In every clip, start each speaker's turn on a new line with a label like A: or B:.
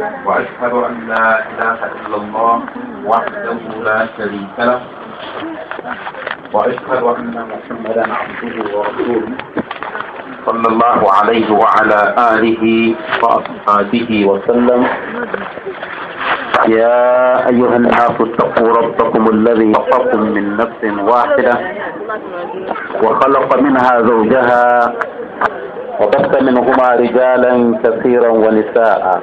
A: وأشهد أن لا إله إلا الله وحده لا شريك له وأشهد أن محمدا عبده ورسوله صلى الله عليه وعلى آله وأصحابه وسلم يا أيها الناس اتقوا ربكم الذي خلقكم من نفس واحدة
B: وخلق منها
A: زوجها وبث منهما رجالا كثيرا ونساء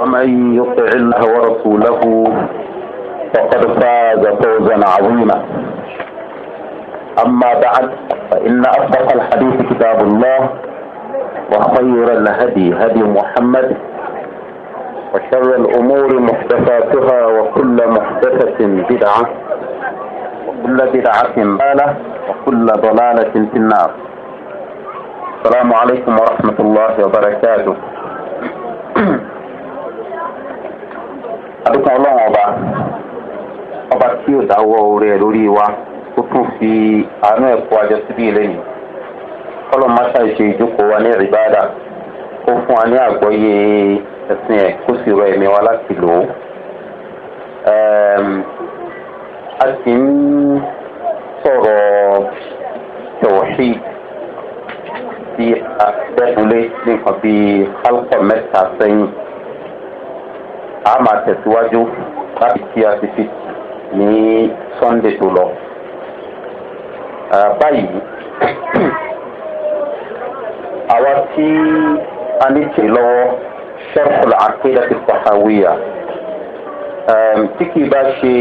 A: ومن يطع الله ورسوله فقد فاز فوزا عظيما اما بعد فان اصدق الحديث كتاب الله وخير الهدي هدي محمد وشر الامور محدثاتها وكل محدثه بدعه وكل بدعه ضلاله وكل ضلاله في النار السلام عليكم ورحمه الله وبركاته adúgbò ọlọ́run ọba ọba tí ò dáwọ́ orí ẹ̀ lórí wa ó tún fi àánú ẹ̀kọ́ àjọ síbí lẹ́yìn kọ́lọ́ máṣá ìṣe ìjókòó wa ní ìrìbáàdà ó fún wa ní àgbọ́yé ẹ̀sìn ẹ̀ kó sì rọ ẹ̀mí wa láti lò ó. a sì ń sọ̀rọ̀ tẹ̀wọ̀ṣì tí a bẹ́ẹ̀ ní nǹkan bíi kálkọ̀ mẹ́ta sẹ́yìn a máa tẹ̀síwájú láti kí a ti fi ní sunday tó lọ. báyìí àwa tí a ní tì lọ́wọ́ sharhul akéda ti pàtàwìyà tí kì í bá ṣe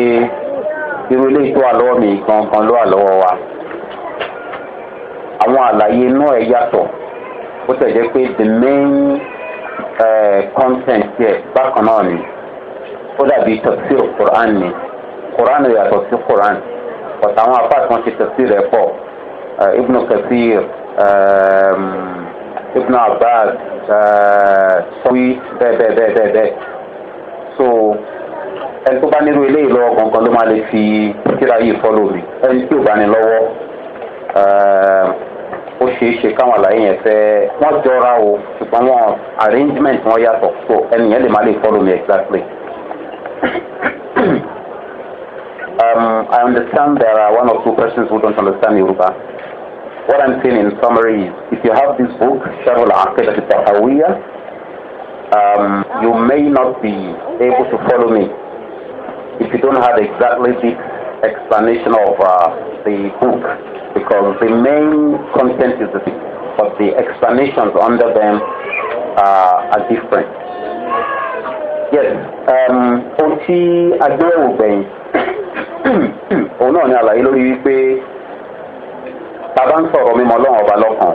A: irú ilé ìtọ́ àlọ́wọ́ mi gangan ló wà lọ́wọ́ wa àwọn àlàyé inú ẹ̀ yàtọ̀ ó tẹ̀ pé the main consent yẹ bákan náà ni ó dàbí tọ́sí quran ni quran yàtọ̀ sí quran ọ̀tá àwọn apáàtì wọn ti tọ́sí rẹ̀ pọ̀ ibnu kathir ibnu abbas sọ́wí bẹ́ẹ̀ bẹ́ẹ̀ bẹ́ẹ̀ bẹ́ẹ̀ bẹ́ẹ̀ so ẹni tó bá nírú eléyìí lọ́wọ́ kankan ló máa lè fi kíra yìí fọ́lọ́ mi ẹni tí ò bá ní lọ́wọ́. ó ṣeé ṣe káwọn àlàyé yẹn fẹ́ wọ́n jọra o ṣùgbọ́n wọn arrangement wọn yàtọ̀ so lè má lè follow me exactly. um, I understand there are one or two persons who don't understand Yoruba. What I'm saying in summary is, if you have this book, several Aqidah al-Tahawiyya, um, you may not be able to follow me if you don't have exactly the explanation of uh, the book. because the main content is the same, but the explanations under them are, are different. Yes, um, ohun tí agbẹ́wò gbẹ̀yìn òun náà ni àlàyé lórí wípé bàbá ń sọ̀rọ̀ mímọ́ ọlọ́run ọba lọ́kàn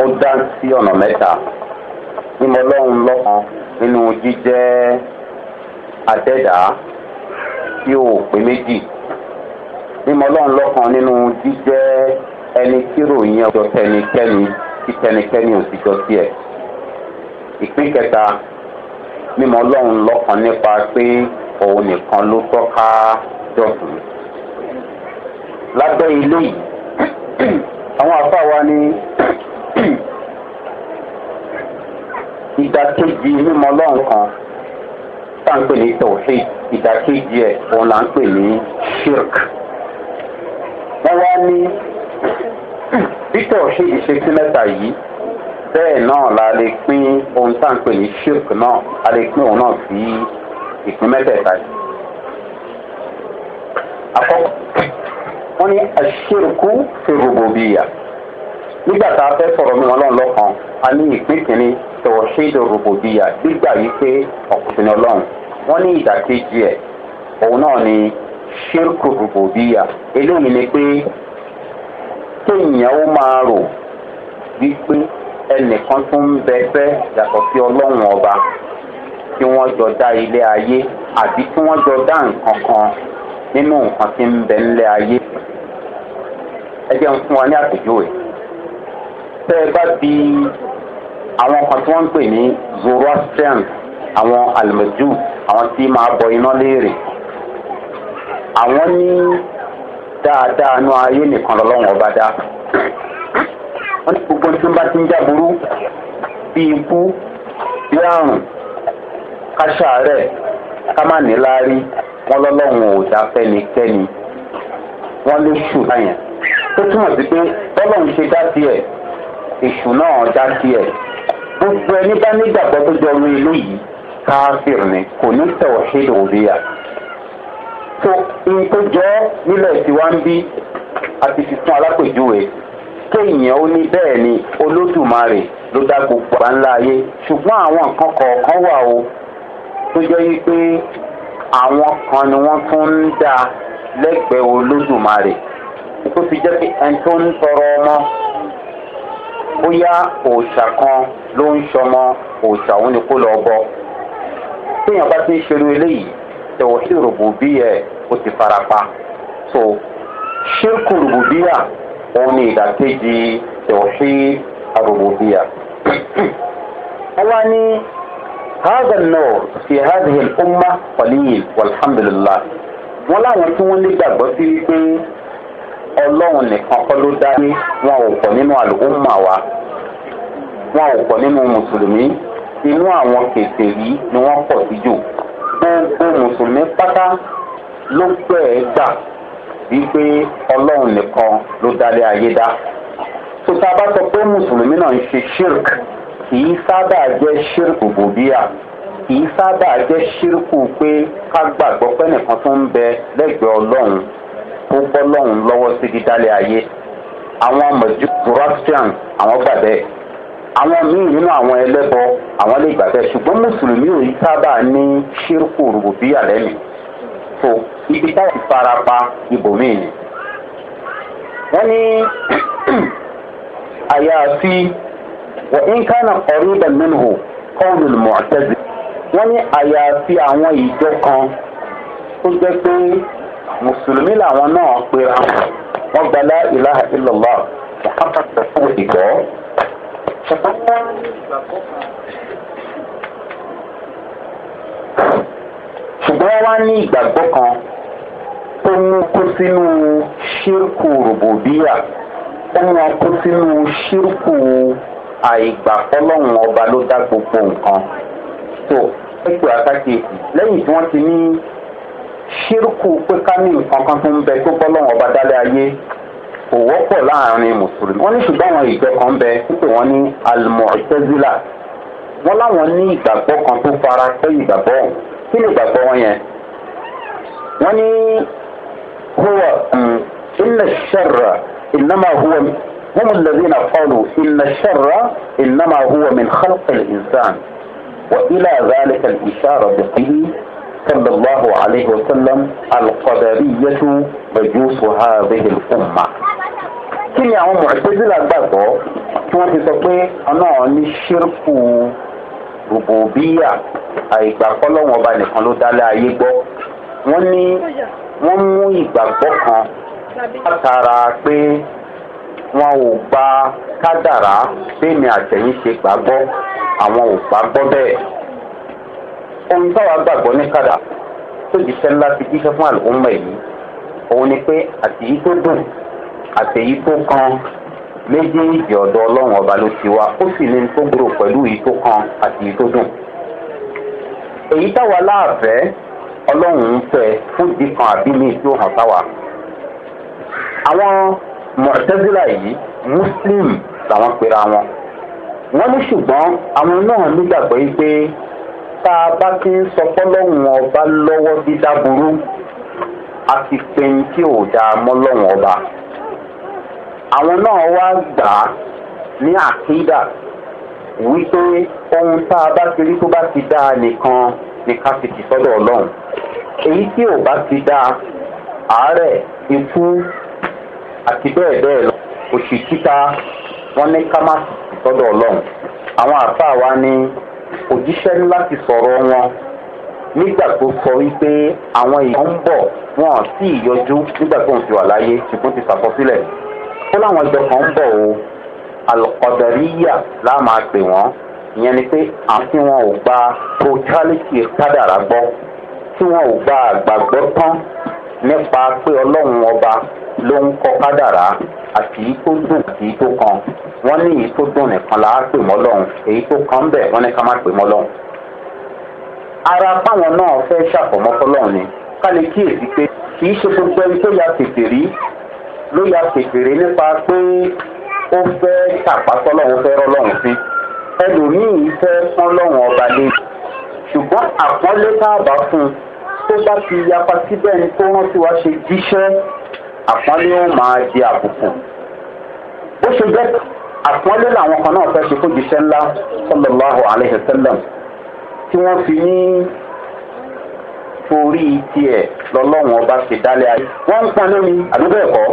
A: ó dá sí ọ̀nà mẹ́ta mímọ́ ọlọ́run lọ́kàn nínú jíjẹ́ adẹ́dàá tí ò pé méjì mímọ lọ́run lọ́kàn nínú jíjẹ́ ẹni tí ròyìn ọjọ́ tẹnikẹ́ni tí tẹnikẹ́ni ò sì jọ sí ẹ̀. ìpín kẹta mímọ lọ́run lọ́kàn nípa pé òun nìkan ló tọ́ka jọ̀sùn. lábẹ́ ilé yìí àwọn àfa wa ní ìdákéjì mímọ lọ́run kan tá à ń pè ní tòhí ìdákéjì ẹ̀ òun là ń pè ní shirk wọ́n wá ní títọ̀ ṣe ìṣesí mẹ́ta yìí bẹ́ẹ̀ náà la lè pín ohun tá à ń pè ní ṣírk náà a lè pín òun náà sí ìpín mẹ́tẹ̀ẹ̀ta yìí. àkọ́kọ́ wọ́n ní àṣírkú fi gbogbo bí ìyà nígbà tá a fẹ́ sọ̀rọ̀ mi wọn lọ́n lọ́kàn a ní ìpín kìíní tọ̀wọ̀ ṣe é dòrògbò bí ìyà gbígbà yìí pé ọ̀kùnrin ọlọ́run wọ́n ní ìdàkejì ẹ̀ òun náà ni ṣírkù rùbòbíyà eléyìí ni pé kéèyàn ó máa rò wípé ẹnìkan tó ń bẹ fẹ́ yàtọ̀ sí ọlọ́run ọba tí wọ́n jọ dá ilé ayé àbí tí wọ́n jọ dá nǹkan kan nínú nǹkan tí ń bẹ ńlẹ̀ ayé. ẹ jẹ́ ń fún wa ní àpèjúwe. tẹ́ ẹ bá bi àwọn kan tí wọ́n ń pè ní zoroastrians àwọn almajus àwọn tí máa bọ iná léèrè àwọn ní dáadáa nu ayé nìkan lọ́lọ́wọ́n ọba dá wọ́n ní gbogbo tí wọ́n bá ti ń jáburú bí ikú bí àrùn káṣáárẹ̀ ká má ní láárí wọ́n lọ́lọ́wọ́n ò dá fẹ́nikẹ́ni wọ́n ló ṣù láyẹn tó túmọ̀ sí pé bọ́lọ́hún ṣe dá tiẹ̀ èṣù náà dá tiẹ̀ gbogbo ẹni bá nígbàgbọ́ tó jọ orin ilé yìí káfíìn ni kò ní tẹ̀wọ̀ ṣe lòdìyà so n tó jẹ́ nílẹ̀ tí wá ń bí àti fífún alápèjúwe kéèyàn ó ní bẹ́ẹ̀ ni olódùmarè ló dá gbogbo àgbà ńlá ayé ṣùgbọ́n àwọn nǹkan kọ̀ọ̀kan wà o tó jẹ́ wípé àwọn kan ni wọ́n tún ń dá lẹ́gbẹ̀ẹ́ olódùmarè tó fi jẹ́ pé ẹni tó ń tọrọ ọmọ bóyá òòṣà kan ló ń ṣọmọ òòṣà òun ni kó lọ bọ téèyàn bá ti ń ṣerú eléyìí tẹ̀wọ̀sí rògbòbíyà ẹ̀ ó ti farapa so ṣírkù rògbòbíyà òun ni ìdàkejì tẹ̀wọ̀sí rògbòbíyà. wọ́n ní هذا النور في هذه الأمة قليل والحمد لله wọ́n láwọn tí wọ́n nígbàgbọ́ sí wípé ọlọ́run nìkan kọ́ ló dá ní wọn ò pọ̀ nínú àlùkùnmà wa wọn ò pọ̀ nínú mùsùlùmí inú àwọn kèké yìí ni wọ́n pọ̀ sí jù gbogbo mùsùlùmí pátá ló gbẹ ẹ gbà wípé ọlọ́run nìkan ló dálé ayé dá tó tá a bá sọ pé mùsùlùmí náà ń ṣe shirk kì í sábà jẹ́ shirk bòbíà kì í sábà jẹ́ ṣírkù pé ká gbàgbọ́ pé nìkan tó ń bẹ lẹ́gbẹ̀ẹ́ ọlọ́run tó bọ́ lọ́run lọ́wọ́ sí dídálẹ̀ ayé àwọn mọ̀jú zoroastrian àwọn gbà bẹ́ẹ̀ àwọn míì nínú àwọn ẹlẹ́bọ àwọn lè gbà bẹ́ẹ̀ ṣùgbọ́n mùsùlùmí ò yí sábà ní ṣírkù rògbòbí àlẹ́nu so ibi táyì farapa ibòmíì ni. wọ́n ní àyàfi wọ́n ń kánà ọ̀rí ibẹ̀ nínú kọ́ọ̀lù mọ̀ọ́tẹ́sì wọ́n ní àyàfi àwọn ìjọ kan tó jẹ́ pé mùsùlùmí làwọn náà pera wọn gbalá ìlàhà ìlọ́lá ìhàpàtàkùn ìgbọ́
B: ṣùgbọ́n mọ́
A: ṣùgbọ́n wá ní ìgbàgbọ́ kan tó mú kó sínú ṣírkù rògbòdíyà ó mú kó sínú ṣírkù àìgbà fọlọ́run ọba ló dá gbogbo nǹkan tó pẹ̀lú àkàkíyèsí lẹ́yìn tí wọ́n ti ní ṣírkù pé ká ní nǹkan kan tó ń bẹ tó bọ́lọ́run ọba dálé ayé kò wọ́pọ̀ láàrin mùsùlùmí wọ́n ní ṣùgbọ́n àwọn ìjọ kan bẹ pípé wọ́n ní almọ̀tẹ́zílà wọ́n láwọn ní ìgbàgbọ́ kan tó fara pẹ́ ìgbàgbọ́ ọ̀hún kí ni ìgbàgbọ́ wọn yẹn wọ́n ní huwa iná ṣẹ̀rà iná máa huwa wọ́n mú lẹ́bí iná fọ́ọ̀lù iná الذين قالوا إن الشر إنما هو من خلق الإنسان وإلى kàlùkù الإشارة بقوله صلى الله عليه وسلم القدرية مجوس هذه الأمة kí ni àwọn mọ̀tẹ́sílà gbàgbọ́ tí wọ́n ti sọ pé ọlọ́run ní ṣírkù rògbòbíyà àìgbàkọ́lọ́wọ́n ọba nìkan ló dálé ayé gbọ́ wọ́n ní
B: wọ́n mú ìgbàgbọ́ kan
A: látara pé wọn ò gba kádàrá bẹ́ẹ̀ ni àtẹ̀yìn ṣe gbàgbọ́ àwọn ò gbàgbọ́ bẹ́ẹ̀ ohun táwa gbàgbọ́ ní kàdà tó jíṣẹ́ ńlá ti jíṣẹ́ fún àlùkùnmọ̀ èyí òun ni pé àtèyí tó dùn àtèyí tó kan méjèèjì ọ̀dọ̀ ọlọ́run ọba ló ti wá ó sì ní tó gbòòrò pẹ̀lú èyí tó kan àtèyí tó dùn. èyí táwa láàfẹ́ ọlọ́run ń fẹ́ fún ìdí kan àbí mi hàn táwa. àwọn mọ̀tẹ́sílà yìí muslim làwọn pera wọn. wọ́n ní ṣùgbọ́n àwọn náà nígbàgbọ́ yìí pé tá a bá ti ń sọpọ́ lọ́wọ́n ọba lọ́wọ́ dídá burú a ti pẹ́yìn tí ò dáa mọ́ lọ́wọ́n ọba àwọn náà wá gbà á ní àkídà wípé ohun tá a bá ti rí tó bá ti dáa nìkan ni ká ti kì sọ́dọ̀ ọlọ́run èyí tí ò bá ti dáa àárẹ̀ ikú àti bẹ́ẹ̀ bẹ́ẹ̀ lọ òṣì kíta wọn ní ká má sọ́dọ̀ ọlọ́run àwọn àfáà wa ní òjíṣẹ́ ńlá ti sọ̀rọ̀ wọn nígbà tó sọ wípé àwọn èèyàn ń bọ̀ wọn ò tí ì yọjú nígbà tó ń fi wà láyé ṣùgbọ́n ti ṣàkọsílẹ̀ ó láwọn ẹgbẹ́ kan ń bọ̀ o alùpàdàríyà láàmà pè wọ́n ìyẹn ni pé àti wọn ò gba totality kádàrá gbọ́ tí wọn ò gba àgbàgbọ́ tán nípa pé ọlọ́run ọba ló ń kọ́ kádàrá àti èyí tó dùn àti èyí tó kan wọ́n ní èyí tó dùn nìkan là á pè mọ́ lọ́hùn èyí tó kan bẹ̀ wọ́n ní ká má pè mọ́ lọ́hùn. ara báwọn náà fẹ́ ṣàfọ̀mọ́ fọlọ́hùn ni ká lè kíyèsí pé kì í ṣe gbogbo ẹni tó ya kèfèrí ló ya kèfèrí nípa pé ó fẹ́ tàpá sọ́lọ́hùn fẹ́ rọ́lọ́hùn sí ẹlòmíì fẹ́ pọ́n lọ́hùn ọba lé ṣùgbọ́n àpọ́nlé káàbá fún un tó bá ti yapa síbẹ̀ ni tó rántí wa ṣe jíṣẹ́ àpọ́nlé ó máa di àbùkù ó ṣe bẹ́ẹ̀ àpọ́nlé làwọn kan náà fẹ́ ṣe fún jíṣẹ́ ńlá sallallahu alayhi wa sallam tí wọ́n fi ní torí tiẹ̀ lọ́lọ́run ọba ṣe dálé ayé wọ́n ń pọn lómi àdúgbò ẹ̀kọ́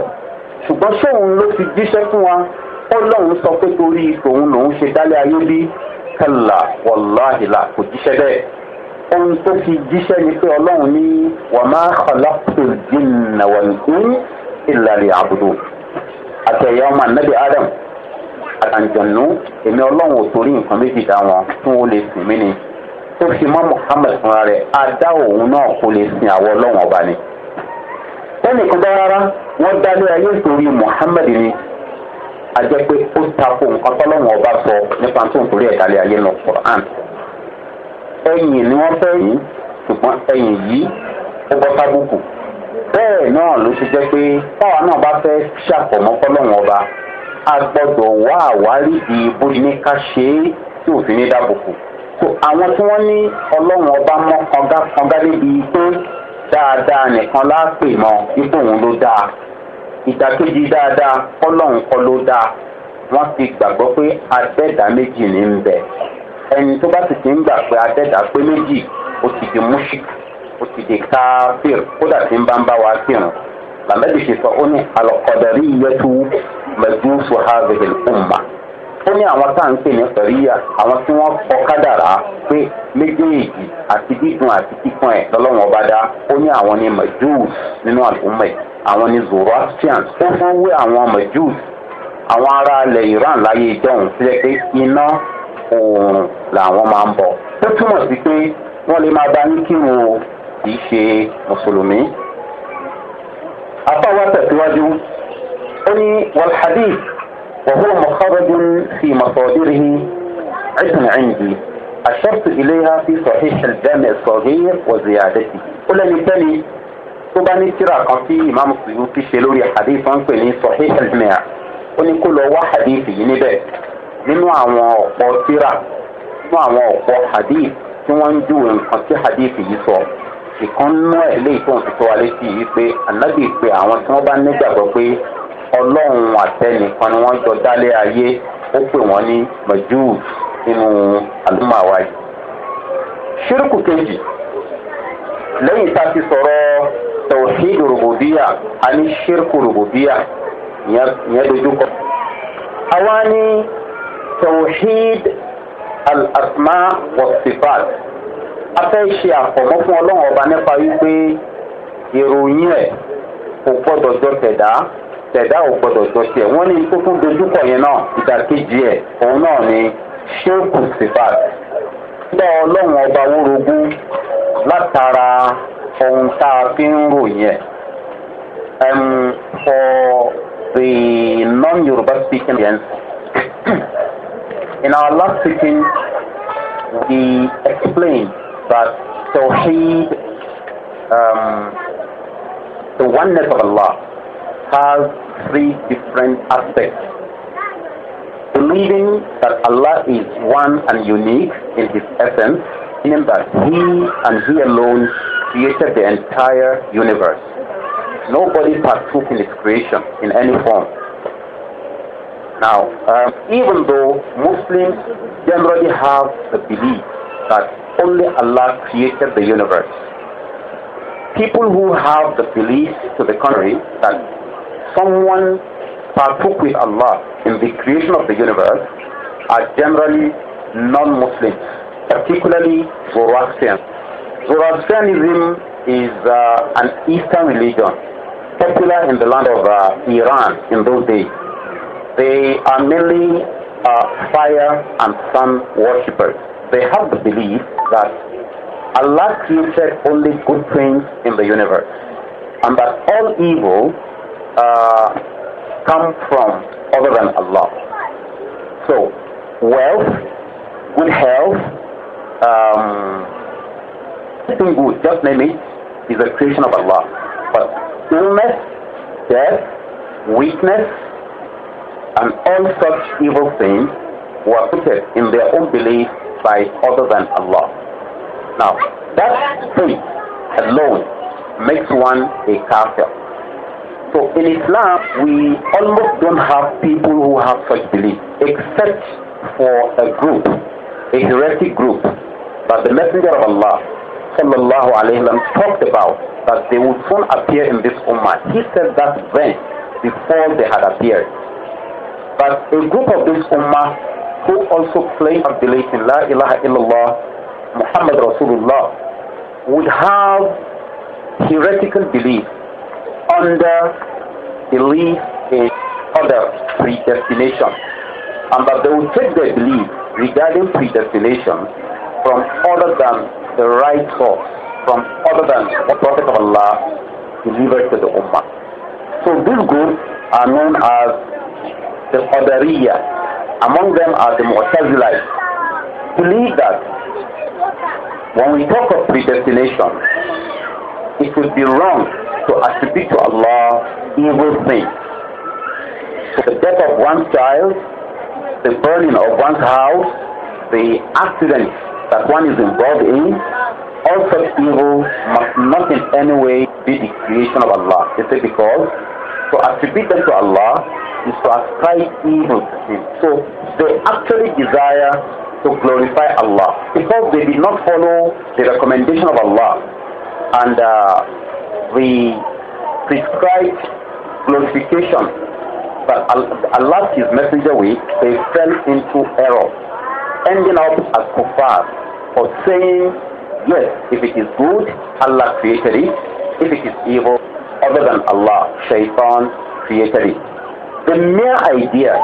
A: ṣùgbọ́n sóun ló fi jíṣẹ́ fún wa ọlọ́run sọ pé torí tòun lòun ṣe dálé ayé bí kẹlà wàláhìlà kò jíṣẹ́ bẹ́ẹ̀ ohun tó fi jíṣẹ́ ni pé ọlọ́run ní wàmá kọlá tó dín nàwọ̀n ìlà lè àbùdù àti ẹ̀yà ọmọ anabi adam àtàǹjẹ̀nu èmi ọlọ́run ò torí nǹkan méjì dá wọn tí wọ́n lè sìn mí ni tó fi mọ́ muhammed fúnra rẹ̀ á dá òun náà kó lè sin àwọn ọlọ́run ọba ni. tẹ́nì kan bá rárá wọ́n dálé ayé ìtòrí muhammed ni a jẹ́ pé ó takò nǹkan tọ́lọ́run ọba sọ nípa tó ń torí ẹ̀dálé ayé lọ quran. ẹ̀yìn ni wọ́n fẹ́ yìí ṣùgbọ́n ẹ̀yìn yìí ó bọ́ sábùkù bẹ́ẹ̀ náà ló ṣe jẹ́ pé táwa náà bá fẹ́ ṣàfọ̀mọ́ fọlọ́run ọba a gbọ́dọ̀ wá àwárí ìbò ní ká ṣe é tí òfin ní dábòkù so àwọn tí wọ́n ní ọlọ́run ọba mọ́ kanga kanga níbi pé dáadáa nìkan láàpè mọ́ ipò òun ló dáa ìdàkejì dáadáa kọ́lọ́run kọ́ ló dáa wọ́n ti gbàgbọ́ pé adẹ́dàá méjì ní ń bẹ̀ ẹni tó bá sì ti ń gbà pé adẹ́dàá pé méjì ó ti di múṣíkù ó ti di káfíìr kódà tí ń bá ń bá wa kírun làmẹ́bí ti oni ó ní alọ́kọ̀dẹ̀rí yẹtu mẹ́júùsù hazihi umma ó ní àwọn tá à ń pè ní sọ̀ríyà àwọn tí wọ́n kọ́ kádàrá pé méjèèjì àti dídùn àti kíkan ẹ̀ lọ́lọ́wọ́n bá dá ó ní àwọn ní mẹ́júùs nínú àlùmọ̀ ẹ̀ àwọn zoroastrian ó fún wé àwọn mẹ́júùs àwọn ará ilẹ̀ iran láyé ìjọhùn sílẹ̀ pé iná oòrùn làwọn máa ń bọ̀ ó túmọ̀ sí pé wọ́n lè máa bá ní kírun o kì í ṣe mùsùlùmí. apá wa tẹ̀síwájú ó ní wàlhadí wàhùn mọ̀kárọ́dún fi mọ̀sọ̀dúnrún ẹ̀sìn ẹ̀ǹdì àṣọ́tù ìléyà fi sọ̀hí ṣẹ̀dẹ́mẹ̀ sọ̀hí wọ̀zìyàdẹ́sì ó lẹ́ni tẹ́ni tó bá ní tíra kan tí ìmáàmù sùúrù ti ṣe lórí hadith wọn pè ní sọ̀hí ṣẹ̀dẹ́mẹ̀ ó ní kó lọ wá hadith yìí níbẹ̀ nínú àwọn ọ̀pọ̀ tíra nínú àwọn ọ̀pọ̀ hadith tí wọ́n ń júwe nǹkan tí hadith yìí sọ ìkànnú ẹ̀ léyìí tó ń fi tó wa létí yìí pé ànábì pé àwọn tí wọ́n bá nígbàgbọ́ pé ọlọ́run àtẹnìkan ni wọ́n jọ dálé ayé ó pè wọ́n ní majus nínú àlùmáwá yìí. ṣírùkù kejì lẹ́yìn tá a ti sọ̀rọ̀ tawhid rububiya a ní ṣírùkù rububiya ìyẹn dojúkọ. àwa ní tawhid al-asma wa sifat a ṣe àfọ̀mọ́ fún ọlọ́run ọba nípa wípé ìròyìn ẹ̀ kò gbọ́dọ̀ jọ tẹ̀dá tẹ̀dá ò gbọ́dọ̀ jọ tiẹ̀ wọ́n ní tó tún dojúkọ yẹn náà ìdàkejì ẹ̀ òun náà ni ṣéèkù sífàt gbọ́ ọlọ́run ọba wórogún látara ohun tá a fi ń ròyìn ẹ̀. Um, for the non-Yoruba speaking audience,
B: in our last meeting, we
A: explained about Tawheed, um, the oneness of Allah, has three different aspects. Believing that Allah is one and unique in His essence, meaning that He and He alone created the entire universe. Nobody partook in His creation in any form. Now, um, even though Muslims generally have the belief that only Allah created the universe. People who have the belief to the contrary that someone partook with Allah in the creation of the universe are generally non-Muslims, particularly Zoroastrian. Zoroastrianism is uh, an Eastern religion, popular in the land of uh, Iran in those days. They are mainly uh, fire and sun worshippers they have the belief that Allah created only good things in the universe and that all evil uh, come from other than Allah. So, wealth, good health, um, anything good, just name it, is a creation of Allah. But illness, death, weakness, and all such evil things were put in their own belief by other than Allah. Now, that thing alone makes one a kafir. So in Islam, we almost don't have people who have such belief, except for a group, a heretic group. But the Messenger of Allah, sallallahu alaihi wasallam, talked about that they would soon appear in this ummah. He said that then, before they had appeared. But a group of this ummah who also claim and believe in La ilaha illallah Muhammad Rasulullah would have heretical belief under belief in other predestination and that they would take their belief regarding predestination from other than the right source, from other than the Prophet of Allah delivered to the Ummah. So these groups are known as the Qadariyah
B: among them are the Mu'tazilites,
A: believe that when we talk of predestination, it would be wrong to attribute to Allah evil things. The death of one child, the burning of one's house, the accident that one is involved in, all such evil must not in any way be the creation of Allah. Is it because to attribute them to Allah is to ascribe evil to Him. So they actually desire to glorify Allah because they did not follow the recommendation of Allah. And uh, we prescribed glorification but Allah, His Messenger we they fell into error, ending up as kuffar for saying, yes, if it is good, Allah created it, if it is evil, other than Allah, shaitan created it. The mere idea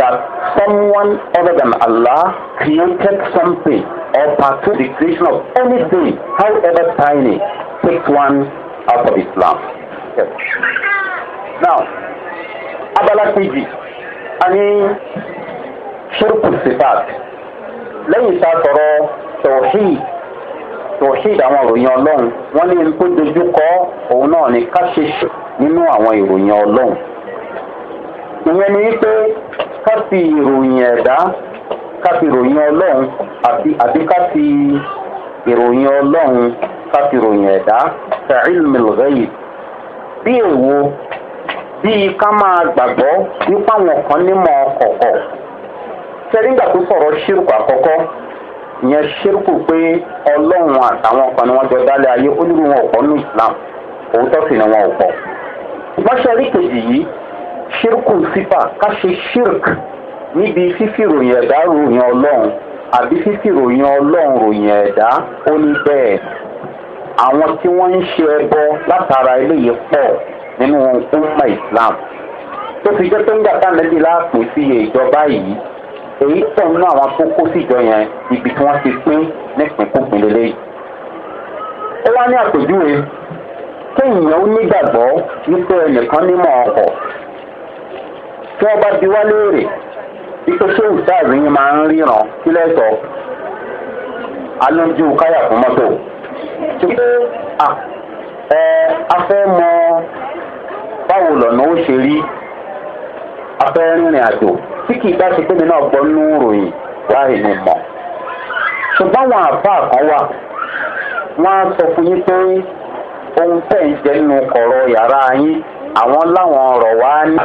A: that someone other than Allah created something or partook the creation of anything, however tiny, takes one out of Islam. Yes. Now, abala kejì a ní ṣírkù sifat me start a sọ̀rọ̀ tọ̀hìn tọ̀ṣíd àwọn ìròyìn ọlọ́run wọ́n lé tó dojú kọ́ òun náà ní káṣíṣù nínú àwọn ìròyìn ọlọ́run. ìyẹn ni wípé ká fi ìròyìn ẹ̀dá ká fi ìròyìn ọlọ́run àbí ká fi ìròyìn ọlọ́run ká fi ìròyìn ẹ̀dá fẹ̀rílmìlrẹ́yì bí èwo bíi ká máa gbàgbọ́ nípa àwọn kan nímọ̀ ọkọ̀ọ̀kọ̀ sẹ́ríńgbà tó sọ̀rọ̀ ṣírùkù àkọ́kọ́ ìyẹn ṣírkù pé ọlọ́run àtàwọn ọkàn ni wọ́n jọ dálé ayé ó nílùú wọn ọ̀pọ̀ ní islam òótọ́ sì ni wọn ò pọ̀. ìgbọ́sẹ̀ rí kejì yìí ṣírkù sífà ká ṣe ṣírk níbi fífi ròyìn ẹ̀dá ròyìn ọlọ́run àbí fífi ròyìn ọlọ́run ròyìn ẹ̀dá ó ní bẹ́ẹ̀ àwọn tí wọ́n ń ṣe ẹbọ látara eléyìí pọ̀ nínú umma islam tó fi jẹ́ pé ń gbà tá èyí pọ̀ nínú àwọn tó kó síjọ yẹn ibi tí wọ́n ti pín nípìnkúpin lélẹ́yìí. ó wá ní àpèjúwe kéèyàn ó nígbàgbọ́ wípé ẹnìkan nímọ̀ ọkọ̀ tí wọ́n bá di wá léèrè wípé ṣé ìsáàzì yín máa ń ríran sílẹ̀ sọ alójú káyà fún mọ́tò tí pé a fẹ́ mọ báwo lọ̀nà ó ṣe rí abẹ́rìnrìn àjò tí kì í bá ṣe náà nínú ròyìn mọ̀. ṣùgbọ́n àwọn kan wà wọ́n á sọ fún yín pé ohun tẹ̀ ń jẹ́ nínú kọ̀rọ̀ yàrá yín àwọn láwọn ọ̀rọ̀ wá ní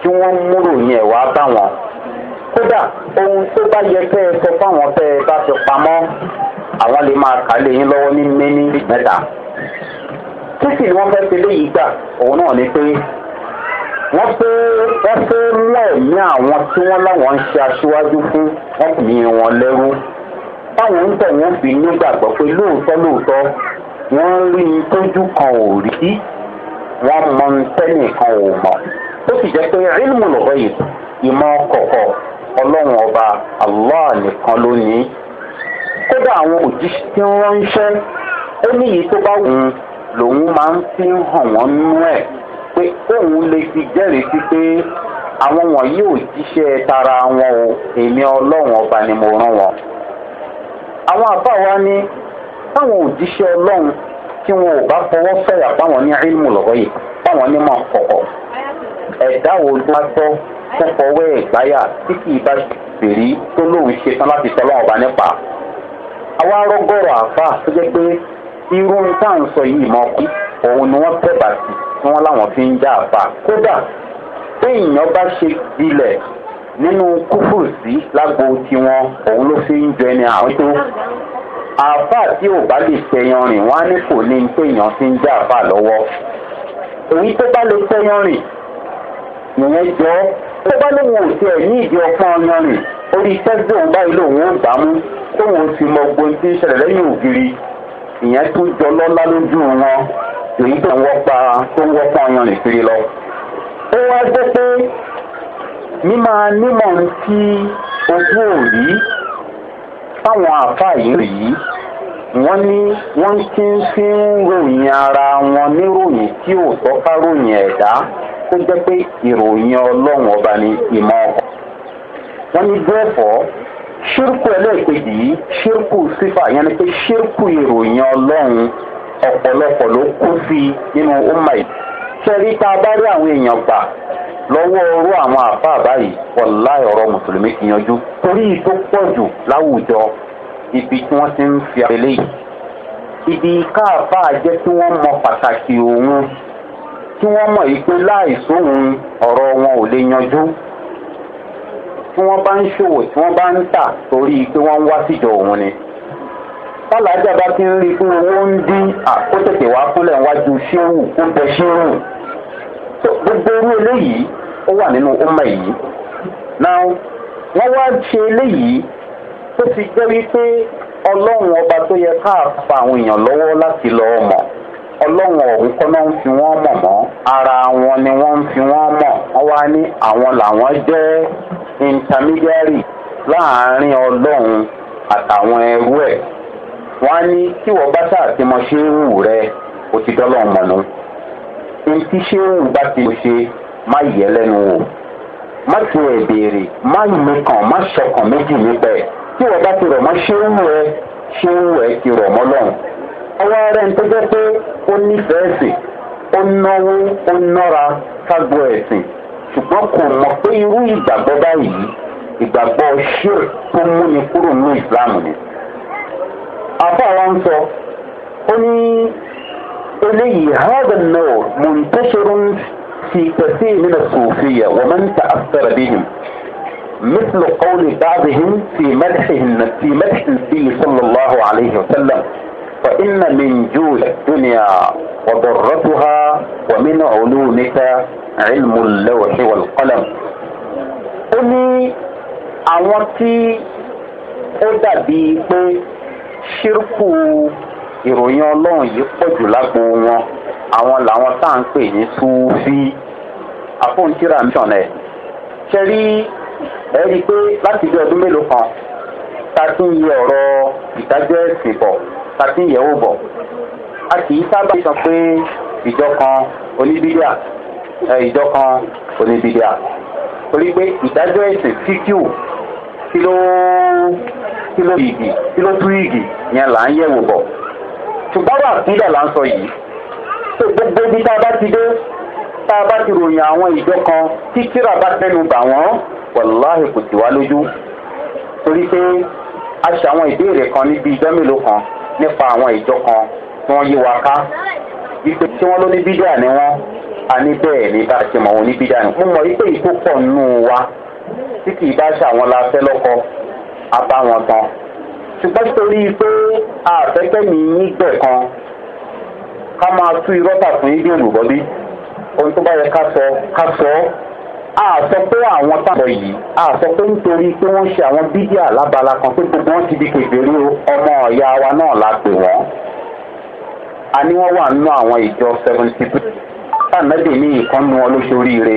A: kí wọ́n múrò wá ohun tó bá yẹ sọ fáwọn tẹ́ ẹ bá ti pamọ́ àwọn lè máa kà lè yín lọ́wọ́ ni wọ́n fẹ́ fi léyìí gbà òun náà wọ́n pé wọ́n fẹ́ lẹ́ẹ̀mí àwọn tí wọ́n láwọn ń ṣe aṣíwájú fún ọkùnrin wọn lẹ́rú táwọn ń tẹ̀ wọ́n fi nígbàgbọ́ pé lóòótọ́ lóòótọ́ wọ́n rí i tójú kan ò rí wọ́n mọ tẹ́nìkan ò mọ̀ tó sì jẹ́ pé rímù lọ́wọ́ yìí ìmọ̀ kọ̀kọ̀ ọlọ́run ọba allah nìkan ló kódà àwọn òjíṣẹ́ tí wọ́n ránṣẹ́ ó ní iye tó bá wù ú lòun máa ń fi hàn wọ́n nú ẹ̀. pé kóun lè fi jẹ́rìí sí pé àwọn wọ̀nyí ò jíṣẹ́ tara wọn o èmi ọlọ́run ọba ni mo rán wọn. àwọn àbá wa ní táwọn òjíṣẹ́ ọlọ́run tí wọn ò bá fọwọ́ sọ̀yà fáwọn ní ilmu lọ́wọ́ yìí fáwọn onímọ̀ kọ̀kọ̀ ẹ̀dá wo ló wá gbọ́ tó fọwọ́ ẹ̀ gbáyà tí kì í bá bèrè tó lóun ṣe tán láti sọ ọlọ́run ọba nípa. àwa rọgọrọ àfa tó jẹ́ pé irú táà ń sọ yìí mọ́ òun ni wọ́n tẹ̀ bàtì tí wọ́n láwọn fi ń já àfa kódà téèyàn bá ṣe gbilẹ̀ nínú kúfù sí lágbo tiwọn òun ló fi ń jọ ẹni àwọn tó àfa tí ò bá lè tẹyan rìn wọn á ní kò ní téèyàn fi ń já àfa lọ́wọ́ èyí tó bá lè tẹyan rìn nìyẹn jọ tó bá lóun ò tiẹ̀ ní ìdí ọpọ́n yan rìn orí tẹ́gbẹ́ òun báyìí lòun ò dámú tóun ò sì mọ gbòǹtì ìṣẹ̀lẹ̀ lẹ́yìn ògiri ìyẹn tún jọ lọ́lá lójú wọn èyí tó ń wọ́pa tó ń wọ́pa ọyàn rìn kiri lọ. ó wá jẹ́ pé mímọ nímọ̀ tí ojú ò rí táwọn àáfàá yìí rí wọ́n ní wọ́n ti ń fi ń ròyìn ara wọn níròyìn tí ò tọ́ka ròyìn ẹ̀dá tó jẹ́ pé ìròyìn ọlọ́run ọba ni ìmọ̀ ọkọ̀. wọ́n ní dẹ́fọ̀ ṣírkù ẹlẹ́ẹ̀kejì yìí ṣírkù sífà yẹn ni pé ṣírkù ìròyìn ọlọ́run ọ̀pọ̀lọpọ̀ ló kú sí nínú umma yìí sẹ́rí tá a bá rí àwọn èèyàn gbà lọ́wọ́ ọrú àwọn àfa àbáyìí wọ̀lá ọ̀rọ̀ mùsùlùmí ti yanjú torí tó pọ̀ jù láwùjọ ibi tí wọ́n ti ń fi àpèlé yìí ibi káàfà jẹ́ kí wọ́n mọ pàtàkì òun kí wọ́n mọ̀ yìí pé láìsóhun ọ̀rọ̀ wọn ò lè yanjú tí wọ́n bá ń ṣòwò tí wọ́n bá ń tà torí pé wọ́n ń wá síjọ òun ni tálájà bá ti ń rí i pé owó ń dín àkótètè wá fúnlẹ̀ wájú ṣéwù ó bẹ ṣéwù gbogbo irú eléyìí ó wà nínú ọmọ yìí náà wọ́n wá ṣe eléyìí tó ti jẹ́ wípé ọlọ́run ọba tó yẹ ká fa àwọn èèyàn lọ́wọ́ láti lọ́ọ́ mọ̀ ọlọ́run ọ̀hún kọ́ náà ń fi wọ́n mọ̀ mọ́ ara wọn ni wọ́n ń fi wọ́n mọ̀ wọ́n wá ní àwọn làwọn jẹ́ intermediary láàárín ọlọ́run àtàwọn ẹrú ẹ̀ wọn á ní tí wọn bá sáà ti mọ ṣéwù rẹ o ti dọ́lọ́ mọ̀nú ohun tí ṣéwù bá ti ṣe má yẹ lẹ́nu wò má ti ẹ̀ béèrè má mẹkàn má ṣọkàn méjì nípa ẹ̀ tí wọn bá ti rọ̀ mọ́ ṣéwù rẹ ṣéwù rẹ ti rọ̀ mọ́ lọ́hùn. ọwọ́ rẹ̀ ń tọ́jọ́ pé ó nífẹ̀ẹ́ sí ó náwó ó nọ́ra ságbo ẹ̀sìn ṣùgbọ́n kò mọ̀ pé irú ìgbàgbọ́ báyìí ìgbàgbọ́ ṣír tó múni kúrò ní ìsìlámù nìyí. àfáà wa ń sọ ó ní eléyìí hada náà muntasharun fi kẹsí nínú sòfìyà wọ́n máa ń ta àfẹ́rẹ́ bí him. مثل قول بعضهم في مدحه في مدح النبي صلى الله عليه وسلم فإن من جود الدنيا وضرتها ومن علومك علم اللوح والقلم ó ní àwọn tí ó dàbí pé ṣírkù ìròyìn ọlọ́run yìí pọ̀jù lágbo wọn àwọn làwọn tá à ń pè ní túfí àfóńtìrà mission ẹ̀ ṣe rí ẹ rí i pé láti bí ọdún mélòó kan ta ti ń yẹ ọ̀rọ̀ ìdájọ́ ẹ̀sìn bọ̀ ta ti ń yẹ̀wò bọ̀ a kì í sábà sọ pé ìjọ kan oníbídíà ìjọ kan oníbídíà torí pé ìdájọ́ ẹ̀sìn fíkìú kí ló kí ló igi kí ló tú igi yẹn là ń yẹ̀wò bọ̀ ṣùgbọ́n wà sílẹ̀ là ń sọ yìí tó gbogbo ibi tá a bá ti dé tá a bá ti ròyìn àwọn ìjọ kan tí kíra bá tẹnu bà wọ́n wàláhì kò sì wá lójú torí pé a ṣe àwọn ìbéèrè kan níbi ìjọ mélòó kan nípa àwọn ìjọ kan tí wọ́n yí wa ká wípé tí wọ́n ló bídíà ni wọ́n a ní bẹ́ẹ̀ ni bá a ṣe mọ̀ wọn ní bídíà ni mo mọ̀ wípé ìkó pọ̀ nínú wa tí kì í bá ṣe àwọn la fẹ́ lọ́kọ abáwọn kan ṣùgbọ́n nítorí pé àfẹ́fẹ́ mi nígbẹ̀ kan ká máa tú irọ́ tà fún yín ní olùbọ́bí ohun tó bá yẹ ká sọ ká sọ ọ́ àsọ pé àwọn táwọn yìí àsọ pé nítorí pé wọ́n ṣe àwọn bídíà lábala kan pé gbogbo wọn ti di kékeré ọmọ ọ̀yà wa náà la pè wọ́n a ní wọ́n wà nínú àwọn ìjọ seventy two sàmẹ́dì ní ìkànnì wọn lóṣooríire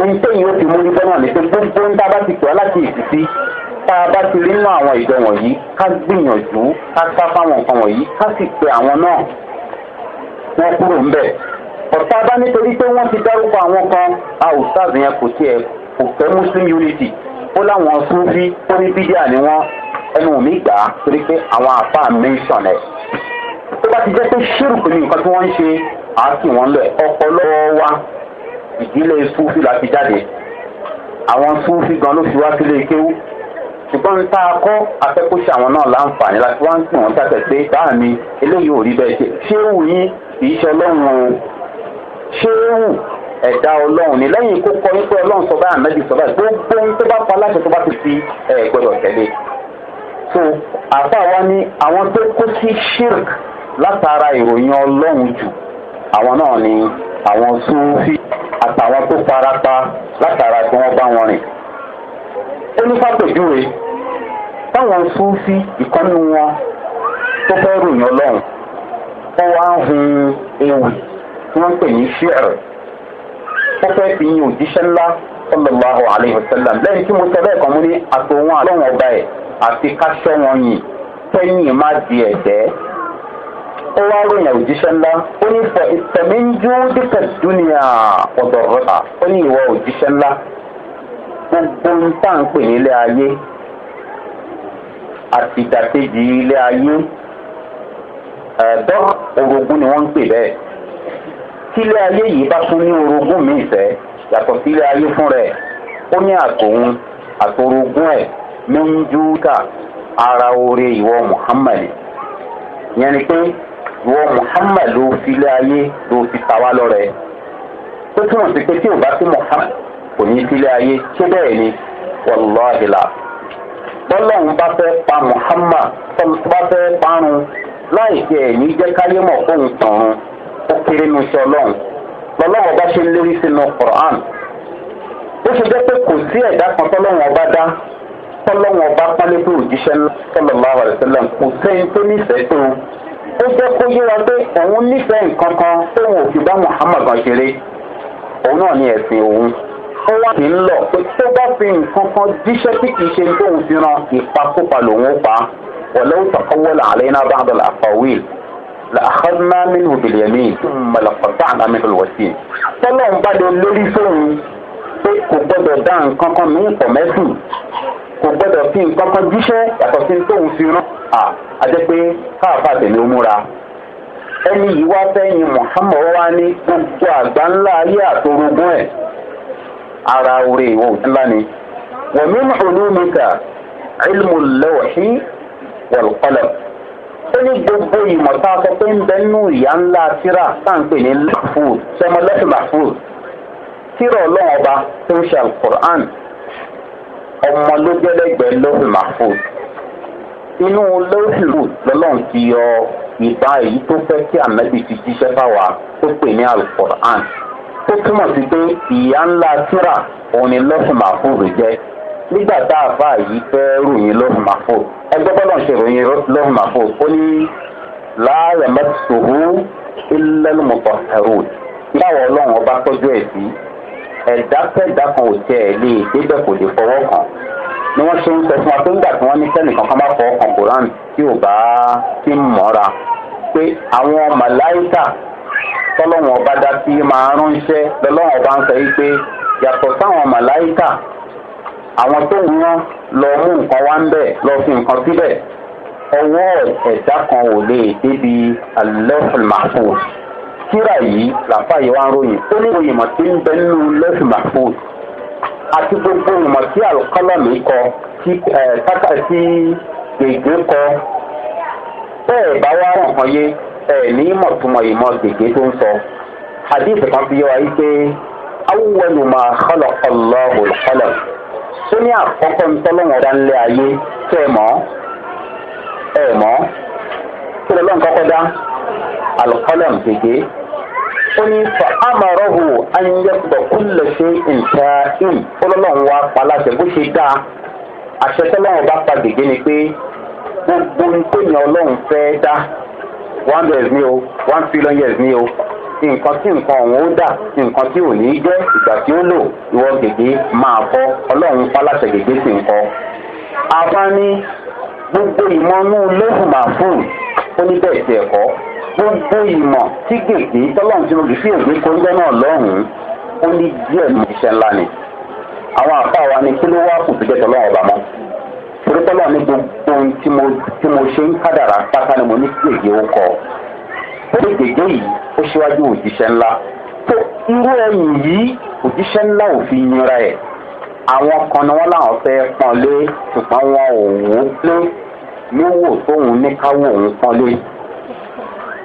A: ohun téyìn ó ti mú níbẹ̀ náà ni pé gbogbo ń dábàá ti pè ọ́ láti ìsísí tá a bá ti rí nínú àwọn ìjọ wọ̀nyí ká gbìyànjú ká sá fáwọn nǹkan wọ̀nyí ká sì pe àwọn náà wọ́n kúrò ń bẹ̀. ọ̀tá bá nítorí pé wọ́n ti dárúkọ àwọn kan a ò sáàbì yẹn kò tiẹ̀ kò fẹ́ muslim unity ó láwọn súnfí ó ní bídíà ni wọ́n ẹnu mi gbà á torí pé àwọn àpá mẹ́ńsọ̀n ẹ̀. tó bá ti jẹ́ pé ṣírùkù ni nǹkan tí wọ́n ń ṣe àákì wọn lọ ọkọ lọ́wọ́ wa ìdílé súnfí la ti jáde àwọn súnfí gan ló fi wá sílé kéwú ṣùgbọ́n tá a kọ́ afẹ́kọ́ṣe àwọn náà láǹfààní láti wá ń sìn wọ́n tàbí pé báà mi eléyìí ò rí bẹ́ẹ̀ ṣe ṣé wù yín kì í ṣe ọlọ́run o ṣé wù ẹ̀dá ọlọ́run ni lẹ́yìn kó kọ́ yín pé ọlọ́run sọ báyà mẹ́jì sọ báyà gbogbo ohun tó bá pa aláṣẹ tó bá ti fi ẹ̀ gbọ́dọ̀ tẹ̀lé. so àfa wa ni àwọn tó kó sí shirk látara ìròyìn ọlọ́run jù àwọn náà ni àwọn súnfì àtàwọn tó farapa látara tí wọ́n bá wọn rìn onífàpèjúwe táwọn fúnfí ìkànnì wọn tó fẹ́ ròyìn ọlọ́run ó wá ń hun ewì tí wọ́n ń pè ní ṣíẹ̀rẹ̀ ó fẹ́ fi yin òjíṣẹ́ ńlá sọlọ́láhùn àlẹ́ ìhòsẹ́lá lẹ́yìn tí mo tẹ lẹ́ẹ̀kan mú ní àtòwọn àlọ́wọ̀n ọba ẹ̀ àti káṣọ́ wọn yìn kẹ́yìn má di ẹ̀dẹ́ ó wá ròyìn òjíṣẹ́ ńlá ó ní fọ ìtẹ̀míjú dípẹ̀ dúnìá ọ̀dọ̀ rẹ̀ ó ní ìwọ òjíṣẹ́ ńlá gbogbo ń tà ń pè nílé ayé àtìdàkejì ilé ayé ẹ̀dọ́ orogún ni wọ́n ń pè bẹ́ẹ̀ tílé ayé yìí bá tún ní orogún míì fẹ́ yàtọ̀ sílé ayé fún rẹ̀ ó ní àtòun àtòrogún ẹ̀ mẹ́ńjúútà ara oore ìwọ muhammed yẹn ni pé ìwọ muhammed ló filé ayé ló fi ta wá lọ́rẹ̀ tó túmọ̀ sí pé tí ò bá sí muhammed kò ní sílé ayé tó bẹ́ẹ̀ ni wàlúwàhìlà bọ́lọ́hún bá fẹ́ pa muhammad bá fẹ́ parun láì fi ẹ̀mí jẹ́ káyé mọ̀ fóun tọ̀run ó kéré nu iṣẹ́ ọlọ́run lọ́lọ́wọ́ bá ṣe lérí sínú quran ó ṣe jẹ́ pé kò sí ẹ̀dá kan tọ́lọ́wọ́n ọba dá tọ́lọ́wọ́n ọba pálí bí òjíṣẹ́ sọ́lọ́ bá kò sẹ́yìn tó nífẹ̀ẹ́ tó ó jẹ́ kó yíra pé òun nífẹ̀ẹ́ nǹkan kan tóun ò fi bá muhammad gan ṣeré òun náà ní ẹ̀sìn òun ó wà ní lọ pé tó bá fi nǹkan kan jíṣẹ́ tí kì í ṣe tóun fi ran ìpakópa lòun ó pa wọ̀lẹ́ ó tàkọ́wọ́ làálẹ́ iná bá àdọ̀là àfàwíl làákàdúnà mínú bìlẹ̀mí mọ̀lẹ́kọ̀tà àmì olùwọ̀sí tọ́lọ́ ń bá lè lórí fóun pé kò gbọ́dọ̀ dá nǹkan kan ní ìpọ̀ mẹ́sùn kò gbọ́dọ̀ fi nǹkan kan jíṣẹ́ yàtọ̀ sí tóun fi rán à á jẹ́ pé káàfà tèmi ó múra ẹni yìí wá fẹ́ yin muhammed wá ní gbogbo àgbáńlá ayé àtorogún ara orí ìwọ òtúlá ni wọ̀mí ọ̀lùmíkà ilmu lẹ́wọ̀hí wọ̀lùkọ́lẹ̀ ó ní gbogbo ìmọ̀ tá a sọ pé ń bẹ nínú ìyá ńlá tíra sáǹpẹ̀ ní lẹ́fùd sọmọ lẹ́fùd mahfud tíra ọlọ́run ọba tó ń ṣe alukur'an ọmọ ló gbẹlẹgbẹẹ lọ́fùd mahfud inú lẹ́fùd lọ́lọ́run ti yọ ìbá èyí tó fẹ́ kí ànábì ti jíṣẹ́ fáwa tó pè ní alukur'an ó túmọ̀ sí pé ìyá ńlá tíra òun ni lọ́sùn màfúrù jẹ́ nígbà tá a fà yìí fẹ́ ròyìn lọ́sùn màfúrù ẹgbẹ́ bọ́lá ń ṣe ròyìn lọ́sùn màfúrù ó ní láàyè mẹ́tòhó ilẹ̀lùmọ̀tò ẹ̀rọ ìyáwó ọlọ́run ọba tọ́jú ẹ̀ sí ẹ̀dá fẹ́ẹ̀dá kan ò tẹ̀ lé débẹ̀ kò lè fọwọ́ kàn ni wọ́n ṣe ń sọ fún wa pé nígbà tí wọ́n ní sẹ́nìkan kan bá fọwọ́ kàn kóran tí ò bá ti mọ́ra pé àwọn màláìkà tọ́lọ́wọ̀n ọba dá sí máa ránṣẹ́ lọ́lọ́wọ̀n ọba ń sọ yìí pé yàtọ̀ sáwọn màláìkà àwọn tó ń rán lọ mú nǹkan wá ń bẹ̀ lọ fi nǹkan síbẹ̀ ọwọ́ ẹ̀dá kan ò lè débi alẹ́fùl mahfuz kíra yìí làǹfààní wa ń ròyìn ó ní òyìnbó tí ń bẹ nínú lẹ́fùl mahfuz àti gbogbo ìmọ̀ tí àlùkọ́lọ́mì kọ tí gègé kọ bẹ́ẹ̀ bá wá ràn kan yé ẹ̀ ní mọ̀túnmọ̀ ìmọ̀ gègé tó ń sọ hadith kan fi yẹ wa wípé awúwẹ̀lù máa xọlọ̀ ọlọ́hùn xọlọ̀ tó ní àkọ́kọ́ ń tọ́lọ́wọ́n dá nílé ayé tó ẹ̀ mọ́ ẹ̀ mọ́ tó lọ́n kọ́kọ́ dá alukọ́lọ̀m gègé ó ní fa amọ̀rọ̀hù anyẹ́pọ̀ kúlẹ̀ ṣe nǹkan ìm ó lọ́lọ́run wá pa láṣẹ bó ṣe ni pé gbogbo ń pè ní one years ní o one trillion years ní o nǹkan tí nǹkan ọ̀hún ó dà nǹkan tí ò ní í jẹ́ ìgbà tí ó lò ìwọ gègé máa kọ́ ọlọ́run pálásẹ̀ gègé sì ń kọ́. àwa ní gbogbo ìmọ̀ inú lóhùn màfún ó ní bẹ́ẹ̀ tiẹ̀ kọ́ gbogbo ìmọ̀ tí gègé tọ́lọ́run tí mo fi ègbé kóńjọ́ náà lọ́hùn-ún ó ní díẹ̀ mọ̀ iṣẹ́ ńlá ni. àwọn àfa wa ni kí ló wá kù jẹ́ tọ́lọ́run ọba mọ́ torí pẹ́lú àmì gbogbo ohun tí mo ṣe ń kádàrà pátá ni mo ní sí èdè ó kọ pẹ̀lú èdè yìí ó ṣíwájú òjíṣẹ́ ńlá tó irú ẹ̀yìn yìí òjíṣẹ́ ńlá ò fi yanra ẹ̀ àwọn kan ni wọ́n láwọn fẹ́ pọ́n lé ṣùgbọ́n wọn ò wó lé níwò tóun ní káwọ́ òun pọ́n lé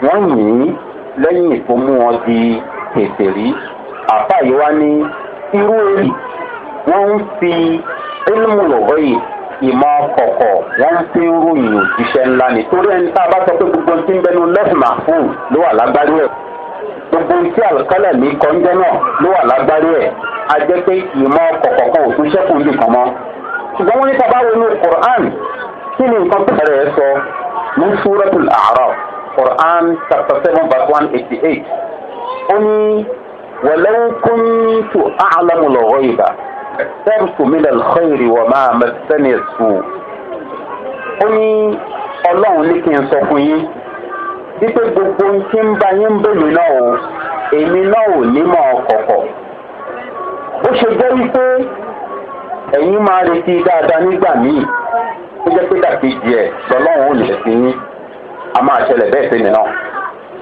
A: wọ́n yìn ín lẹ́yìn tó mú wọn di kèfèrí àfàyè wa ní irú èrì wọ́n ń fi ilmu lọ́wọ́ ìmọ̀ ọkọ̀ọ̀kọ̀ wọ́n ń fi ń ròyìn òjíṣẹ́ ńlá ni torí ẹni tá a bá sọ pé gbogbo tí ń bẹnu lẹ́fìmà fún ló wà lágbárí ẹ̀ gbogbo tí àlùkálẹ̀ ní kọ́ńjẹ́ náà ló wà lágbárí ẹ̀ a jẹ́ pé ìmọ̀ ọkọ̀ọ̀kọ̀ kan ò tún ṣẹ́kù ń bì kan mọ́ ṣùgbọ́n wọ́n ní tàbá wo ní quran kí ni nǹkan tó bẹ̀rẹ̀ sọ ní suratul àárọ̀ quran chapter seven verse one eighty eight ó ní wẹ̀lẹ́wọ́n kún tó àlàmù lọ́wọ́ ẹ̀sẹ̀rùkù mílẹ̀ lọ́ọ̀rì wọ̀ máa mẹ́sẹ́ni ẹ̀sùn. ó ní ọlọ́run ní kí n sọ fún yín wípé gbogbo ohun tí ń ba yín ń bèmí náà o èmi náà ò ní mọ̀ ọ̀kọ̀ọ̀kọ̀.
B: ó ṣe jẹ́ wípé
A: ẹ̀yin máa retí dáadáa nígbà míì ó jẹ́ pé dàbí díẹ̀ lọ́lọ́run ò ní sí yín a máa ṣẹlẹ̀ bẹ́ẹ̀ sí mi náà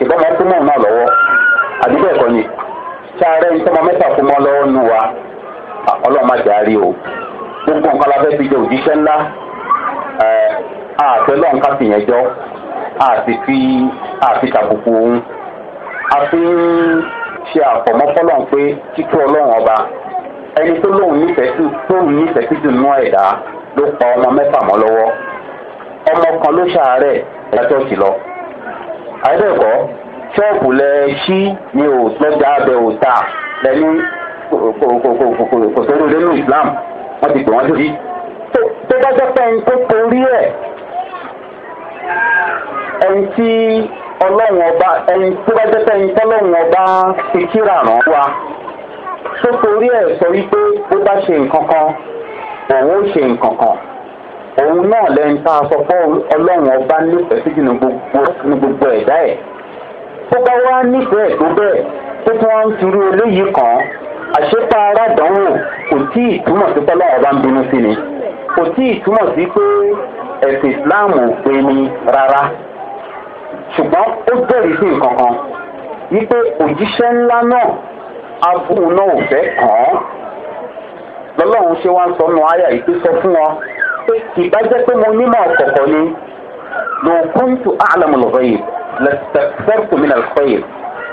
A: ìbọn máa kú mọ́ náà lọ́wọ́ àdúgbò ẹ̀kọ́ ni ṣáà rẹ́ ń tọ́mọ mẹ́ta kú mọ́ lọ́wọ́ nu wa ọlọ́mọdé àárí o gbogbo nǹkan la fẹ́ fi jẹ òjíṣẹ́ ńlá
B: àtẹ lọ́n ká fi yẹn jọ
A: àti fi àti tàbùkù òun a fi ń ṣe àfọ̀mọ́ fọlọ́n pé títú ọlọ́run ọba ẹni tó lóun nífẹ̀ẹ́ sí tóun nífẹ̀ẹ́ sí dùnú ẹ̀dá ló pa ọmọ mẹ́fà mọ́ lọ́wọ́ ọmọ kan ló ṣàárẹ̀ ẹ̀dá ṣọ́ọ̀ṣì lọ àìdẹ́kọ̀ọ́ ṣọ́ọ̀bù lẹ ṣí ni ò lọ́jà abẹ́ òòtà lẹ́ni kò sẹ́rù lẹ́nu islam wọ́n ti pè wọ́n lórí. tó bá jẹ́ pé ẹni tó torí ẹ̀ ẹni tí ọlọ́run ọba ẹni tó bá jẹ́ pé ẹni tọ́lọ́run ọba fi kíra ràn wá tó torí ẹ̀ sọ wípé bó bá ṣe nǹkan kan òun ó ṣe nǹkan kan òun náà lẹ́yìn tá a sọ pé ọlọ́run ọba nífẹ̀ẹ́ sí ní gbogbo ẹ̀dá ẹ̀ tó bá wá nífẹ̀ẹ́ tó bẹ́ẹ̀ tó tún wá ń turu eléyìí kan àṣepa aládánwò kò tí ì túmọ̀ sí pẹ́lá ọba ń bínú sí ni kò tí ì túmọ̀ sí pé ẹ̀sìn islam ò pé ni rárá ṣùgbọ́n ó bẹ̀rẹ̀ sí nǹkan kan wípé òjíṣẹ́ ńlá náà abúrú náà ò fẹ́ kàn án lọ́lọ́run ṣe wá ń sọnù àyà yìí pé sọ fún wọn pé ìbájẹ́ pé mo nímọ̀ ọ̀kọ̀ọ̀kọ̀ ni lòókùn tó àlàmù lọ́gọ́ yìí lẹ́sẹ̀kẹ́rù tó mi lọ́gọ́ yìí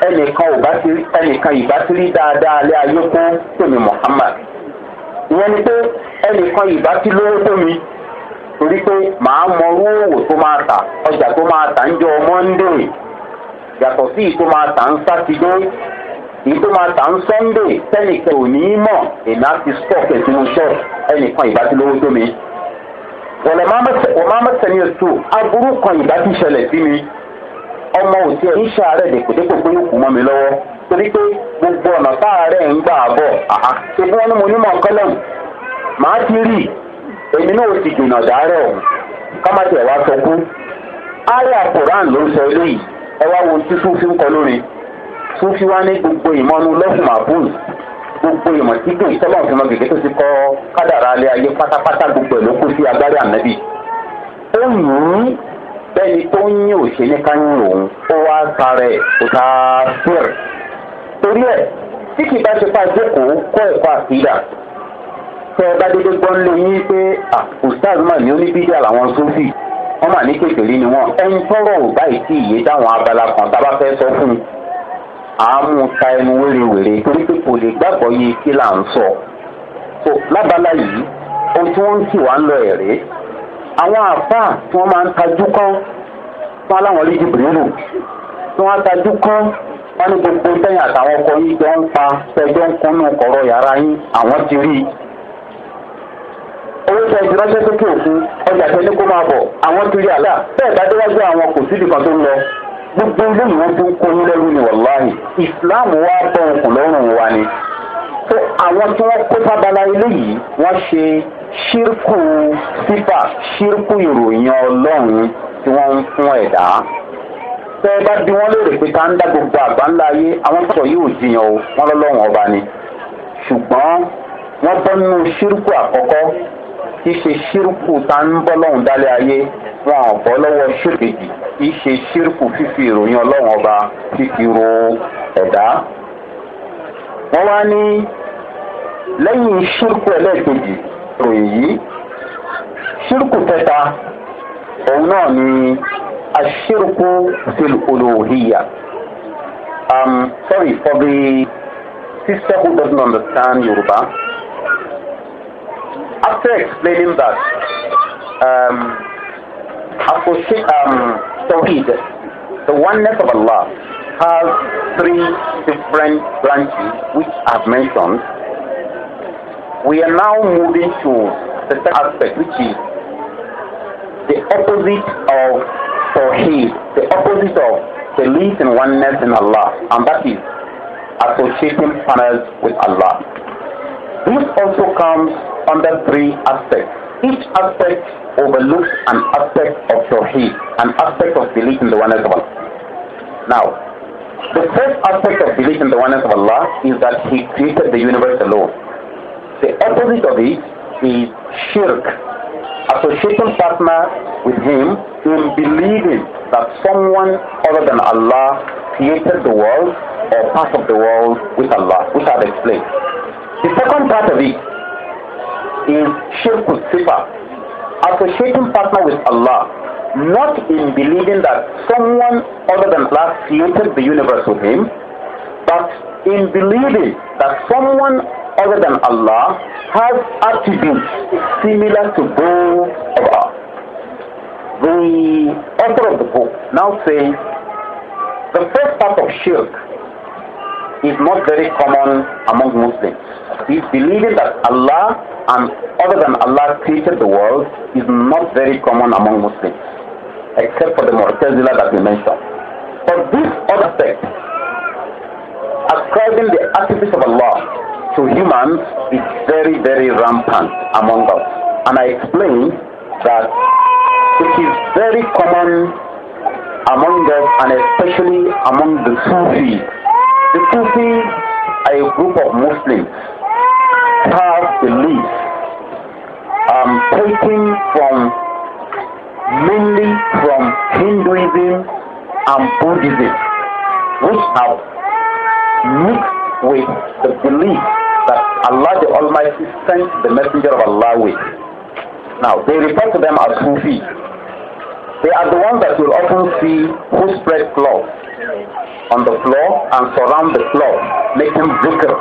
A: ẹnìkan ò bá ti ẹnìkan ìbá ti rí dáadáa lé ayé kó tèmi muhammad ìyẹn ni pé ẹnìkan ìbá ti lówó tó mi torí pé màá mọ owó tó máa tà ọjà tó máa tà ń jọ monday yàtọ̀ sí ìtò máa tà ń sátidé ìtò máa tà ń sunday tẹnìkan ò ní í mọ̀ èmi á ti stock ẹ̀ sínú shop ẹnìkan ìbá ti lówó tó mi wọ̀lẹ̀ wọ́n máa mẹ́sẹ̀ ní oṣù aburú kan ìbá ti ṣẹlẹ̀ sí mi ọmọ òsì ẹ̀ ń ṣàárẹ̀ dèpòdépò pé ó kù mọ́ mi lọ́wọ́ torí pé gbogbo ọ̀nà táàárẹ̀ ń gbà bọ̀ àhá ṣe bí wọ́n ní mo nímọ̀ kọ́lọ̀mù màá ti rí èmi náà ti dènà dàárẹ̀ ọ̀hún ká má tiẹ̀ wá sọ kú. ààrẹ àkùrán ló ń sọ eléyìí ẹ wá wo tí súnfí ń kọ lórí súnfí wá ní gbogbo ìmọ̀nu lọ́fùn màbúù gbogbo ìmọ̀ tí dùn ìtọ́lọ́run fi mọ gègé tó ti kọ́ kádàrá alẹ́ ayé pátápátá gbogbo ẹ̀ ló kó sí agbárí ànábì. ó yùn ún bẹ́ẹ̀ni tó ń yín òṣè ní ká yín òun ó wá tara ẹ̀ kó ta fíìrì torí ẹ̀ tí kì í bá ṣe pa jókòó kọ́ ẹ̀kọ́ àfíìdà tẹ́ ẹ bá dédé gbọ́ nílé yín pé ustaz mà ní oníbíjà làwọn sófì wọ́n mà ní kékeré ni wọ́n ẹni tọ́rọ̀ ò báyìí tí ìyé táwọn abala kan tá a bá fẹ́ sọ fún àámú ka ẹnu wérewère torí pé kò lè gbàgbọ́ yé kí là ń sọ so lábala yìí ohun tí wọ́n ń kì wá ń lọ ẹ̀rẹ́ àwọn àfáà tí wọ́n máa ń tajú kọ́ fún orí jìbìrìlù tí wọ́n tajú kọ́ wọ́n ní gbogbo sẹ́yìn àtàwọn ọkọ yìí jọ ń pa ọkọ ń kúnnú kọ̀rọ̀ yàrá yìí àwọn ti rí i. ọjà tẹ ní kó máa bọ̀ àwọn ti rí bẹ́ẹ̀ àwọn kò sídìí gbogbo tó ń kó lẹ́rú ni wàláhì ìsìláàmù wa bọ̀ òkùn lọ́rùn wa so àwọn tí wọ́n kó sábàlá ilé yìí wọ́n ṣe ṣírkù sífà ṣírkù ìròyìn ọlọ́run tí wọ́n ń fún ẹ̀dá tẹ ẹ bá bí wọn lóore pé ká ń dá gbogbo àgbà ńlá ayé àwọn sọ yóò jiyàn o wọn lọlọrun ọba ni ṣùgbọn wọn bọ nínú ṣírùkù àkọkọ kì í ṣe ṣírùkù tá ń bọ lọhùn dálé ayé wọn ò bọ lọwọ ṣírùkù kì í ṣe ṣírùkù fífi ìròyìn ọlọrun ọba fífi ro ẹdá wọ́n wá ní lẹ́yìn ṣírkù ẹlẹ́ẹ̀kejì ròyìn yìí ṣírkù kẹta òun náà ni aṣírkù fil um sorry for the sister who doesn't understand yoruba after explaining that um, apostate um, tawhid the oneness of allah has three different branches which I've mentioned. We are now moving to the third aspect which is the opposite of Tawheed, the opposite of belief in oneness in Allah, and that is associating partners with Allah. This also comes under three aspects. Each aspect overlooks an aspect of Tawheed, an aspect of belief in the oneness of Allah. Now, the first aspect of belief in the oneness of Allah is that He created the universe alone. The opposite of it is shirk, associating partner with Him in believing that someone other than Allah created the world or part of the world with Allah, which I've explained. The second part of it is shirk with sifa, associating partner with Allah not in believing that someone other than Allah created the universe with him, but in believing that someone other than Allah has attributes similar to those of Allah. The author of the book now says the first part of shirk is not very common among Muslims. Is believing that Allah and other than Allah created the world is not very common among Muslims. except for the Mu'tazila that we mentioned. But this other sect, ascribing the attributes of Allah to humans, is very, very rampant among us. And I explained that it is very common among us and especially among the Sufis. The Sufis are a group of Muslims who have beliefs um, taken from mainly from Hinduism and Buddhism, which have mixed with the belief that Allah the Almighty sent the messenger of Allah with. Now, they refer to them as Hufi. They are the ones that you'll often see who spread cloth on the floor and surround the cloth, making zikr.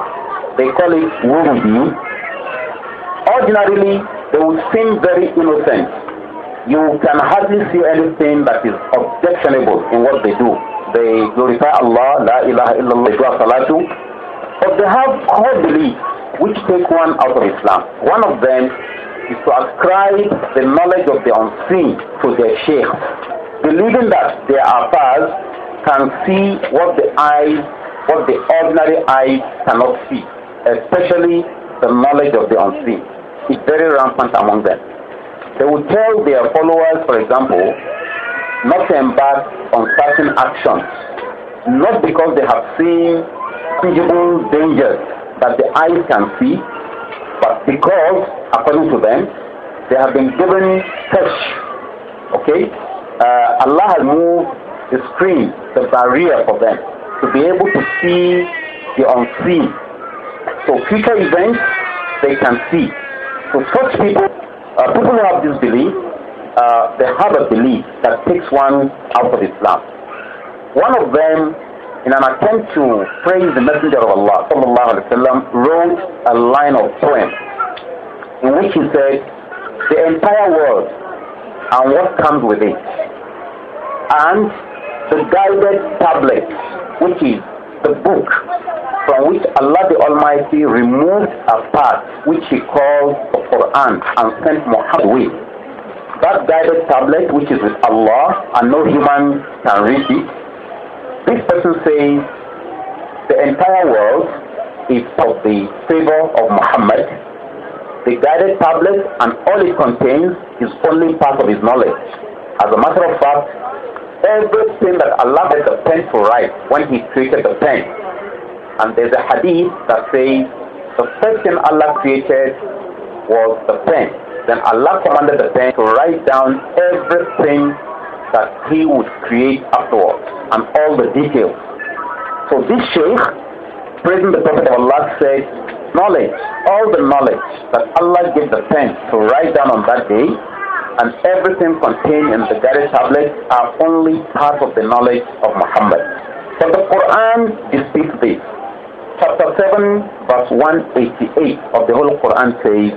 A: They call it wudu. Ordinarily, they would seem very innocent you can hardly see anything that is objectionable in what they do. They glorify Allah, La ilaha illallah, they do salatu, but they have core beliefs which take one out of Islam. One of them is to ascribe the knowledge of the unseen to their sheikh, believing that their affairs can see what the eyes, what the ordinary eyes cannot see, especially the knowledge of the unseen. It's very rampant among them. They will tell their followers, for example, not to embark on certain actions, not because they have seen tangible dangers that the eyes can see, but because, according to them, they have been given touch. Okay? Uh, Allah has moved the screen, the barrier for them to be able to see the unseen. So future events they can see. So such people uh, people who have this belief, uh, they have a belief that takes one out of Islam. One of them, in an attempt to praise the Messenger of Allah, وسلم, wrote a line of poem in which he said, The entire world and what comes with it, and the guided tablet, which is the book from which Allah the Almighty removed a part which he called the Quran and sent Muhammad with. That guided tablet which is with Allah and no human can read it. This person says the entire world is of the favor of Muhammad. The guided tablet and all it contains is only part of his knowledge. As a matter of fact, everything that Allah gave the pen to write when He created the pen. And there's a hadith that says the first thing Allah created was the pen. Then Allah commanded the pen to write down everything that He would create afterwards and all the details. So this Shaykh, praising the Prophet of Allah, said, Knowledge, all the knowledge that Allah gave the pen to write down on that day and everything contained in the guided tablet are only part of the knowledge of Muhammad. But the Quran disputes this. Chapter 7, verse 188 of the Holy Quran says,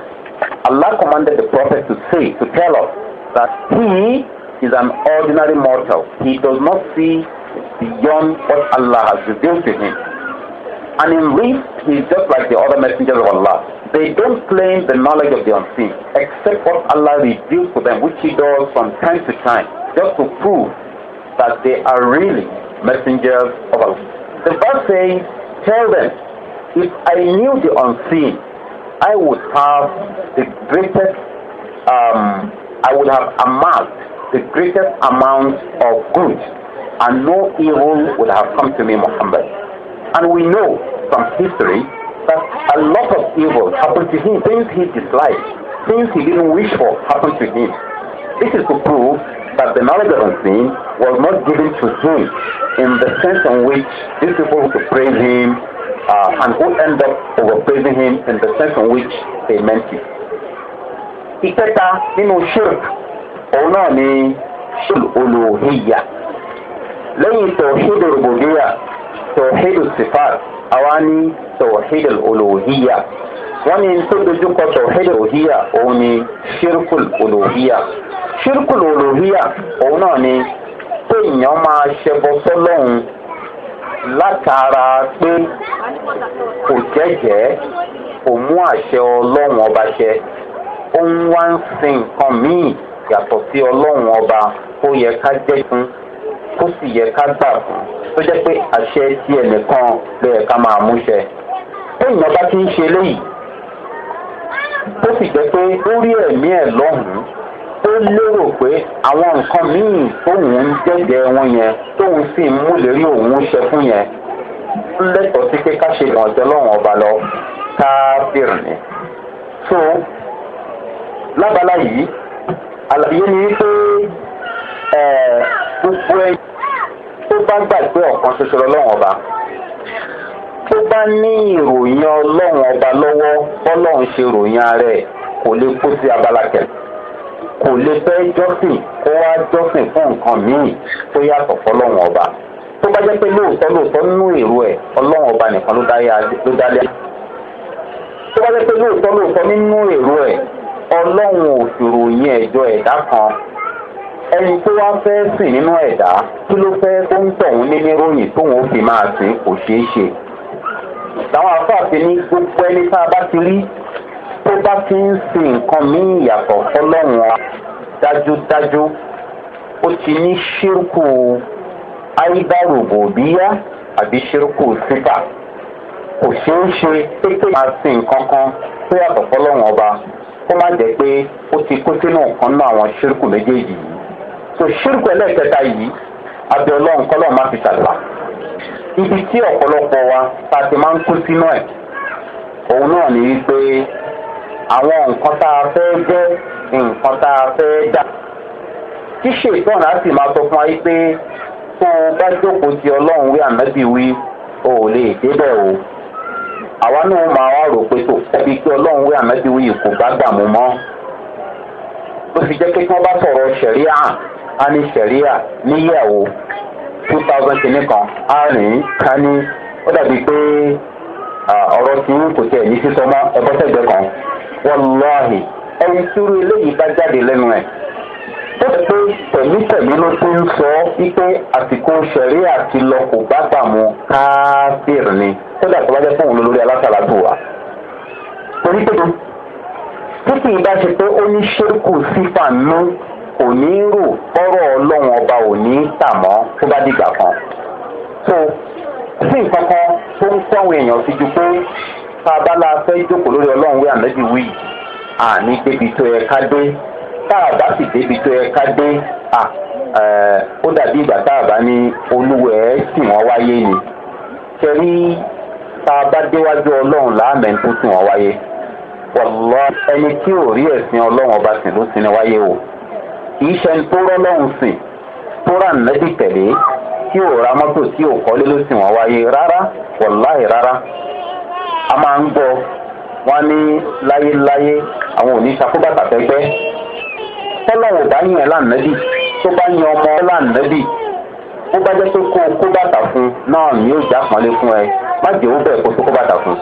A: Allah commanded the Prophet to say, to tell us that he is an ordinary mortal. He does not see beyond what Allah has revealed to him. And in this, he is just like the other messengers of Allah. They don't claim the knowledge of the unseen, except what Allah reveals to them, which He does from time to time, just to prove that they are really messengers of Allah. The verse says, Tell them, if I knew the unseen, I would have the greatest, um, I would have amassed the greatest amount of good, and no evil would have come to me, Muhammad. And we know from history that a lot of evil happened to him, things he disliked, things he didn't wish for happened to him. This is to prove that the knowledge of unseen was not given to him in the sense in which these people who praise him uh, and who end up overpraising him in the sense in which they meant it. Ìkẹta nínú shirk òun náà ni shirk olùhìyà lẹ́yìn tọ̀hídò rògbòdìyà tọ̀hídò sifat àwa ní tawhid olùhíyà wọ́n ní tó dojúkọ tawhid olùhíyà o ni shirkul olùhíyà shirkul olùhíyà òun náà ni
B: téèyàn máa
A: ṣẹbọ sọlọ́hún látara pé kò jẹ́jẹ́ kò mú àṣẹ ọlọ́run ọba ṣẹ òun wá ń sin nǹkan míì yàtọ̀ sí ọlọ́run ọba ó yẹ ká jẹ́ fún tó sì yẹ ká gbà fún tó jẹ́ pé àṣẹ tí ẹnìkan ló yẹ ká máa múṣẹ. téèyàn bá ti ń ṣe léyìí tó sì jẹ́ pé ó rí ẹ̀mí ẹ̀ lọ́hùn-ún tó lérò pé àwọn nǹkan míì tóun ń jẹ́jẹ́ wọn yẹn tóun sì ń múlérí òun ṣe fún yẹn lẹ́tọ̀ọ́ sí pé ká ṣe ìrànjẹ́ lọ́wọ́n ọba lọ káfíìrì ni. so lábala yìí àlàyé ni wípé ẹ̀ẹ́ gbogbo ẹ tó bá gbàgbé ọ̀kan ṣoṣo lọ́wọ́n ọba tó bá ní ìròyìn ọlọ́run ọba lọ́wọ́ bọ́lọ́run ṣe ròyìn ara ẹ̀ kò lè kó sí abala kẹ̀ kò lè fẹ́ jọ́sìn kó wá jọ́sìn fún nǹkan míì tó yàtọ̀ fọlọ́run ọba tó bá jẹ́ pé lóòótọ́ lóòótọ́ nínú èrò ẹ̀ ọlọ́run ọba nìkan ló dálé tó bá jẹ́ pé lóòótọ́ lóòótọ́ nínú èrò ẹ̀ ọlọ́run òṣòro ẹ̀jọ́ ẹ̀dá kan ẹni tó wá fẹ́ sìn nínú ẹ̀dá kí ló fẹ́ tó ń tọ̀hún lé níròyìn tóun ó fi máa sìn kò ṣeé ṣe. làwọn afáàfin ní gbogbo ẹni tá a bá ti rí tó bá ti ń sin nǹkan míì yàtọ̀ fọlọ́run dájúdájú ó ti ní ṣírkù áídárògbò bíyá àbí ṣírkù síta kò ṣeé ṣe pé máa sin nǹkan kan tó yàtọ̀ fọlọ́run ọba kó má jẹ́ pé ó ti kó sínú nǹkan náà àwọn ṣírkù méjèèjì yìí so ṣírkù ẹlẹ́kẹta yìí abẹ ọlọ́run kọ́lọ́ má fi ṣàlùwà ibi tí ọ̀pọ̀lọpọ̀ wa ta ti máa ń kú sínú ẹ̀ òun náà ní wípé àwọn nǹkan tá a fẹ́ jẹ́ nǹkan tá a fẹ́ dà tí ṣètọ́n láti máa sọ fún wa wípé tó o bá jókòó ti ọlọ́run wí ànábì wí o ò lè débẹ̀ o àwa náà máa wá rò pé tó ẹbí kí ọlọ́run wí ànábì wí kò bá gbà mú mọ́ ó fi jẹ́ pé kí wọ́n bá sọ̀rọ̀ ṣẹ̀ríà a ní sẹ̀ríà níyàwó two thousand kìíní kan a rìn ká ní ó dàbí pé ọ̀rọ̀ tí kò tiẹ̀ ní sísọ mọ́ ẹ̀bọ́ sẹ́gbẹ́ kan wọ́láhì ẹni túrú eléyìí bá jáde lẹ́nu ẹ̀ ó ti pé tẹ̀mítẹ̀mí ló ti ń sọ wípé àsìkò sẹ̀ríà ti lọ kò bá tààmú káfíìrì ni kódà tó bá jẹ́ fóun lórí alásàlátù wa
B: torí pé títí
A: ìbá ṣe pé ó ní ṣékù sífà nú kò ní rò ọ̀rọ̀ ọlọ́run ọba ò ní tà mọ́ tó bá dìgbà kan. so sí nǹkan kan tó ń kọ́ àwọn èèyàn sí ju pé tá a bá la fẹ́ jókòó lórí ọlọ́run wí ànájú wí àní débi tó yẹ ká dé tá a bá sì débi tó yẹ ká dé à ó dàbí ìgbà tá a bá ní olúwa ẹ̀ sì wọ́n wáyé ni kẹrí tá bá déwájú ọlọ́run láàmẹ́ tó sì wọ́n wáyé wọ́n lọ ẹni tí ò rí ẹ̀sìn ọlọ́run ọba sì ló sì ní wáyé o. kì í ṣẹni tó rọ́ lọ́hùn sìn tó rà tẹ̀lé tí ò ra mọ́tò tí ò kọ́lé ló sì wọ́n wáyé rárá wọ̀láì rárá a máa ń gbọ́ wọn ní láyéláyé àwọn òní bá ọmọ lánàbì bá jẹ́ pé kó o kó bàtà fún náà ni yóò já pọ́nlé fún ẹ má jẹ́ ó bẹ̀rẹ̀ kó o kó bàtà fún.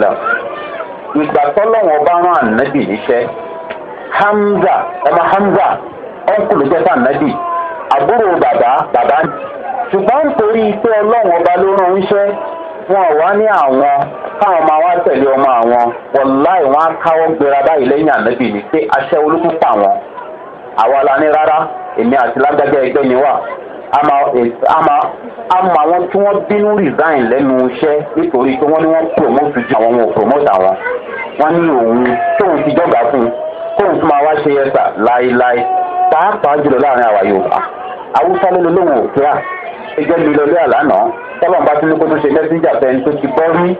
A: ló ìgbà tọ́lọ́wọ́ bá rán ànábì níṣẹ́ hamza ọmọ hamza ọ̀nkùlù jẹ́ta ànábì àbúrò bàbá bàbá ṣùgbọ́n nítorí pé ọlọ́wọ́ bá ló rán iṣẹ́ wọn ò wá ní àwọn káwọn máa wá tẹ̀lé ọmọ àwọn wọn láì wọn á káwọ́ gbéra báyìí lẹ́yìn ànábì ni pé aṣẹ́ olókùn pa wọn àwa la ní rárá èmi àti lágbájá ẹgbẹ́ ni wà a mọ àwọn tí wọ́n bínú resign lẹ́nu iṣẹ́ nítorí pé wọ́n ní wọ́n promote ju àwọn wọn promote àwọn wọ́n ní òun tóun ti jọ́gà fún un tóun tún máa wá ṣe ẹ̀sà láéláé pàápàá jùlọ láàrin àwa yorùbá awúsá ló lóun ò kíá ẹgbẹ́ mi lọ lé àlánà tọ́lọ́mùbá tún ní kó tó ṣe mẹ́síńjà fẹ́ni tó ti bọ́ rí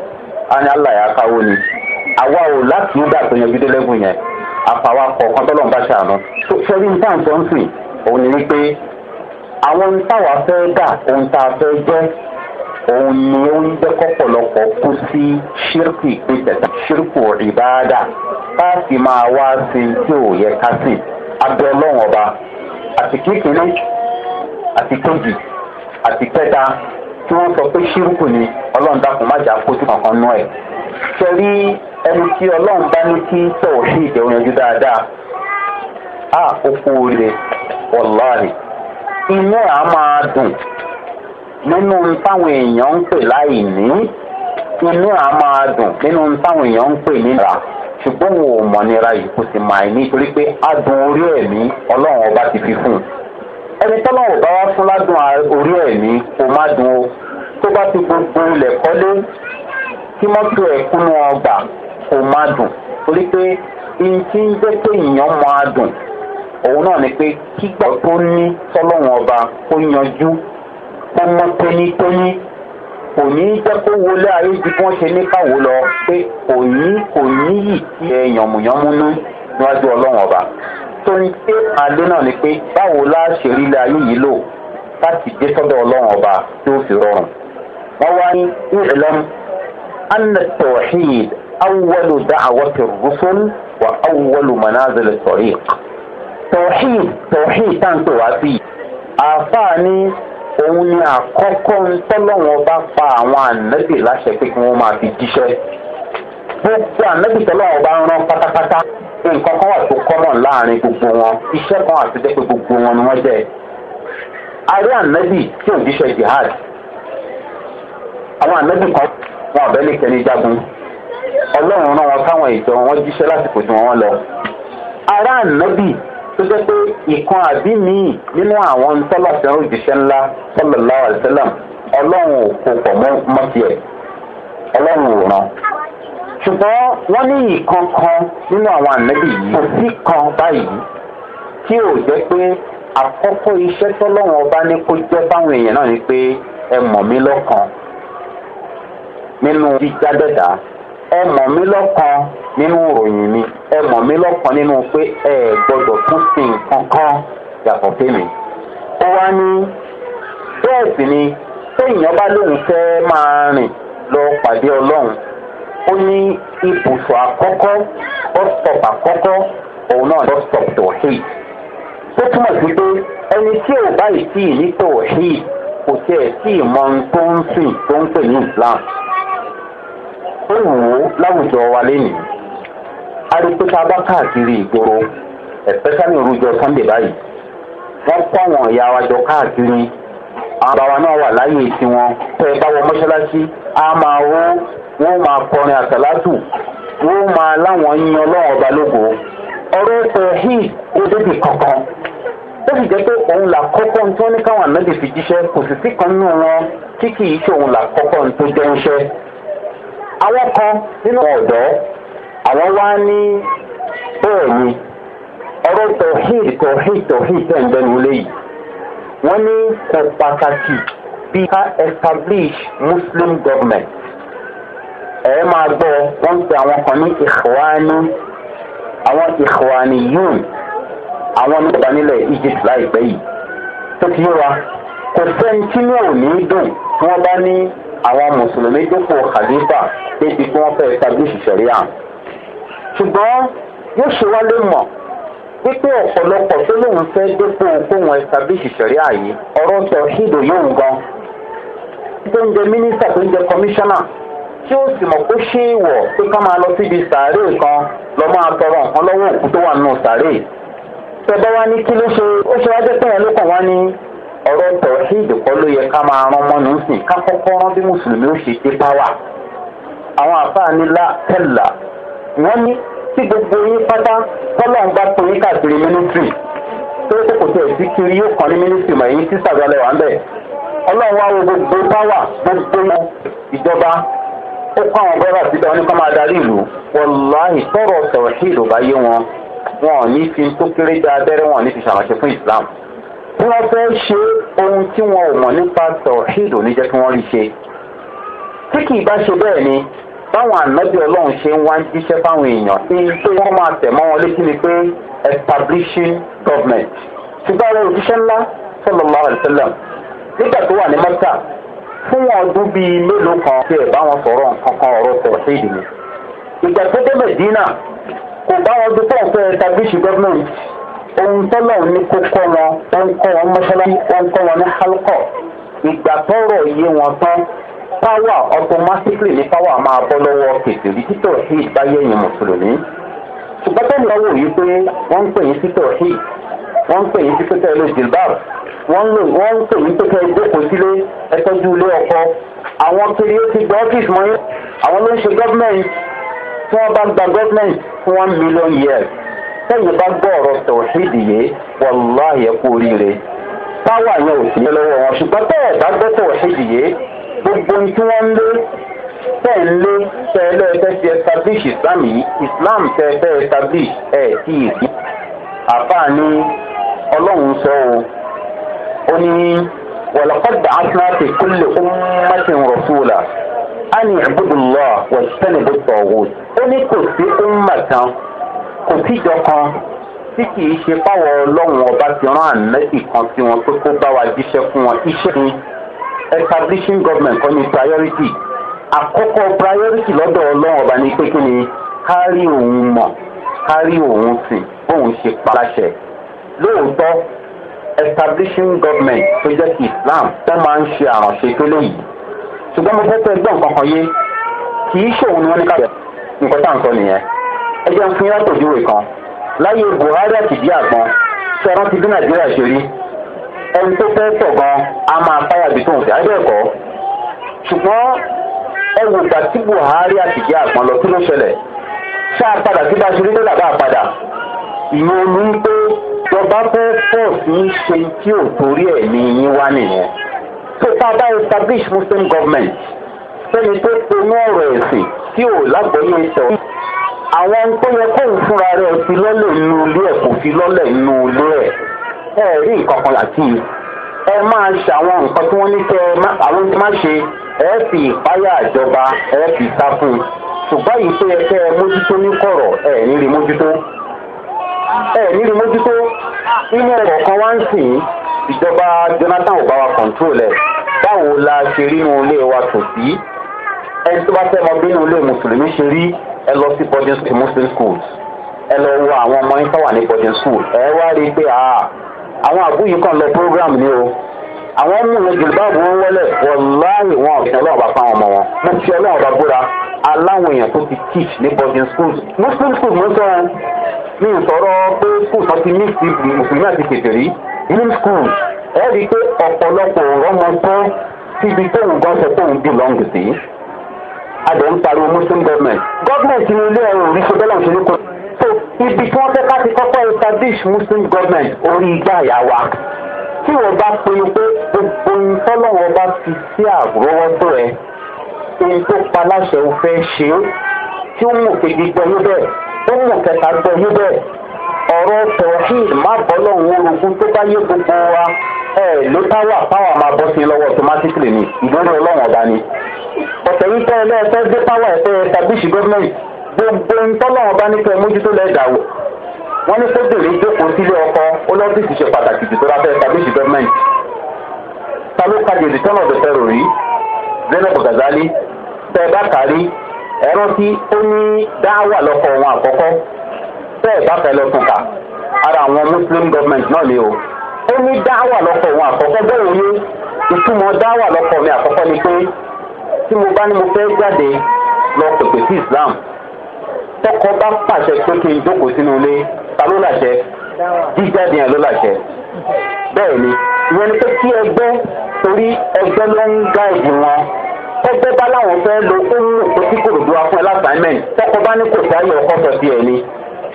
A: àní aláya káwó ni àwa ò láti ń gbà tó yanjú délẹ́gùn yẹn àfàwà kọ̀ọ̀kan tọ́lọ́mùbá ṣàánú ṣẹ́rí ní táǹtọ́ ń sìn òun ni wípé àwọn ohun táwa fẹ́ dà ohun tá a fẹ́ jẹ́ òun ni ó ń jẹ́ kọ́pọ̀lọpọ̀ kú sí ṣírkù ìpèsèta ṣírkù ìbáadà tá a sì máa wá sí i tí ò yẹ ká sí abẹ́ ọlọ́run ọba àti kékeré àti kejì àti kẹta tí wọ́n sọ pé ṣírkù ni ọlọ́run dákun má jà kójú kankan nú ẹ̀ sẹ́rí ẹni tí ọlọ́run bá ní kí sọ̀rọ̀ sí ìdẹ̀wọ̀n yanjú dáadáa a o kú oríire wọ̀láàrí inú ẹ̀ á máa dùn nínú táwọn èèyàn ń pè láì ní inú ẹ̀ á máa dùn nínú táwọn èèyàn ń pè níra ṣùgbọ́n wo mọ̀nira yìí kò sì máa ní torí pé adùn orí ẹ̀mí ọlọ́run ọba ti fi fún un ẹni tọ́lọ́run bá wá fún ládùn orí ẹ̀mí kò má dùn o tó bá ti gbogbo ilẹ̀ kọ́lé tí mọ́tò ẹ̀kúnnú ọgbà kò má dùn torí pé ìyìn tí ń jẹ́ pé èèyàn máa dùn òun náà ni pé kígbà tó ní sọlọ́wọ́n ọba kó yanjú kó mọ́ tónítóní kò ní jẹ́ kó wọlé ayé ju bí wọ́n ṣe ní káwọ́ lọ pé kò ní kò ní yìí ti ẹ yànmùyánmúnú níwájú ọlọ́wọ́n ọba tó ń gbé àlẹ́ náà ni pé báwo la ṣe rí ilé ayé yìí lò láti dé sọ́dọ̀ ọlọ́wọ́n ọba tí ó fi rọrùn. wọ́n wá ní ìlọ́m anna tawhid awwalu da'awati rusul wa awwalu manazil sariq. tọ̀hìn tọ̀hìn táǹtò wá sí i àáfàá ní òun ni àkọ́kọ́ ń tọ́lọ́wọ́n bá pa àwọn ànábì láṣẹ pé kí wọ́n máa fi jíṣẹ́ gbogbo ànábì tọ́lọ́wọ́n bá rán pátápátá nǹkan kan wà tó kọ́mọ̀ láàrin gbogbo wọn iṣẹ́ kan àti jẹ́ pé gbogbo wọn ni wọ́n jẹ́ àrí ànábì tí ò jíṣẹ́ jihad àwọn ànábì kan wọn ọ̀bẹ lè kẹ́ni jagun ọlọ́run rán wọn káwọn ìjọ wọn jíṣẹ́ lásìkò tí wọ́n lọ àrá ànábì tó jẹ́ pé ìkan àbí míì nínú àwọn ntọ́lọ̀sẹ̀ ń jíṣẹ́ ńlá sọ́lọ̀lá àṣẹlẹ̀m ọlọ́run ò kó pọ̀ mọ́ tiẹ̀ ọlọ́run ò ràn. ṣùgbọ́n wọ́n ní ìkan kan nínú àwọn ànábì yìí kò sí kan báyìí tí ò jẹ́ pé àkọ́kọ́ iṣẹ́ tọ́lọ́run ọba ní kó jẹ́ fáwọn èèyàn náà ni pé ẹ mọ̀ mí lọ́kàn nínú jíjádẹ́dàá ẹ mọ̀ mí lọ́kàn nínú ìròyìn mi ẹ mọ̀ mí lọ́kàn nínú pé ẹ gbọ́dọ̀ tún sí nǹkan kan yàtọ̀ fèmí. ó wá ní bẹ́ẹ̀ sì ni téèyàn bá lóun fẹ́ máa rìn lọ pàdé ọlọ́run ó ní ibùsọ̀ àkọ́kọ́ bọ́stọ̀p àkọ́kọ́ òun náà bọ́stọ̀p tó hì. tó túmọ̀ sí pé ẹni tí ò báyìí tí ì ní tó hì kò tiẹ̀ tí ì mọ ohun tó ń sìn tó ń pè ní islam ó wò ó láwùjọ wa lénìí a rí pé tá a bá káàkiri ìgboro especially orújọ sunday báyìí wọ́n kó àwọn ìyá wa jọ káàkiri àwọn bàbá náà wà láyè tiwọn tẹ ẹ bá wọ mọ́ṣáláṣí a máa ró wọ́n máa kọrin àtàlátù wọ́n máa láwọn yan ọlọ́run ọba lógo ọ̀rọ̀ ẹ̀sẹ̀ híì ó débi kankan ó sì jẹ́ pé òun là kọ́kọ́ tí wọ́n ní káwọn ànábì fi jíṣẹ́ kò sì sí kan nínú wọn kí kì í ṣe òun là kọ́kọ́ tó jẹ́ ńṣẹ́ àwọn kan nínú ọ̀dọ́ àwọn wá ní bẹ́ẹ̀ ni ọ̀rọ̀ tọ̀hìd tọ̀hìd tọ̀hìd tẹ̀ǹdẹ́nu léyìí wọ́n ní kò pàtàkì bí ká establish muslim government ẹ̀ máa gbọ́ wọ́n pe àwọn kan ní ìhùwání àwọn ìhùwání yún àwọn nípa nílẹ̀ egypt láìpẹ́ yìí tó ti yé wa kò
B: sẹ́ni tí mi ò ní
A: dùn tí wọ́n bá ní àwọn mùsùlùmí dúpọ̀ khalifa débi tí wọ́n fẹ́ tábìlì sẹ̀ríà. ṣùgbọ́n yóò ṣe wá lè mọ̀ wípé ọ̀pọ̀lọpọ̀ tó lóun fẹ́ dúpọ̀ gbóhùn tábìlì sẹ̀ríà yìí ọ̀rọ̀ sọ ṣídò yóò gan. tó ń jẹ mínísítà tó ń jẹ kọmíṣánná tí ó sì mọ̀ pé ṣé ìwọ̀ pé ká máa lọ síbi sàárè kan lọ máa tọrọ nǹkan lọ́wọ́ òkú tó wà nù sàárè. tẹ ọ̀rọ̀ tọ̀hídì kọ́ ló yẹ ká máa rán mọ́nu sìn ká kọ́kọ́ rán bí mùsùlùmí ó ṣe dé báwà. àwọn àfáàníla tẹ̀là wọ́n ní tí gbogbo yín pátá bọ́lá ń bá torí káàkiri mínísírì tó yẹ kò tẹ̀ sí kiri yóò kàn ní mínísírì mọ̀ èyí tí sàgbàlẹ̀ wà ń bẹ̀. ọlọ́run wá wo gbogbo báwà gbogbo ìjọba ó kọ́ àwọn bọ́lá síta wọn ní kọ́ máa darí ìlú wọláhì tọrọ tọ̀hídì ò bá yé wọn wọn ò ní fi tó kéré dá wọn ò ní fi ṣàmàṣe fún ìsìlámù. wọ́n fẹ́ ṣe é ohun tí wọn ò mọ̀ nípa tọ̀híd ò ní jẹ́ kí wọ́n rí ṣe tí kì í bá ṣe bẹ́ẹ̀ ni báwọn ànábì ọlọ́run ṣe ń wá ń jíṣẹ́ fáwọn èèyàn ní pé wọ́n máa tẹ̀ mọ́ wọn létí ni pé establishing government ṣùgbọ́n àwọn òṣìṣẹ́ ńlá sọlọ́lá àlùfẹ́lẹ̀ nígbà tó wà ní mọ́tà fún wọn ọdún bíi mélòó kan tí ẹ̀ bá wọn sọ̀rọ̀ nǹkan kan ọ̀rọ̀ tọ̀híd ni ìgbà tó dé mẹ́dínà kò bá wọn dúpọ̀ pé establishing government ohun tọ́lọ̀ ní kókó wọn ó ń kọ́ wọn mọ́ṣáláṣí ó ń kọ́ wọn ní halkọ́ ìgbà tọ́rọ̀ yé wọn tán power automatically ní power máa bọ́ lọ́wọ́ kètèrí títọ̀ sí ìbáyé ẹ̀yìn mùsùlùmí ṣùgbọ́n tó ń lọ́wọ́ yìí pé wọ́n ń pè yín títọ̀ sí wọ́n ń pè yín títọ̀ tẹ́ ló jìlbáb wọ́n ń pè yín tó tẹ́ ìjókòó sílé ẹtọ́jú ilé ọkọ àwọn kiri ó ti gba ọ́fíìsì mọ́ àwọn ló ń ṣe gọ́ọ̀mẹ̀ntì tí wọ́n bá ń gba gọ́ọ̀mẹ̀ntì fún one million years sẹ́yìn bá gbọ́ ọ̀rọ̀ tòhídì yìí wàláhì ẹ̀ kú oríire táwa yẹn ò sí lọ́wọ́ wọn ṣùgbọ́n tẹ́ ẹ̀ bá gbọ́ tòhídì yìí gbogbo
B: tí wọ́n ń lé tẹ́ ń lé tẹ́
A: ẹ lọ́ọ́ fẹ́ establish islam yìí islam tẹ́ ẹ fẹ́ establish ẹ̀ tí ì sí. àfáà ní ọlọ́run sọ o ó ní wàlọ́kọ́dà asinaati kúlẹ̀ ọmọọmọtìn rọ̀ṣúlà á ní ìbúdùlọ́ọ̀ wọ̀ kò síjọ kan tí kì í ṣe páwọ ọlọ́run ọba ti rán ànẹ́bì kan sí wọn pé kó bá wa jíṣẹ́ fún wọn iṣẹ́ ni establishing government kan ní priority àkọ́kọ́ priority lọ́dọ̀ ọlọ́run ọba ni pé kí ni kárí òun mọ̀ kárí òun sìn bóun ṣe paláṣẹ lóòótọ́ establishing government tó jẹ́ ti islam wọ́n máa ń ṣe àrànṣe tó léyìí ṣùgbọ́n mo fẹ́ pẹ́ gbọ́n kankan yé kì í ṣòun ni wọ́n ní ká bẹ̀rẹ̀ nǹkan tá à ń sọ nìyẹn ẹ jẹ́ ń fún yàtọ̀ ìjúwe kan láyé buhari àtìdí àgbọn tí ọ̀rọ̀ ti bí nàìjíríà ṣe rí ẹni tó fẹ́ tọ̀ gan a máa fáyà bí tóun sí àbẹ̀kọ́ ṣùgbọ́n ẹ wò gbà tí buhari àtìdí àgbọn lọ kí ló ṣẹlẹ̀ ṣáà padà sí bá a ṣe rí lọ́dà bá a padà ìyẹn ni pé ìjọba fẹ́ pọ̀ sí ṣe tí ò torí ẹ̀ ní yín wá nìyẹn. tó tá a bá establish muslim government sẹ́ni tó ponú ọ̀rọ̀ ẹ̀sìn tí ò lágbóyè sọ̀rọ̀ àwọn tó yẹ kó ń fúnra rẹ̀ fi lọ́lẹ̀ nínú ilé ẹ̀ kò fi lọ́lẹ̀ nínú ilé ẹ̀ ẹ rí nǹkan kan àti ẹ máa ṣe àwọn nǹkan tí wọ́n ní kẹ́ àwọn tí má ṣe ẹ fi ìpáyà ìjọba ẹ fi ta fún un ṣùgbọ́n yìí tó yẹ kẹ́ ẹ mójútó ní kọ̀rọ̀ ẹ nílé mójútó ẹ nílé mójútó
B: inú ọ̀rọ̀ kan
A: wá ń sìn ìjọba jonathan ò bá wa kọ̀ǹtrol ẹ̀ báwo la ṣe rí inú ilé wa tò sí ẹni tó bá fẹ́ mọ bí inú ilé mùsùlùmí ṣe rí ẹ lọ sí boarding school muslim schools ẹ lọ wo àwọn ọmọ yín tó wà ní boarding school ẹ wá rí i pé àwọn àbú yìí kàn lọ program ni o àwọn mú un jùlbáàbù wọn wọlé wọláhì wọn ọ̀sìn ọlọ́run bá fáwọn ọmọ wọn mo ti ọlọ́run bá búra aláwọn èèyàn tó ti teach ní boarding schools muslim schools mo ń sọ mi ń sọ̀rọ̀ pé schools wọn ti mix mùsùlùmí àti kẹfẹ́rí muslim schools ẹ rí i pé ọ̀pọ̀lọpọ̀ ọ̀rọ̀ mọ tó síbi tóun gan sọ tóun belong sí adẹ̀ ń pariwo muslim government government ní ilé ẹ̀rọ orí ṣe bẹ́lẹ̀ òṣèlú kan so ibi tí wọ́n fẹ́ ká ti kọ́kọ́ establish muslim government orí igbá àyà wa tí wọ́n bá pinnu pé gbogbo ìtọ́lọ́wọ́ bá fi sí àrọ́wọ́tò ẹ̀ ohun tó paláṣẹ ò fẹ́ ṣe é tí ó mú kejì gbọ́ yín bẹ́ẹ̀ ó mú kẹta gbọ́ yín bẹ́ẹ̀ ọ̀rọ̀ tọ̀hìn má bọ́lọ́hún orogún tó bá yé gbogbo wa ẹ̀ ló táwà táwà máa bọ́ sí lọ́wọ́ automatically ni ìdúró ọlọ́run ọba ni ọ̀sẹ̀ yìí tẹ́ ẹ lẹ́ẹ̀ fẹ́ gbé páwà ẹ̀ fẹ́ tàbíṣì gọ́ọ̀mẹ̀ntì gbogbo ntọ́lọ́wọ́n bá ní kẹ́ mójútó lẹ́ẹ̀ dàwọ̀ wọ́n ní sóbèrè jókòó sílé ọkọ ó lọ́fíìsì ṣe pàtàkì jù tó ra fẹ́ tàbíṣì gọ́ọ̀mẹ̀ntì ta ló kájọ ìdítọ́nà ọ̀dọ̀fẹ́ rò rí zainab gazali tẹ́ ẹ bá kárí ẹ rántí ó ní dáwà lọ́kọ̀ wọn àkọ́kọ́ tẹ́ ẹ bá fẹ́ lọ́tún kà ara àwọn muslim government náà lé o ó ní dáwà lọ́kọ̀ wọn àkọ́kọ́ bẹ́ẹ̀ ni ìtumọ̀ dáwà lọ́kọ̀ mi àkọ́kọ́ ni pé tí mo bá ní mo fẹ́ jáde lọ pèpè sí islam tọkọ bá pàṣẹ pé kí n jókòó sínú ilé ta ló làṣẹ
B: jíjáde yẹn ló làṣẹ
A: bẹ́ẹ̀ ni ìyẹn ni pé kí ẹgbẹ́ torí ẹgbẹ́ ló ń gáàdì wọn ẹgbẹ́ bá láwọn fẹ́ lo ohun ètò tí kò ròdúwa fún ẹ lásàámẹ́ǹtì tọkọ bá ní kò sáyẹ ọkọ sọ sí ẹ ni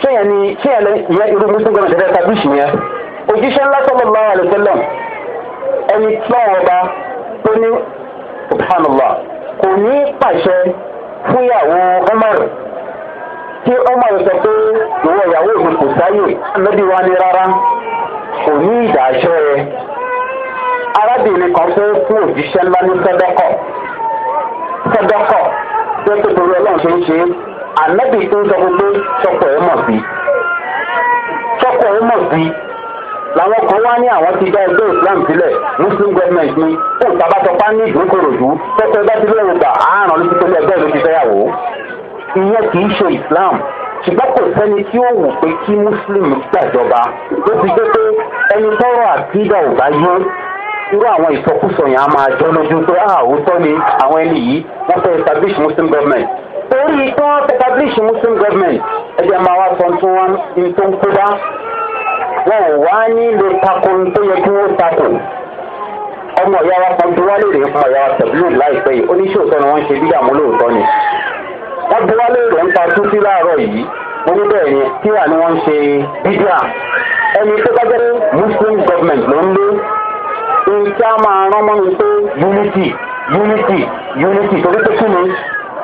A: ṣé yẹn ni ṣé yẹn yẹ irú muslim gọọmenti ẹ̀rẹ́ tábìlì yẹn òjíṣẹ́ ńlá sọ́lọ́ lọ́wọ́ àlùfẹ́lẹ̀ ẹni tí wọ́n wọ́n bá tó ní subhanallah kò ní pàṣẹ fúnyàwó ọmọrù tí ọmọrù sọ pé ìwọ ìyàwó mi kò sáyè lóbi wa ni rárá kò ní ìdájọ́ rẹ arábìnrin kan fẹ́ fún òjíṣẹ́ ńlá ní sẹ́dọ́kọ̀ sẹ́dọ́kọ̀ tó tó torí ọlọ́run ṣe ń ṣe ànábì tó ń sọ pé sọpọ̀ ẹ̀ mọ̀ sí sọpọ̀ ẹ̀ mọ̀ sí làwọn kan wá ní àwọn ti dá ẹgbẹ́ islam sílẹ̀ muslim government ni kó tabatọpa ní ìdúnkòròdú tẹ́tẹ́ bá ti lóyún gbà àárọ̀ ló ti tó lẹ́gbẹ́ ló ti fẹ́yàwó ìyẹn kì í ṣe islam ṣùgbọ́n kò sẹ́ni tí ó wù pé kí muslim gbàjọba ló fi dé pé ẹni tọrọ àtìdá ò bá yó irú àwọn ìsọkúsọ yẹn á máa jọ lójú pé àwòtọ́ ni àwọn ẹni yìí wọ́n fẹ́ establish muslim government torí tí wọ́n establish muslim government ẹ̀jẹ̀ máa wá sọ tí wọ́n ń tó ń kó bá wọn ò wá ní lè tako ní tó yẹ kí wọ́n tako ọmọ ìyá wa kan tí wọ́n lè rè fún ọ̀yà tẹ̀blú láìpẹ́ yìí oníṣòótọ́ ni wọ́n ń ṣe bí àmú lóòótọ́ ni wọ́n bí wọ́n lè rè ń ta tútí láàárọ̀ yìí orí bẹ́ẹ̀ ni kíra ni wọ́n ń ṣe bíbíà
B: ẹni tó bá jẹ́
A: muslim government ló ń lé nǹkan máa rán mọ́ni pé unity unity unity torí pé kí ni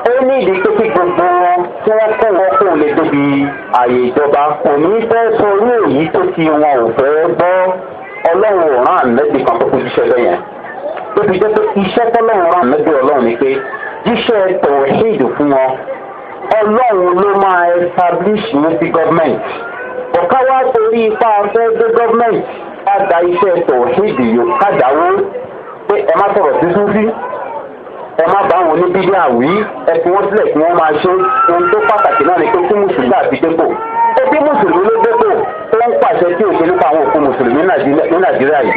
A: ó ní ìdí pé kí gbogbo wọn tí wọ́n kó wọn kó lè débi ààyè ìjọba kò ní fẹ́ sọrú èyí tó ti wọn ò fẹ́ bọ́ ọlọ́run ò rán àmẹ́bí kan tó kú jíṣẹ́ lẹ́yìn ó fi jẹ́ pé iṣẹ́ tọ́lọ́run rán àmẹ́bí ọlọ́run ni pé jíṣẹ́ tọ̀wọ̀ ṣèdè fún wọn ọlọ́run ló máa establish ní sí gọ́ọ̀mẹ̀ntì ọ̀ká wá torí ipa afẹ́ dé gọ́ọ̀mẹ̀ntì ká da iṣẹ́ tọ̀wọ̀ ẹ má bá wọn ní bíbí àwí ẹ fi wọn sílẹ̀ kí wọ́n máa ṣe ohun tó pàtàkì náà ni pé kí mùsùlùmí àti dépò ó bí mùsùlùmí ló dépò tó ń pàṣẹ tí òṣèlú pa àwọn òkú mùsùlùmí ní nàìjíríà yìí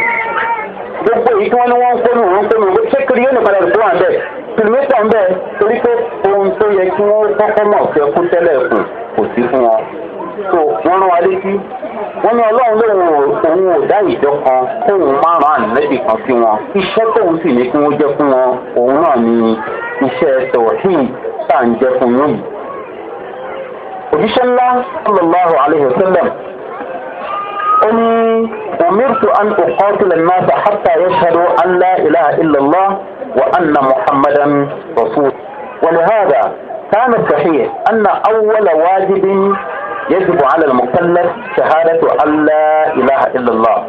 A: gbogbo èyí tí wọ́n ní wọ́n ń kónú wọ́n ń kónú ṣé kiri yóò nípa ẹ̀rọ tó wà bẹ́ẹ̀ mùsùlùmí pọ̀ ń bẹ́ẹ̀ torí pé ohun tó yẹ kí wọ́n kọ́kọ́ mọ̀ fẹ́ kú tẹ́lẹ̀ kù kò sí fún wọn tó wọ́n rán wa létí wọ́n ní ọlọ́run lòun òun ò dá ìjọ kan kóun márùn-ún ànínẹ́bì kan sí wọn iṣẹ́ tóun sì ní kí wọ́n jẹ́ fún wọn òun náà ni iṣẹ́ tòhìn tá à ń jẹ́ fún yín yìí. ńlá sallallahu alayhi wa ó ní umirtu an uqatila nasa hatta yashhadu an la ilaha illallah wa anna muhammadan rasul. ولهذا كان الصحيح أن أول واجب يجب على المكلف شهادة أن لا إله إلا الله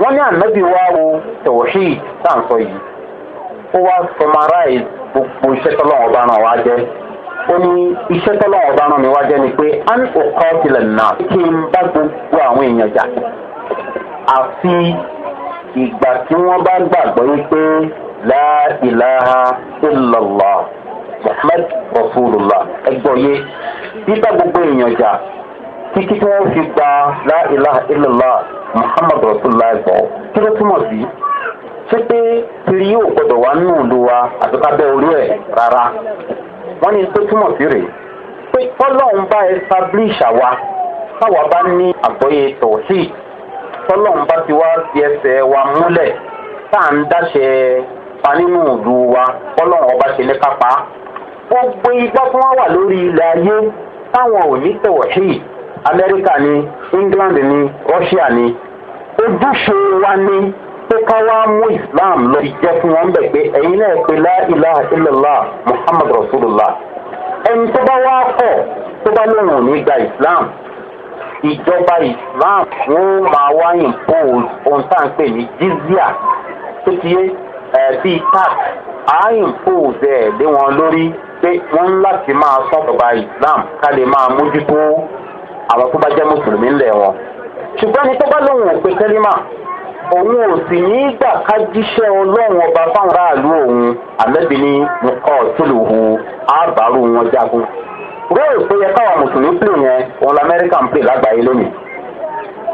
A: wọ́n ní ànábì wá wo هو tá à ń sọ yìí ó wá summarize gbogbo iṣẹ́ tọ́lọ́wọ́ bá ràn wá jẹ́ ó ní iṣẹ́ tọ́lọ́wọ́ bá ràn mí wá jẹ́ ni pé an òkọ́ tilẹ̀ náà kí n bá gbogbo àwọn èèyàn jà àfi ìgbà tí wọ́n bá gbàgbọ́ yìí pé láìláha ìlọ̀lá muhammed rasulillah ẹgbọ́ yé bíbá gbogbo èèyàn jà títí tí wọ́n fi gba láìlá ìlàlá muhammadu rasulillah gbọ́ kí ló túmọ̀ sí ṣé pé kiri yóò gbọdọ̀ wá nù lu wa àti kábẹ́ orí ẹ̀ rárá wọ́n ní tó túmọ̀ sí rèé pé tọ́lọ́hún bá establish àwa táwa bá ní àgbọ́yé tọ̀sí tọ́lọ́hún bá ti wá fi ẹsẹ̀ wa múlẹ̀ tá à ń dáṣẹ pa nínú wa tọ́lọ́hún ọba ṣe ní kápá gbogbo igbá tí wọ́n wà lórí ilẹ̀ ayé táwọn ò ní tẹ̀wọ̀ ṣíì amẹ́ríkà ni england ni russia ni ojúṣe wa ni pé ká wá mú islam lọ jẹ́ fún wọn bẹ̀ pé ẹ̀yin náà pé láìlá ilẹ̀lá muhammad rasulillah ẹni tó bá wá kọ̀ tó bá lóun ò ní gba islam ìjọba islam wọn máa wá impose ohun tá à ń pè ní jizya tó ti yé bíi tax á impose ẹ̀ lé wọn lórí pé wọ́n láti máa sọ́kọ̀ọ̀bà islam ká lè máa mójútó àwọn tó bá jẹ́ mùsùlùmí ńlẹ̀ wọn ṣùgbọ́n ní tó bá lóun ò pe kẹ́límà òun ò sì ní í gbà ká jíṣẹ́ ọlọ́run ọba fáwọn aráàlú òun àmẹ́bí nǹkan ọ̀túnlùhù àbárò wọn jagun. róòlù tó yẹ káwọn mùsùlùmí pè yẹn òun lamẹ́ríkà ń pè lágbàáyé lónìí.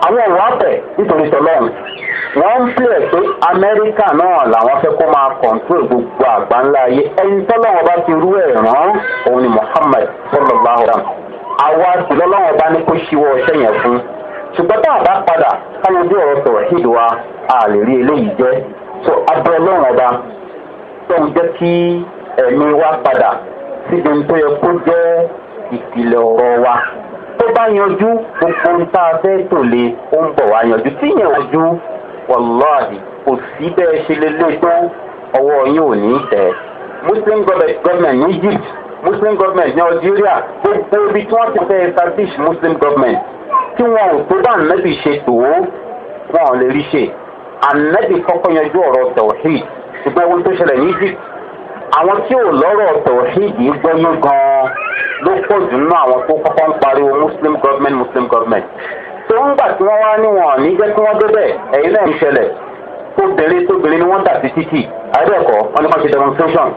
A: àwọn ọ̀rọ̀ àbẹ̀ nítorí tọ́lọ́run wọ́n ń pè pé amẹ́ríkà náà làwọn fẹ́ kó máa kọ̀ǹtúrò gbogbo àgbáńlá ayé ẹni tọ́lọ́run ọba ti rú ẹ̀ òun ni muhammed sọ́lọ́ àwa sì lọ́lọ́wọ́n bá ní kó ṣíwọ́ ọṣẹ́ yẹn fún ṣùgbọ́n tá a bá padà káwọn bí ọ̀rọ̀ sọ̀rọ̀ hìd wa a lè rí eléyìí jẹ́ so abẹ́ ọlọ́run ọba tóun jẹ́ kí ẹ̀mí wa padà síbi tó yẹ kó jẹ́ ìpìlẹ̀ ọ̀rọ̀ wa tó bá yanjú gbogbo ohun tá a fẹ́ tò lé ó ń bọ̀ wá yanjú tí yẹn yanjú wàláhì kò sí bẹ́ẹ̀ ṣe lé lé tó ọwọ́ yín ò ní tẹ̀ muslim government ní egypt muslim government ní algeria gbogbo ibi tí wọ́n ti fẹ́ establish muslim government tí wọn ò tó bá ànábì ṣe tò ó wọn ò lè rí ṣe ànábì kọ́kọ́ yanjú ọ̀rọ̀ tawhid ṣùgbọ́n ohun tó ṣẹlẹ̀ ní egypt àwọn tí ò lọ́rọ̀ tawhid yìí gbọ́yún gan-an ló pọ̀ jù nínú àwọn tó kọ́kọ́ ń pariwo muslim government muslim government tó ń gbà tí wọ́n wá níwọ̀n ní jẹ́ kí wọ́n débẹ̀ ẹ̀yin náà ń ṣẹlẹ̀ tóbìnrin tóbìnrin ni wọ́n dà sí títì àdẹ́kọ̀ọ́ wọn ni wọ́n ṣe demonstration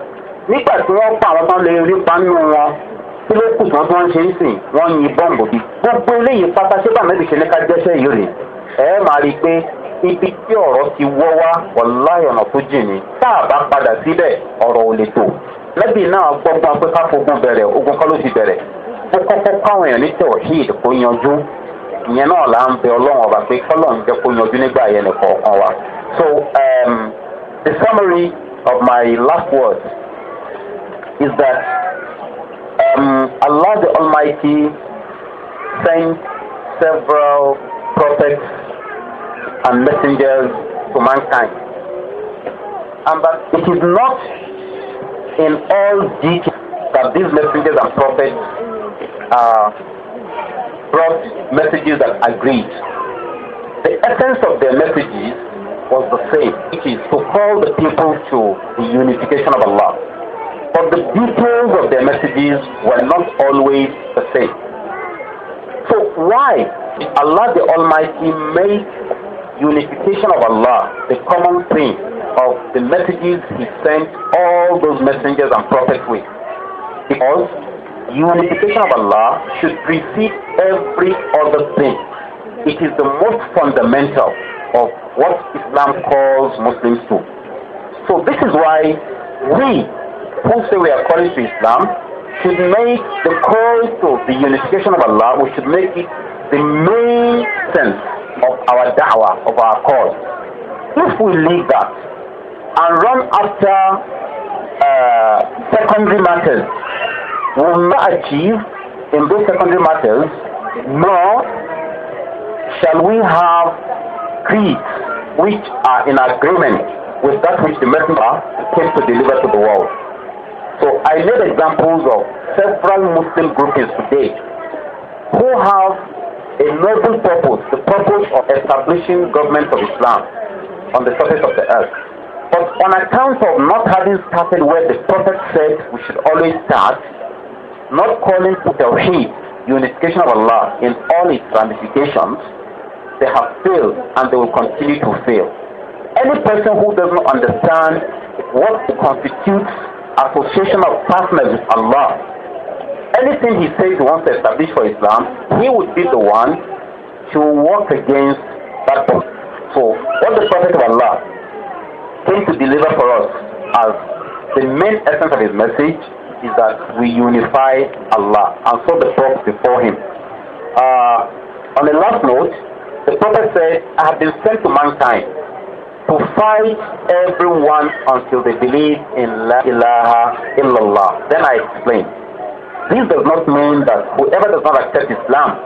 A: nígbà tí wọ́n pa àwọn tán lè rí wọn tí ló kù tí wọ́n ṣe ń sìn wọ́n yin bọ́ǹbù bí. gbogbo eléyìí pátá ṣé bàmí ṣe ní ká jẹ́ṣẹ́ yìí rè é máa rí i pé ibi tí ọ̀rọ̀ ti wọ́ wá wọ̀láyé tó jìn ní tá a bá padà síbẹ̀ ọ̀rọ̀ ò lè tò. lẹ́bí náà gbọ́gbọ́n pé ká fogun bẹ̀rẹ̀ ogun kọ́ ló ti bẹ̀rẹ̀ ó kọ́kọ́ káwọn èèyàn ní tẹ̀wọ̀híd kó yanjú ìyẹn náà là ń bẹ ọlọ́run ọba pé kọ́lọ̀ ń kó yanjú nígbà yẹn nìkan wa. so um, the summary of my last words is that um, Allah the Almighty sent several prophets and messengers to mankind. And that it is not in all detail that these messengers and prophets uh, brought messages that agreed. The essence of their messages was the same, which is to call the people to the unification of Allah. but the details of their messages were not always the same. So why Allah the Almighty made unification of Allah the common thing of the messages He sent all those messengers and prophets with? Because unification of Allah should precede every other thing. It is the most fundamental of what Islam calls Muslims to. So this is why we who say we are calling to Islam should make the call to the unification of Allah, we should make it the main sense of our da'wah, of our call. If we leave that and run after uh, secondary matters, we will not achieve in those secondary matters, nor shall we have creeds which are in agreement with that which the Messenger came to deliver to the world. So I made examples of several Muslim groups today who have a noble purpose, the purpose of establishing government of Islam on the surface of the earth. But on account of not having started where the Prophet said we should always start, not calling to Tawheed, unification of Allah in all its ramifications, they have failed and they will continue to fail. Any person who does not understand what constitutes association of partners with Allah. Anything he says he wants to establish for Islam, he would be the one to work against that point. So, what the Prophet of Allah came to deliver for us as the main essence of his message is that we unify Allah and so the Prophet before him. Uh, on the last note, the Prophet said, I have been sent to mankind to fight everyone until they believe in La ilaha illallah. Then I explained. This does not mean that whoever does not accept Islam,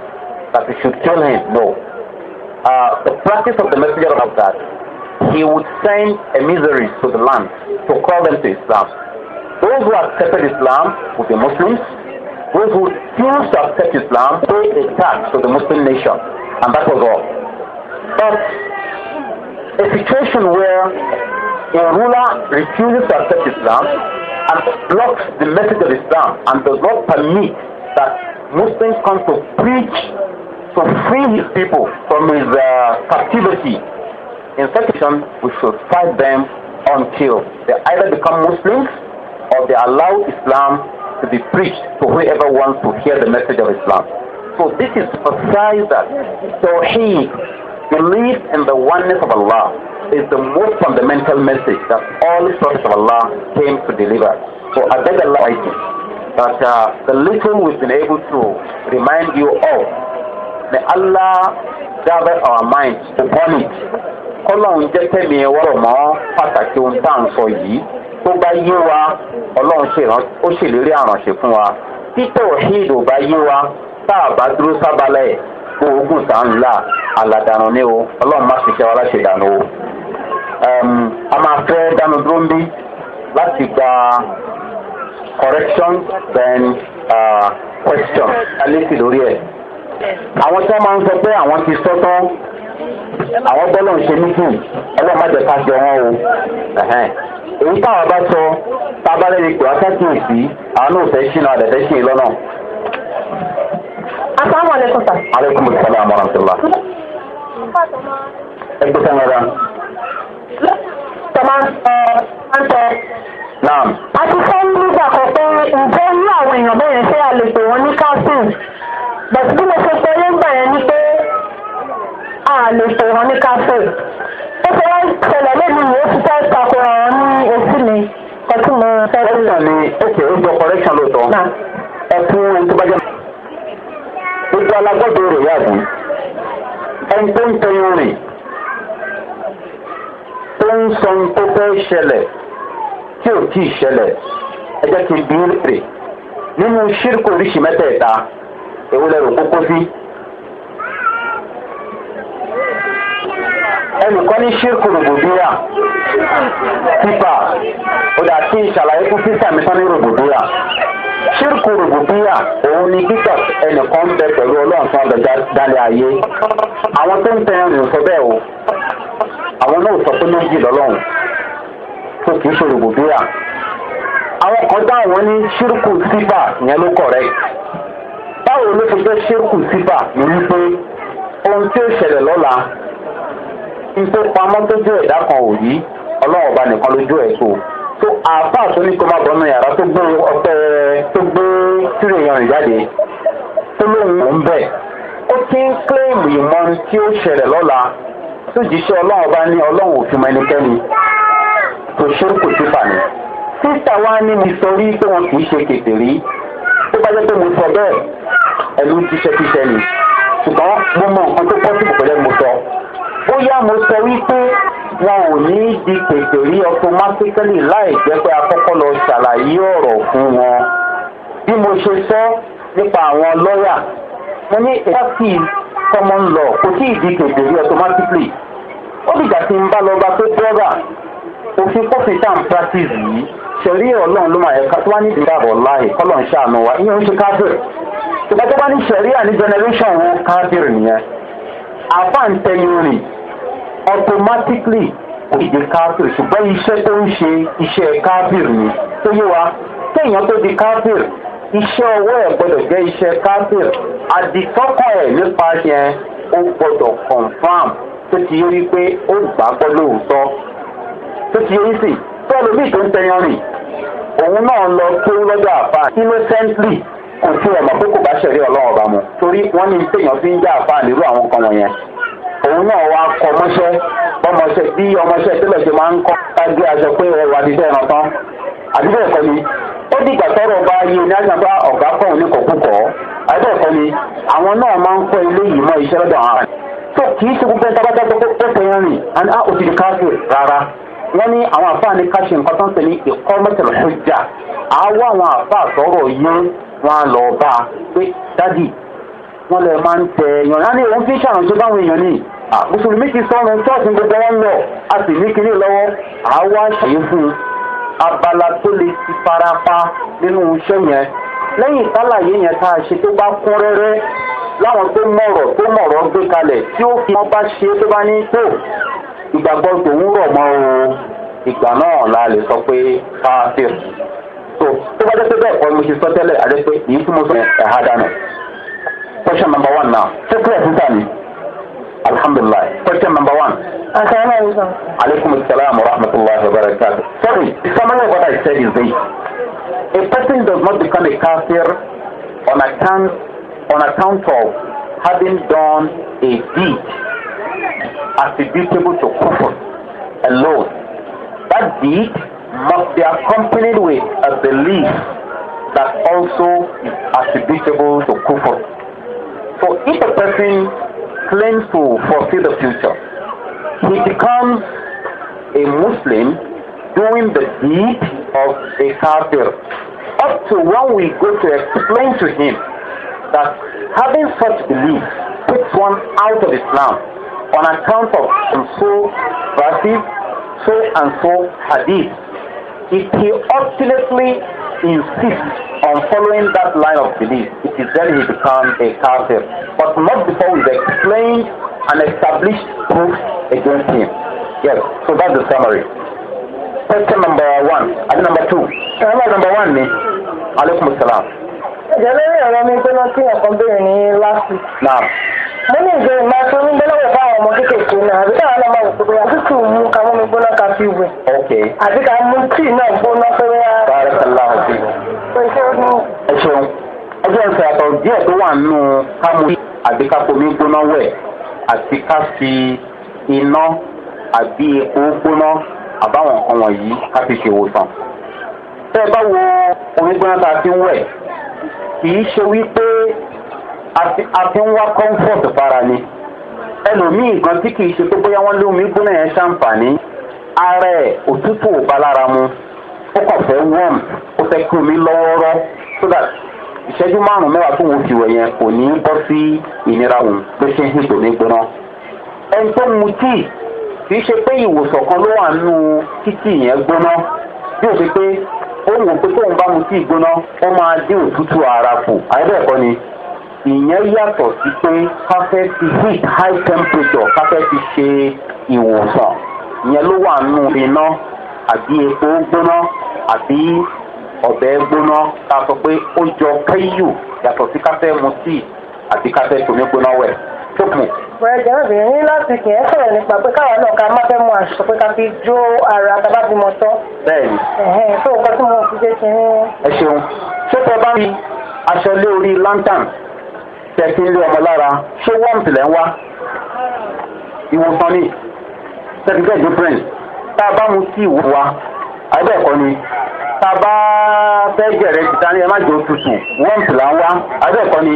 A: that we should kill him. No. Uh, the practice of the messenger of that, he would send emissaries to the land to call them to Islam. Those who accepted Islam would be Muslims. Those who refused to accept Islam paid a tax to the Muslim nation. And that was all. But a situation where a ruler refuses to accept Islam and blocks the message of Islam and does not permit that Muslims come to preach to free his people from his uh, captivity. In such a situation, we should fight them until they either become Muslims or they allow Islam to be preached to whoever wants to hear the message of Islam. So this is emphasized that Tawheed Belief in the oneness of Allah is the most fundamental message that all the prophets of Allah came to deliver. So I beg Allah Almighty that uh, the little we've been able to remind you of, may Allah gather our minds upon it. Kọ́lọ́hún jẹ́ kẹ́mi wọ́rọ̀ mọ́ pàtàkì ohun tá à ń sọ yìí. Tó bá yé wa, Ọlọ́run ó ṣèlérí àrànṣe fún wa. Títẹ̀ òṣèlú bá yé wa, tá a bá dúró sábàlẹ̀ oògùn tá ń là ni o ọlọ́run má ṣiṣẹ́ wa láti dànù o. a máa fẹ́ dánu dúró ń bí gba correction then uh, question alẹ́sì lórí ẹ̀. àwọn tí wọ́n máa ń sọ pé àwọn ti sọ àwọn gbọ́dọ̀ ṣe ọlọ́run má jẹ́ ká jọ o. èyí táwọn bá sọ
B: tábàlẹ́ ni pé wọ́n ṣàkíyèsí àwọn náà fẹ́ ṣìnà àdẹ̀fẹ́
A: asalaamualeykum sa. aleykum salaam wa rahmatulah.
B: ẹgbẹ́ sẹ́yìn rẹ̀. Eh, tọ́mọ
A: ń tẹ. naam. a ti fẹ́ nígbà kan pé ǹjẹ́ irú àwọn èèyàn bẹ́ẹ̀ yẹn ṣé a lè ni, wọ́n ní calcium bẹ̀tí bí mo ṣe pé nígbà yẹn ni pé a lè ni wọ́n ní calcium ó ṣe wá ṣẹlẹ̀ ti fẹ́ takora wọn ní
B: etí mi kọtí mo fẹ́. correction ni
A: ok ó jọ correction lóòótọ́
B: ẹ fún ẹni tó
A: gbogbo alágbọ́dọ̀ rẹ̀ yà bí ẹni tó ń tẹyìn rìn tó ń sọ ní tó fẹ́ ṣẹlẹ̀ tí ò tí ì ṣẹlẹ̀ ẹ jẹ́ kí n bí rè nínú ṣírkù oríṣi mẹ́tẹ̀ẹ̀ta èwo lẹ́rù kókó sí. ẹnìkan ní ṣírkù rògbòdúrà pípa ó dà tí ìṣàlàyé fún sísàmì tán ní rògbòdúrà ṣírkù rògbòdìyà òun ni gbígbà ẹnìkan bẹ pẹ̀lú ọlọ́run tó ń bẹ dálé ayé àwọn tó ń tẹ ẹrìn sọ bẹ́ẹ̀ o àwọn náà sọ pé méjì lọ́lọ́run tó kì í ṣe rògbòdìyà àwọn kan dá àwọn ní ṣírkù síbà yẹn ló kọ̀ rẹ̀ báwo ló fi jẹ́ ṣírkù síbà ní wípé ohun tí ó ṣẹlẹ̀ lọ́la ń tó pamọ́ tó jẹ́ ẹ̀dá kan òyí ọlọ́run ọba nìkan lójú ẹ̀ tó o tó àáfà tó ní kó má bọ́ nù yàrá tó gbé ọpẹ́ tó gbé tìrì yan ìjáde tó lóun ò ń bẹ̀ ó ti ń kílèmù ìmọ̀ tí ó ṣẹlẹ̀ lọ́la tó jíṣẹ́ ọlọ́run bá ní ọlọ́run òfin mọ ẹnikẹ́ni tó ṣeré kò sí fàní. sísà wa ní mi sọ rí pé wọn kì í ṣe kètè rí tó bá jẹ́ pé mo sọ bẹ́ẹ̀ ẹ̀lú tíṣẹ́tíṣẹ́ ni ṣùgbọ́n mo mọ nǹkan tó pọ́sibù pẹ̀lẹ́ mo wọn ò ní di pèpè rí automatically láì jẹ́ pé akọ́kọ́ lọ ṣàlàyé ọ̀rọ̀ fún wọn. bí mo ṣe sọ nípa àwọn lọ́ọ̀yà mo ní ẹ̀ka sí common law kò tí ì di pèpè rí automatically. ó dìgbà tí ń bá lọ bá tó bọ́dà òfin kófin tá à ń practice yìí ṣẹ̀rí ọlọ́run ló máa ẹ̀ka tó wá ní ìdáàbọ̀ láì kọ́lọ̀ ń ṣàánú wa ìyẹn ń ṣe káfíìrì ṣùgbọ́n tó bá ní ṣẹ̀rí à generation wọn káfíìrì nìyẹn àbá ń tẹyìn rìn automatically kò di káfíìrì ṣùgbọ́n iṣẹ́ tó ń ṣe iṣẹ́ káfíìrì ni tó yé wa téèyàn tó di káfíìrì iṣẹ́ ọwọ́ ẹ̀ gbọ́dọ̀ jẹ́ iṣẹ́ káfíìrì àdìsọ́kàn ẹ̀ nípa yẹn ó gbọ́dọ̀ confam tó ti yé wípé ó gbàgbọ́ lóòótọ́ tó ti yé sí tọ́lù bí tó ń tẹyan rìn òun náà lọ tó lọ́jọ́ àfa innocently kò tí ẹ̀ mọ̀ pé kò bá ṣẹ̀rí ọlọ́run ọba mu torí wọ́n ní téèyàn fi ń jẹ́ àfa nírú àwọn kan wọ̀nyẹn òun náà wá kọ mọ́ṣẹ́ bọ́mọṣẹ́ bí ọmọṣẹ́ tẹ́lẹ̀ ṣe máa ń kọ́ gbágbé aṣọ pé ẹwà ti fẹ́ ràn tán àti bẹ́ẹ̀ kọ́ ni ó dìgbà tọrọ bá yé ní àgbà ọ̀gá kọ̀ọ̀hún ní kọ̀kúkọ̀ àti bẹ́ẹ̀ kọ́ ni àwọn náà máa ń kọ́ ilé yìí mọ́ iṣẹ́ lọ́dọ̀ àwọn àrùn tó kì í ṣe gbogbo ẹni tábàtà gbogbo pẹ́pẹ́ yẹn rìn àni á ò ti di káàkiri rárá wọ́n ní àwọn àfáà ní káṣí nǹkan tó ń pè ní ìkọ́ mẹ́tẹ̀lẹ̀ tó jà á wá àwọn àfáà sọ̀rọ̀ a pé dádì wọ́n lè máa ń tẹ èèyàn láti Ah, mùsùlùmí ti sọ̀rọ̀ ṣọ́ọ̀ṣì gbogbo wọn lọ a sì ní kinní lọ́wọ́ àwa ṣèé fún abala tó lè ti farapa nínú iṣẹ́ yẹn lẹ́yìn ìtàlàyé yẹn tá a ṣe tó bá kún rẹ́rẹ́ láwọn tó mọ̀rọ̀ tó mọ̀rọ̀ gbé kalẹ̀ tí ó fi wọn bá ṣe tó bá ní tó ìgbàgbọ́ tòun rọ̀ mọ́ o ìgbà náà la lè sọ pé káfíìn
B: tó tó bá jẹ́
A: bẹ́ẹ̀ kọ́ ni ṣe sọ tẹ́lẹ̀ àdé pé tí mo sọ yẹn ẹ̀há dànù question number one now ṣé clear sísá ni alhamdulilah question number one.
B: asalaamualeykum.
A: aleykum salaam wa rahmatulahi wa barakatu. sorry summary of what I said is this. A person does not become a kafir on account on account of having done a deed attributable to kufr alone. That deed must be accompanied with a belief that also is attributable to kufr. So if a person plans to foresee the future. He becomes a Muslim doing the deed of a kafir. Up to when we go to explain to him that having such belief puts one out of Islam on account of so verses, so and so hadith if he obstinately insists on following that line of belief, it is then he becomes a kafir. But not before we've explained and established proofs against him. Yes, so that's the summary. Question number one, and number two. Number one, me. alaykum as-salam ẹ̀jẹ̀ lórí ọ̀rọ̀ mi gbóná sí ẹ̀kọ́ bèrè ní láti. mo ní ìbéèrè máa tó ń gbẹ́lẹ́wọ̀ fáwọn ọmọ
B: kéékèèké náà àbí káwọn náà máa wò pé bóyá tútù mú ká mú mi gbóná
A: ká fi wẹ̀. àbí ká
B: mú tíì náà gbóná fẹ́rẹ́ wá.
A: bárakàláhùn sí
B: i.
A: ẹ ṣeun ẹjọ́ ìṣe àtọ̀ díẹ̀ tó wà nù kámú àbí kápomi gbóná wẹ̀ àti ká fi iná àbí epo gbóná àbáwọn nǹkan wọ̀nyí ká fi ṣèwòsàn. tẹ́ ẹ bá wo omi gbóná tá a fi ń wẹ̀ kì í ṣe wípé a fi ń wá comfort fara ni ẹlòmíì gan tí kì í ṣe pé bóyá wọn lómi gbóná yẹn ṣàǹfààní ara ẹ òtútù ò bá lára mu ó kàn fẹ́ warm ó fẹ́ kí omi lọ́wọ́rọ́ so that ìṣẹ́jú márùn-ún mẹ́wàá tó wọ́n fi wẹ̀ yẹn kò ní bọ́ sí ìnira òun ló ṣe ń hìn tòmí gbóná ẹni tó mu tíì kì í ṣe pé ìwòsàn kan ló wà nínú títì yẹn gbóná bí ó ṣe pé ó wò pé tóun bá mu tí ìgbóná ó máa dín òtútù ara kù àyẹ̀bẹ̀kọ́ ni ìyẹn yàtọ̀ sí pé ká fẹ́ ti heat high temperature ká fẹ́ ti ṣe ìwòsàn ìyẹn ló wà nù iná àbí epo gbóná àbí ọ̀bẹ gbóná ká sọ pé ó jọ kéyù yàtọ̀ sí ká fẹ́ mu tíì àti ká fẹ́ tòmí gbóná wẹ̀ tókù. Bọ̀dẹ̀ obìnrin láti kì í sọ̀rọ̀ nípa pé káwọn náà ká má fẹ́ mú aṣọ pé ká fi a bá bímọ tán. Bẹ́ẹ̀ni.
B: Ẹ̀hẹ̀n tó nǹkan tí mo fi jẹ́ kí n.
A: Ẹ ṣeun. Ṣé tẹ bá rí aṣọ lé orí lantern tẹ fi ń lé ọmọ lára ṣé wọ́ǹpì lẹ́ ń wá? Ìwòsàn ni Secretary Difference tá a bá mu sí ìwò wa, àbẹ̀kọ́ ni tá a bá fẹ́ jẹ̀rẹ̀ tìta ni ẹ má jẹ́ òtútù wọ́ǹpì là ń wá, àbẹ̀kọ́ ni.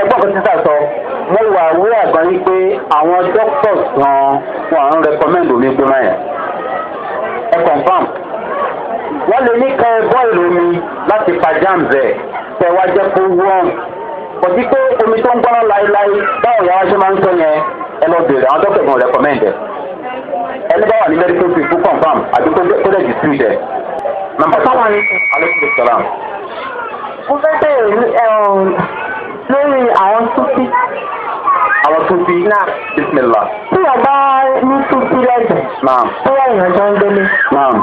A: ẹgbọ́n kan títà sọ mo wà wúrà gan yí pé àwọn doctors gan wọn à ń recommend omi gbóná yẹn ẹ confam wọ́n lè ní kan bọ́ọ̀lù omi láti pa jams ẹ̀ tẹ̀ wá jẹ́ kó wọ́n kò sí pé omi tó ń gbọ́ná láéláé báwo yàrá ṣe máa ń sọ yẹn ẹ lọ bèrè àwọn doctors gan recommend ẹ̀ ẹni bá wà ní medical field fún confam àbí kó dẹ̀ dispute ẹ̀ nàmbà sáwọn alẹ́ kúrò sọ̀rọ̀
B: mo fẹ́ bẹ̀rẹ̀ um, lórí
A: àwọn súfì. àwọn súfì. náà bisimilá. tí ọba ní súfì lẹ́dùn. naam. tó yà ìyànjọ́ ń gbélé. naam.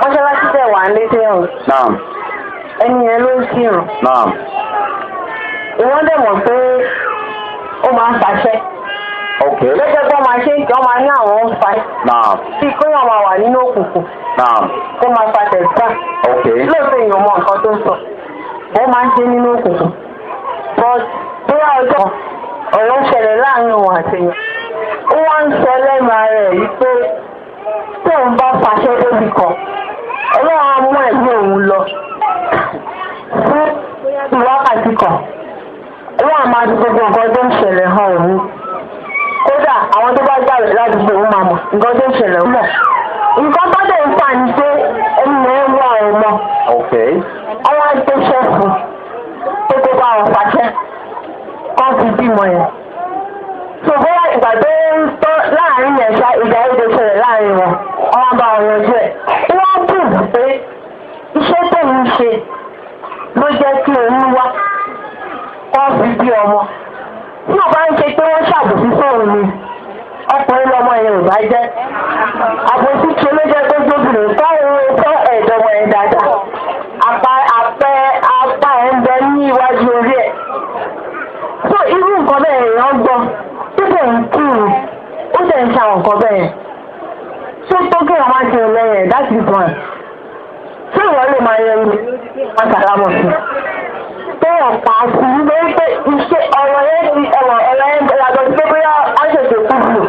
A: mọ́ṣáláṣí tẹ̀ wà létí ẹ̀hún. naam. ẹni yẹn ló ń kírun. naam. ìwọ́n dẹ̀ mọ̀ pé ó máa ń pàṣẹ ok. lọ́jọ́ tó máa ṣe ń tọ́ máa ní àwọn ń fa. naam. kí kóyàn máa wà nínú òkùnkùn. naam. kó máa fa tẹ̀sán. ok. lóòótọ́
B: èèyàn mọ nǹkan tó ń sọ. ó máa ń ṣe nínú òkùnkùn. bóyá ọjọ́ ọ̀rọ̀ ṣẹlẹ̀ láàrin òun àtẹ̀yìn ó wá ń sọ lẹ́nu ara ẹ̀ wípé tóun bá fàṣẹ kan ọlọ́run á mú ẹ̀mí lọ fún ìwákàtí kan á máa di gbogbo nǹkan tó ń ṣẹlẹ̀ hàn òun kódà àwọn tó bá gbàgbé ládùúgbò máa mọ̀
A: nǹkan tó ń ṣẹlẹ̀ bá wọn pàṣẹ
B: kọ́ fi bímọ yẹn. ṣùgbọ́n ìgbà tó ń tọ́ láàrin ẹ̀ṣá ìgbà èdè ṣẹlẹ̀ láàrin wọn ọmọ bá wọn yanjú ẹ̀. wọ́n bùbù pé iṣẹ́ tóun ṣe ló jẹ́ kí òun wá kọ́ fi bí ọmọ.
A: tí ò bá ń ṣe pé wọ́n ṣàbòsí sóun ni ọkùnrin lọmọ yẹn ò bá jẹ́ àbòsí tí ó àwọn nǹkan bẹ́ẹ̀ yẹn ṣé tókè àwọn àti ìlẹ́yìn ẹ̀dá ti gbọ̀n ẹ̀ ṣé ìwọ lè máa yẹ ẹni
B: wọn sàlámọ̀ sí
A: pé ọ̀pá àti ìwé pé iṣẹ́
B: ọ̀rọ̀ yẹn ti ẹ̀wọ̀ ọ̀rọ̀ yẹn ti yàtọ̀ sí bóyá àṣẹṣe kú jù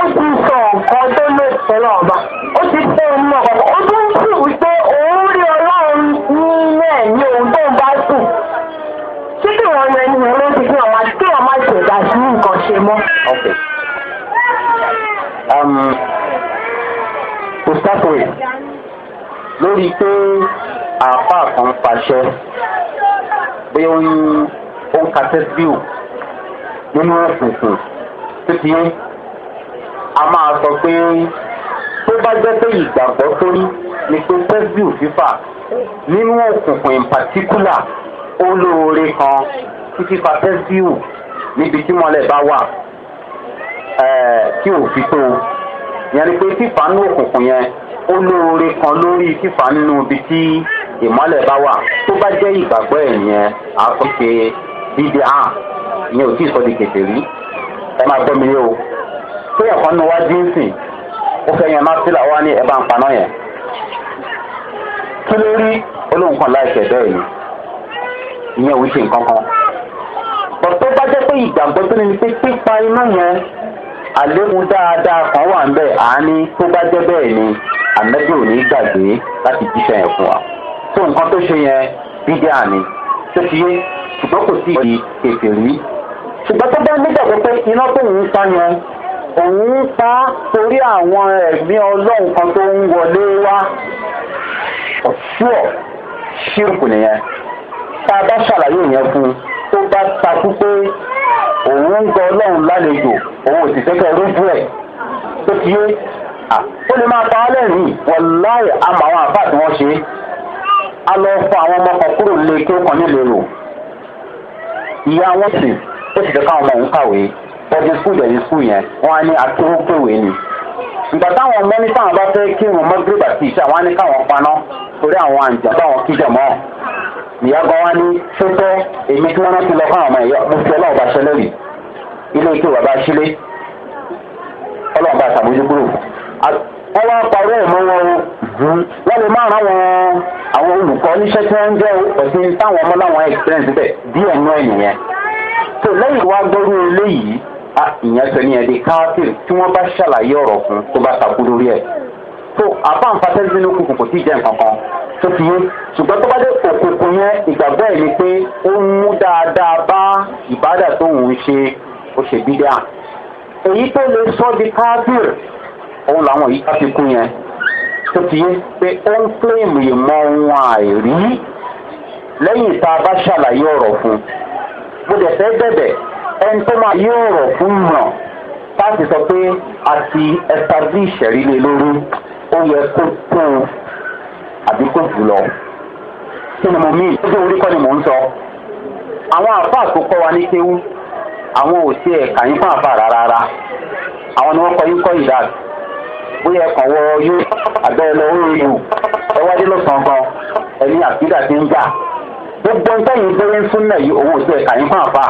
B: ó ti sọ nǹkan tó lè sọ́nà ọ̀ba ó ti pé òun náà kọ̀ọ̀kan ó tún sì wípé òun rí ọlọ́run nínú ẹ̀ ní òun tó ń bá sùn ṣé kí wọ́n yẹ ẹni yẹn ló
A: ti fi hàn kí wọ́n má ṣẹ̀dá sí nǹkan ṣe mọ́ um, to start with lórí pé àáfàá kan pàṣẹ bí ó ń ó ń ka tẹ́síù nínú òkùnkùn títí a máa sọ pé tó bá jẹ́ pé ìgbàgbọ́ tó rí ni pé tẹ́síù fífà nínú òkùnkùn in particular ó lóore kan fífífa tẹ́síù níbi tí mọ́lẹ̀ bá wà. tí ò tó yẹn ni pé fífa nínú òkùnkùn yẹn ó lóore kan lórí fífa nínú ibi tí ìmọ́lẹ̀ bá wà tó bá jẹ́ ìgbàgbọ́ ẹ̀ yẹn àtúnṣe dídí à ìyẹn ò tí ì sọ di kèké rí ẹ máa gbọ́ mi yé o tó yẹ kan nu wá jíǹsì ó fẹ́ wá ní ẹ bá ń paná yẹn kí ló rí bẹ́ẹ̀ ni ìyẹn ò ṣe nǹkan kan ni pé pípa iná yẹn àlékún dáadáa kan wà ń bẹ àání tó bá jẹ́ bẹ́ẹ̀ ni àmẹ́bí ò ní gbàgbé láti jíṣẹ́ yẹn fún wa tó nǹkan tó ṣe yẹn dídé àní tó ti yé ṣùgbọ́n kò sí ìdí kèfè rí ṣùgbọ́n tó bá nígbàgbọ́ pé iná tó ń sá yẹn òun ń pa torí àwọn ẹ̀mí ọlọ́run kan tó ń wọlé wá ọ̀ṣùọ̀ ṣírùkù nìyẹn tá a bá ṣàlàyé yẹn fún un tó bá takú pé òun ń gba ọlọ́run lálejò òun ò sì fẹ́ kẹ́ rúbú ẹ̀ tó ti yé ó lè máa pa á lẹ́rìn wọláì àmọ́ àwọn àbá tí wọ́n ṣe á lọ fọ àwọn ọmọ kan kúrò lé kí ó kàn nílé rò ìyá wọn sì ó sì fẹ́ káwọn ọmọ òun kàwé ẹbí skul dẹ̀bí skul yẹn wọ́n á ní akéwọ́pẹ̀wé ni ìgbà táwọn ọmọ ní táwọn bá fẹ́ kírun mọ́gírèbà àti ìṣe àwọn á ní káwọn paná torí àwọn àǹjà báwọn kíjà mọ́ ìyá gan wa ní sọ́tọ́ èmi tí wọ́n rántí lọ fún àwọn ẹ̀yọ́ mo fi ọlọ́ọ̀bá ṣẹlẹ̀ rì ilé ike bàbá sílé ọlọ́ọ̀bá àtàbójú kúrò wọ́n wá parí ẹ̀ mọ́ wọn wọ́n lè má rán wọn àwọn olùkọ́ oníṣẹ́ tí wọ́n ń jẹ́ òsín táwọn ọmọ láwọn experience bẹ̀
B: díẹ̀ náà nìyẹn
A: tó lẹ́yìn wá gbọ́rú eléyìí ìyẹn sọ ní ẹni káfíìn tí wọ́n bá ṣàlàyé ọ̀rọ̀ fún tó bá takú lórí ẹ̀ tó àfáǹfà tẹ́sí ní òkùnkùn kò tí ì jẹ́ nǹkan kan tó fi yé ṣùgbọ́n tó bá dé òkùnkùn yẹn ìgbàgbọ́ ẹ̀ ni pé ó ń mú dáadáa bá ìbádà tó ń ṣe ó ṣe bí dáa èyí tó lè sọ di káfíìn òun làwọn yìí káfíìn kú yẹn tó fi yé pé ó ń kílèmù ìmọ̀ ohun a bá ṣàlàyé ọ̀rọ̀ fún mo dẹ̀ fẹ́ ẹni tó máa yí ọ̀rọ̀ fún mọ̀ láti sọ pé a ti establish ẹ̀rí lé lórí ó yẹ kó tó àbí kó jù lọ. kí ni mo mí ìtọ́jú orí kọ́ ni mò ń sọ. àwọn àfáà tó kọ́ wa ní kéwú àwọn ò sí ẹ̀ka yín fún àfáà rárá àwọn ni wọ́n kọ́ yín kọ́ ìdá bóyá ẹ̀kan wọ yó àbẹ́ ẹ lọ orí yù ẹ wá dé lọ́sàn-án gan ẹni àfídà ti ń gbà gbogbo ń tẹ̀yìn gbé ń fún náà yìí òun ò sí ẹ̀ka yín fún àfáà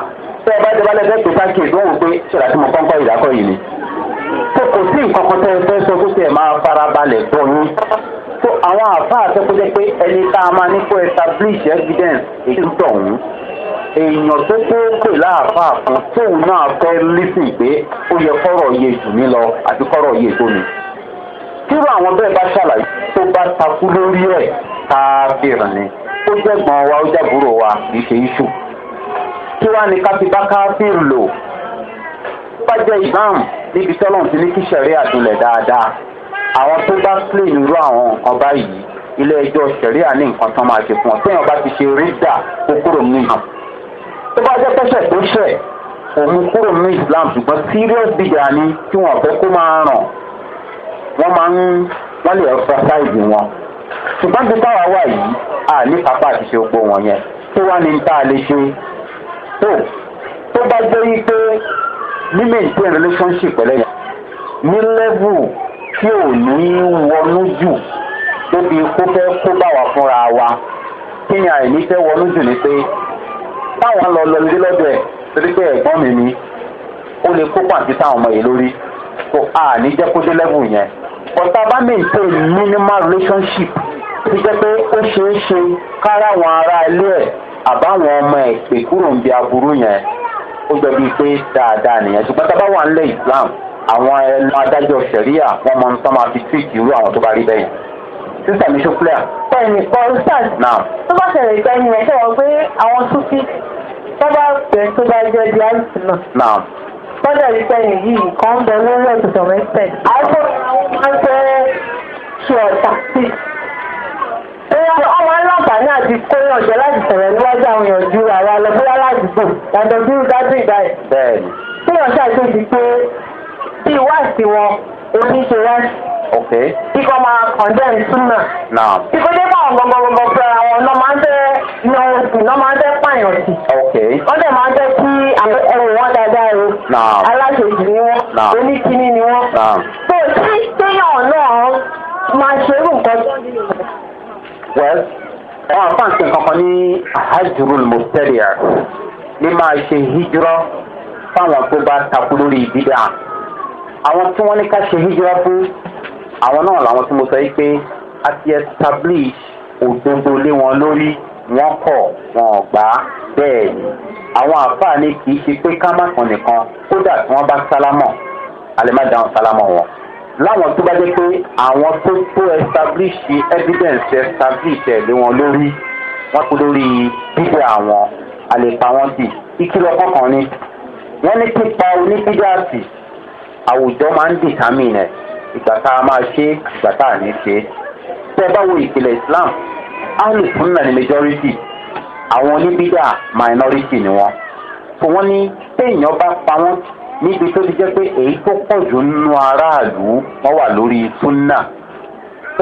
A: tẹ́ ẹ bá jẹ́ balẹ̀ lẹ́tọ̀ọ́ sáàkì ìdánwò pé ṣẹlẹ̀ àti mọ̀ pọ́npọ́ ìdákọ̀ yìí ni. tó kò sí nǹkan kan tẹ́ ẹ fẹ́ sọ tó tẹ̀ máa fara balẹ̀ bọ̀ yín. tó àwọn àfáà tẹ́kọ́jẹ́ pé ẹni tá a máa ní kó establish evidence èyí ń tọ̀ ọ̀hún èèyàn tó kó pè láàfáà kan tóun náà fẹ́ lísìn pé ó yẹ kọ́rọ̀ yé jù mí lọ àti kọ́rọ̀ yé tó mi. kíró àwọn bẹ́ẹ̀ bá ṣàlàyé tó bá takú lórí ẹ̀ tá a fi rìn ni ó jẹ́gbọ́n wa ó jàbúrò wa kì í ṣe iṣu kí wàá ní ká fi bá káfíìn lò bá jẹ́ imam níbi tọ́lọ̀ ti ní kí sẹ̀rí àdúlẹ̀ dáadáa àwọn tó bá sílè nírú àwọn nǹkan báyìí ilé ẹjọ́ sẹ̀rí àní nǹkan tán máa ṣe fún ọ téèyàn bá ti ṣe rí dà kó kúrò ní ìhàn tó bá jẹ́ pẹ́sẹ̀ tó ṣẹ̀ òun kúrò ní islam ṣùgbọ́n serious bìyà ni tí wọ́n fẹ́ kó máa ràn wọ́n máa ń wọ́n lè exercise wọn ṣùgbọ́n bí táwa wà yìí à ní pápá àti ṣe gbogbo wọn yẹn tó wá ní tá lè ṣe tó tó bá jẹ́ wípé mímẹ̀ntẹ́ relationship pẹ̀lẹ́ yẹn ní lẹ́vù tí ò ní wọnú jù débi kó fẹ́ kó bá wa fúnra wa kíyàn àìní fẹ́ wọnú jù ni pé táwọn lọ lọ ilé lọ́dọ̀ ẹ̀ torí pé ẹ̀gbọ́n mi ni ó lè kópa àti táwọn ọmọ yìí lórí tó a ní jẹ́ kó dé lẹ́vù yẹn ọ̀tá bá maintain minimal relationship ti jẹ́ pé ó ṣeé ṣe kára àwọn ará ilé ẹ̀ àbáwọn ọmọ ẹ̀ pè kúrò ń bi aburú yẹn ó jọ bíi pé dáadáa nìyẹn ṣùgbọ́n tá a bá wà ńlẹ̀ islam àwọn ẹnu adájọ́ sẹ̀ríà wọ́n mọ nǹkan máa fi tíì kìrú àwọn tó bá rí bẹ́yẹn. sísè mi ṣó clear.
B: bẹẹni paul
A: stars tó bá ṣẹlẹ̀ ìgbà yẹn ẹ̀ ṣẹ̀wọ̀n pé àwọn súnfì tó bá bẹ̀ tó bá jẹ́ di àìsàn náà. tọ́jà ìgbà yìí nǹkan bẹ lórí ẹ̀sùn tọ̀mẹ́tẹ̀. àwọn máa ń fẹ́ ṣe ọ̀tà sí i ọmọ aláǹfààní àti kóyọ̀ ọ̀jọ́ láti sọ̀rọ̀ níwájú àwọn èèyàn ju àwa lọ bóyá ládùúgbò yàtọ̀ bí dájú ìgbà ẹ̀. bẹẹni. tí wọn ṣàkíyèsí pé bí wáàsí wọn oníṣe wáàsí. ok. tí máa kọ̀ndẹ́m súnmọ̀. náà. tí dé bá àwọn gbọgbọgbọ pé àwọn ọ̀nà máa ń fẹ́ yan oṣù náà máa ń fẹ́ pààyàn sí. wọ́n dẹ̀ máa ń fẹ́ kí
B: ẹrù wọn dáadáa o.
A: náà.
B: ni wọ́n. oníkíní ni wọ́n. náà. tó tí téèyàn
A: well wọn àfáàǹsì kankan ní ahajurul mọtẹlẹ ní máa ṣe hijrọ fáwọn tó bá takú lórí ìdídà àwọn tí wọn ní ká ṣe hijrọ fún àwọn náà làwọn tí mo sọ yìí pé a ti establish òdodo lé wọn lórí wọn kọ wọn gbà á bẹẹ ni àwọn àfáàní kì í ṣe pé ká má kàn nìkan kódà tí wọn bá sálámọ àlẹ má dáhùn sálámọ wọn láwọn tó bá jẹ́ pé àwọn tó tó establish evidence establish ẹ̀ lé wọn lórí wọ́n kú lórí bíbẹ̀ àwọn àlèpà wọn dì ìkìlọ̀ kọ̀ọ̀kan ni wọ́n ní pípa oníbídàsì àwùjọ máa ń dìtámìnì ẹ̀ ìgbà tá a máa ṣe ìgbà tá a ní ṣe tẹ́ ẹ bá wo ìpìlẹ̀ islam alùpùpù náà ni majority àwọn oníbídà minority ni wọ́n so wọ́n ní téèyàn bá pa wọ́n níbi tó ti jẹ́ pé èyí tó pọ̀ jù nínú aráàlú wọ́n wà lórí súnà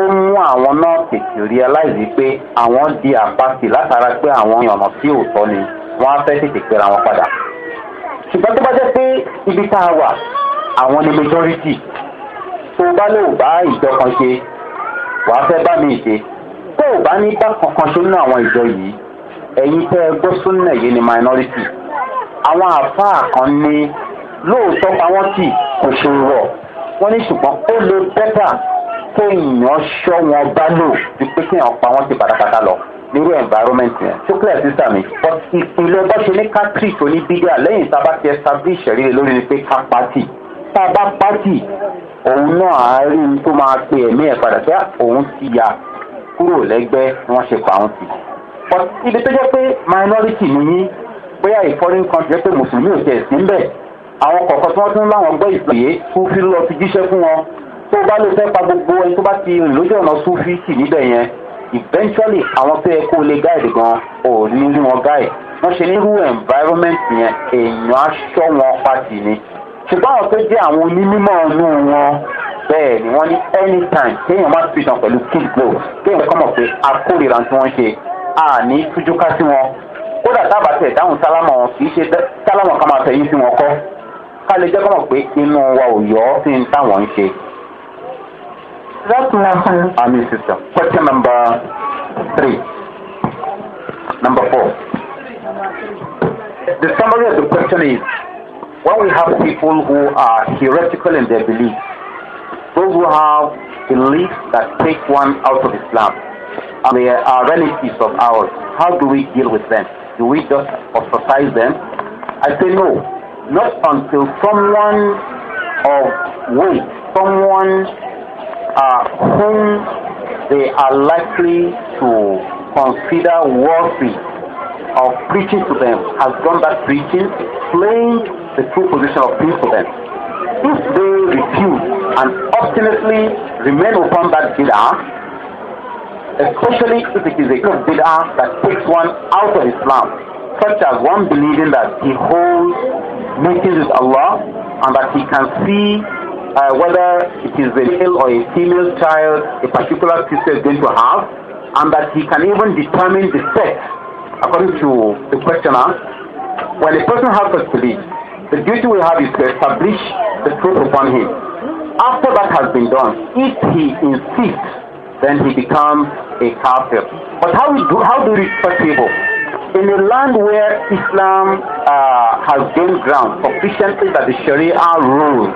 A: ó mú àwọn náà tètè realize pé àwọn di àpasì látara pé àwọn ọ̀nà tí òótọ́ ni wọ́n á fẹ́ tètè pera wọn padà ṣùgbọ́n tó bá jẹ́ pé ibi tá a wà àwọn ni majority tó bá lè bá ìjọ kan ṣe wàá fẹ́ bá mi ṣe tó o bá ní bá kankan ṣe nínú àwọn ìjọ yìí ẹ̀yin tẹ́ ẹ gbọ́ súnà yìí ni minority àwọn àfáà kan ní lóòótọ́ àwọn tì kò ṣe wọ̀ wọ́n ní ṣùgbọ́n ó lo bẹ́tà kéèyàn ṣọ́ wọn bá lò ju pé kéèyàn pa wọ́n ti pátápátá lọ nírú environment yẹn tó clear sísá mi but ìpínlẹ̀ bá ṣe ní kátírì tó ní bídíà lẹ́yìn tá a bá ti establish ẹ̀rí lórí ni pé ká pátì tá a bá pátì òun náà á rí i tó máa pe ẹ̀mí ẹ̀ padà pé òun ti ya kúrò lẹ́gbẹ́ wọ́n ṣe pa òun ti but ibi tó jẹ́ pé minority nìyí bóyá ìfọ́rin kan jẹ́ pé mùsùlùmí ò tiẹ̀ sí ń bẹ̀ àwọn kọ̀ọ̀kan tí wọ́n tún láwọn gbọ́ ìpàdé sufi lọ fi jíṣẹ́ fún wọn tó bá lè fẹ́ pa gbogbo ẹni tó bá ti rìn lójú ọ̀nà sufi sì níbẹ̀ yẹn eventually àwọn tó yẹ kó lè guide gan ò ní rí wọn guide wọ́n ṣe nírú environment yẹn èèyàn aṣọ wọn pàtì ni ṣùgbọ́n àwọn tó jẹ́ àwọn onímọ̀ inú wọn bẹ́ẹ̀ ni wọ́n ní anytime kéèyàn má fi sàn pẹ̀lú kid gloves kéèyàn kọ́ mọ̀ pé akórira tí wọ́n ṣe àní tújúká sí wọn kódà tábàtẹ̀ dáhùn sálámà wọn kì í ṣe sálámà kan máa fẹ̀yìn sí wọn kọ́ ká lè jẹ́ kọ́mọ̀ pé inú wa ò yọ ọ́ sí táwọn ń ṣe. Question number three. Number four. The summary of the question is when we have people who are heretical in their beliefs, those who have beliefs that take one out of Islam, and they are relatives of ours, how do we deal with them? Do we just ostracize them? I say no not until someone of weight, someone uh, whom they are likely to consider worthy of preaching to them has done that preaching, explained the true position of things to them. If they refuse and obstinately remain upon that bid'ah, especially if it is a good bid'ah that takes one out of Islam, such as one believing that he holds meetings with Allah and that he can see uh, whether it is a male or a female child a particular sister is going to have, and that he can even determine the sex according to the questioner. When a person has such belief, the duty we have is to establish the truth upon him. After that has been done, if he insists, then he becomes a kafir. But how do, how do we respect people? in a land where Islam uh, has gained ground sufficiently that the Sharia rules,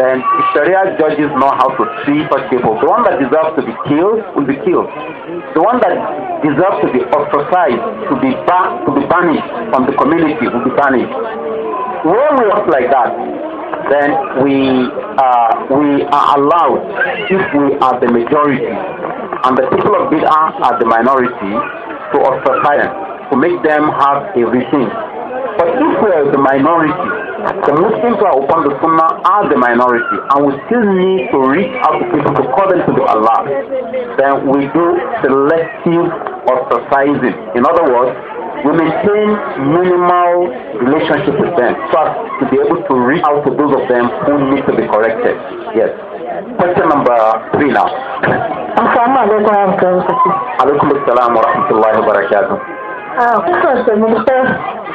A: then the Sharia judges know how to treat such people. The one that deserves to be killed will be killed. The one that deserves to be ostracized, to be, ba- to be banished from the community, will be banished. When we act like that, then we, uh, we are allowed, if we are the majority and the people of Bid'ah are the minority, to ostracize to make them have a regime.
B: But if we are
A: the minority, the Muslims who are upon the Sunnah are the minority, and we
B: still need
A: to reach out to people to call them to the Allah. Then we do selective ostracizing. In other words, we maintain minimal relationship with them so as to be able to reach out to those of them who need to be corrected. Yes. Question number three now. Assalamu alaikum wa rahmatullahi wa barakatuh
B: àkókò tèmi pé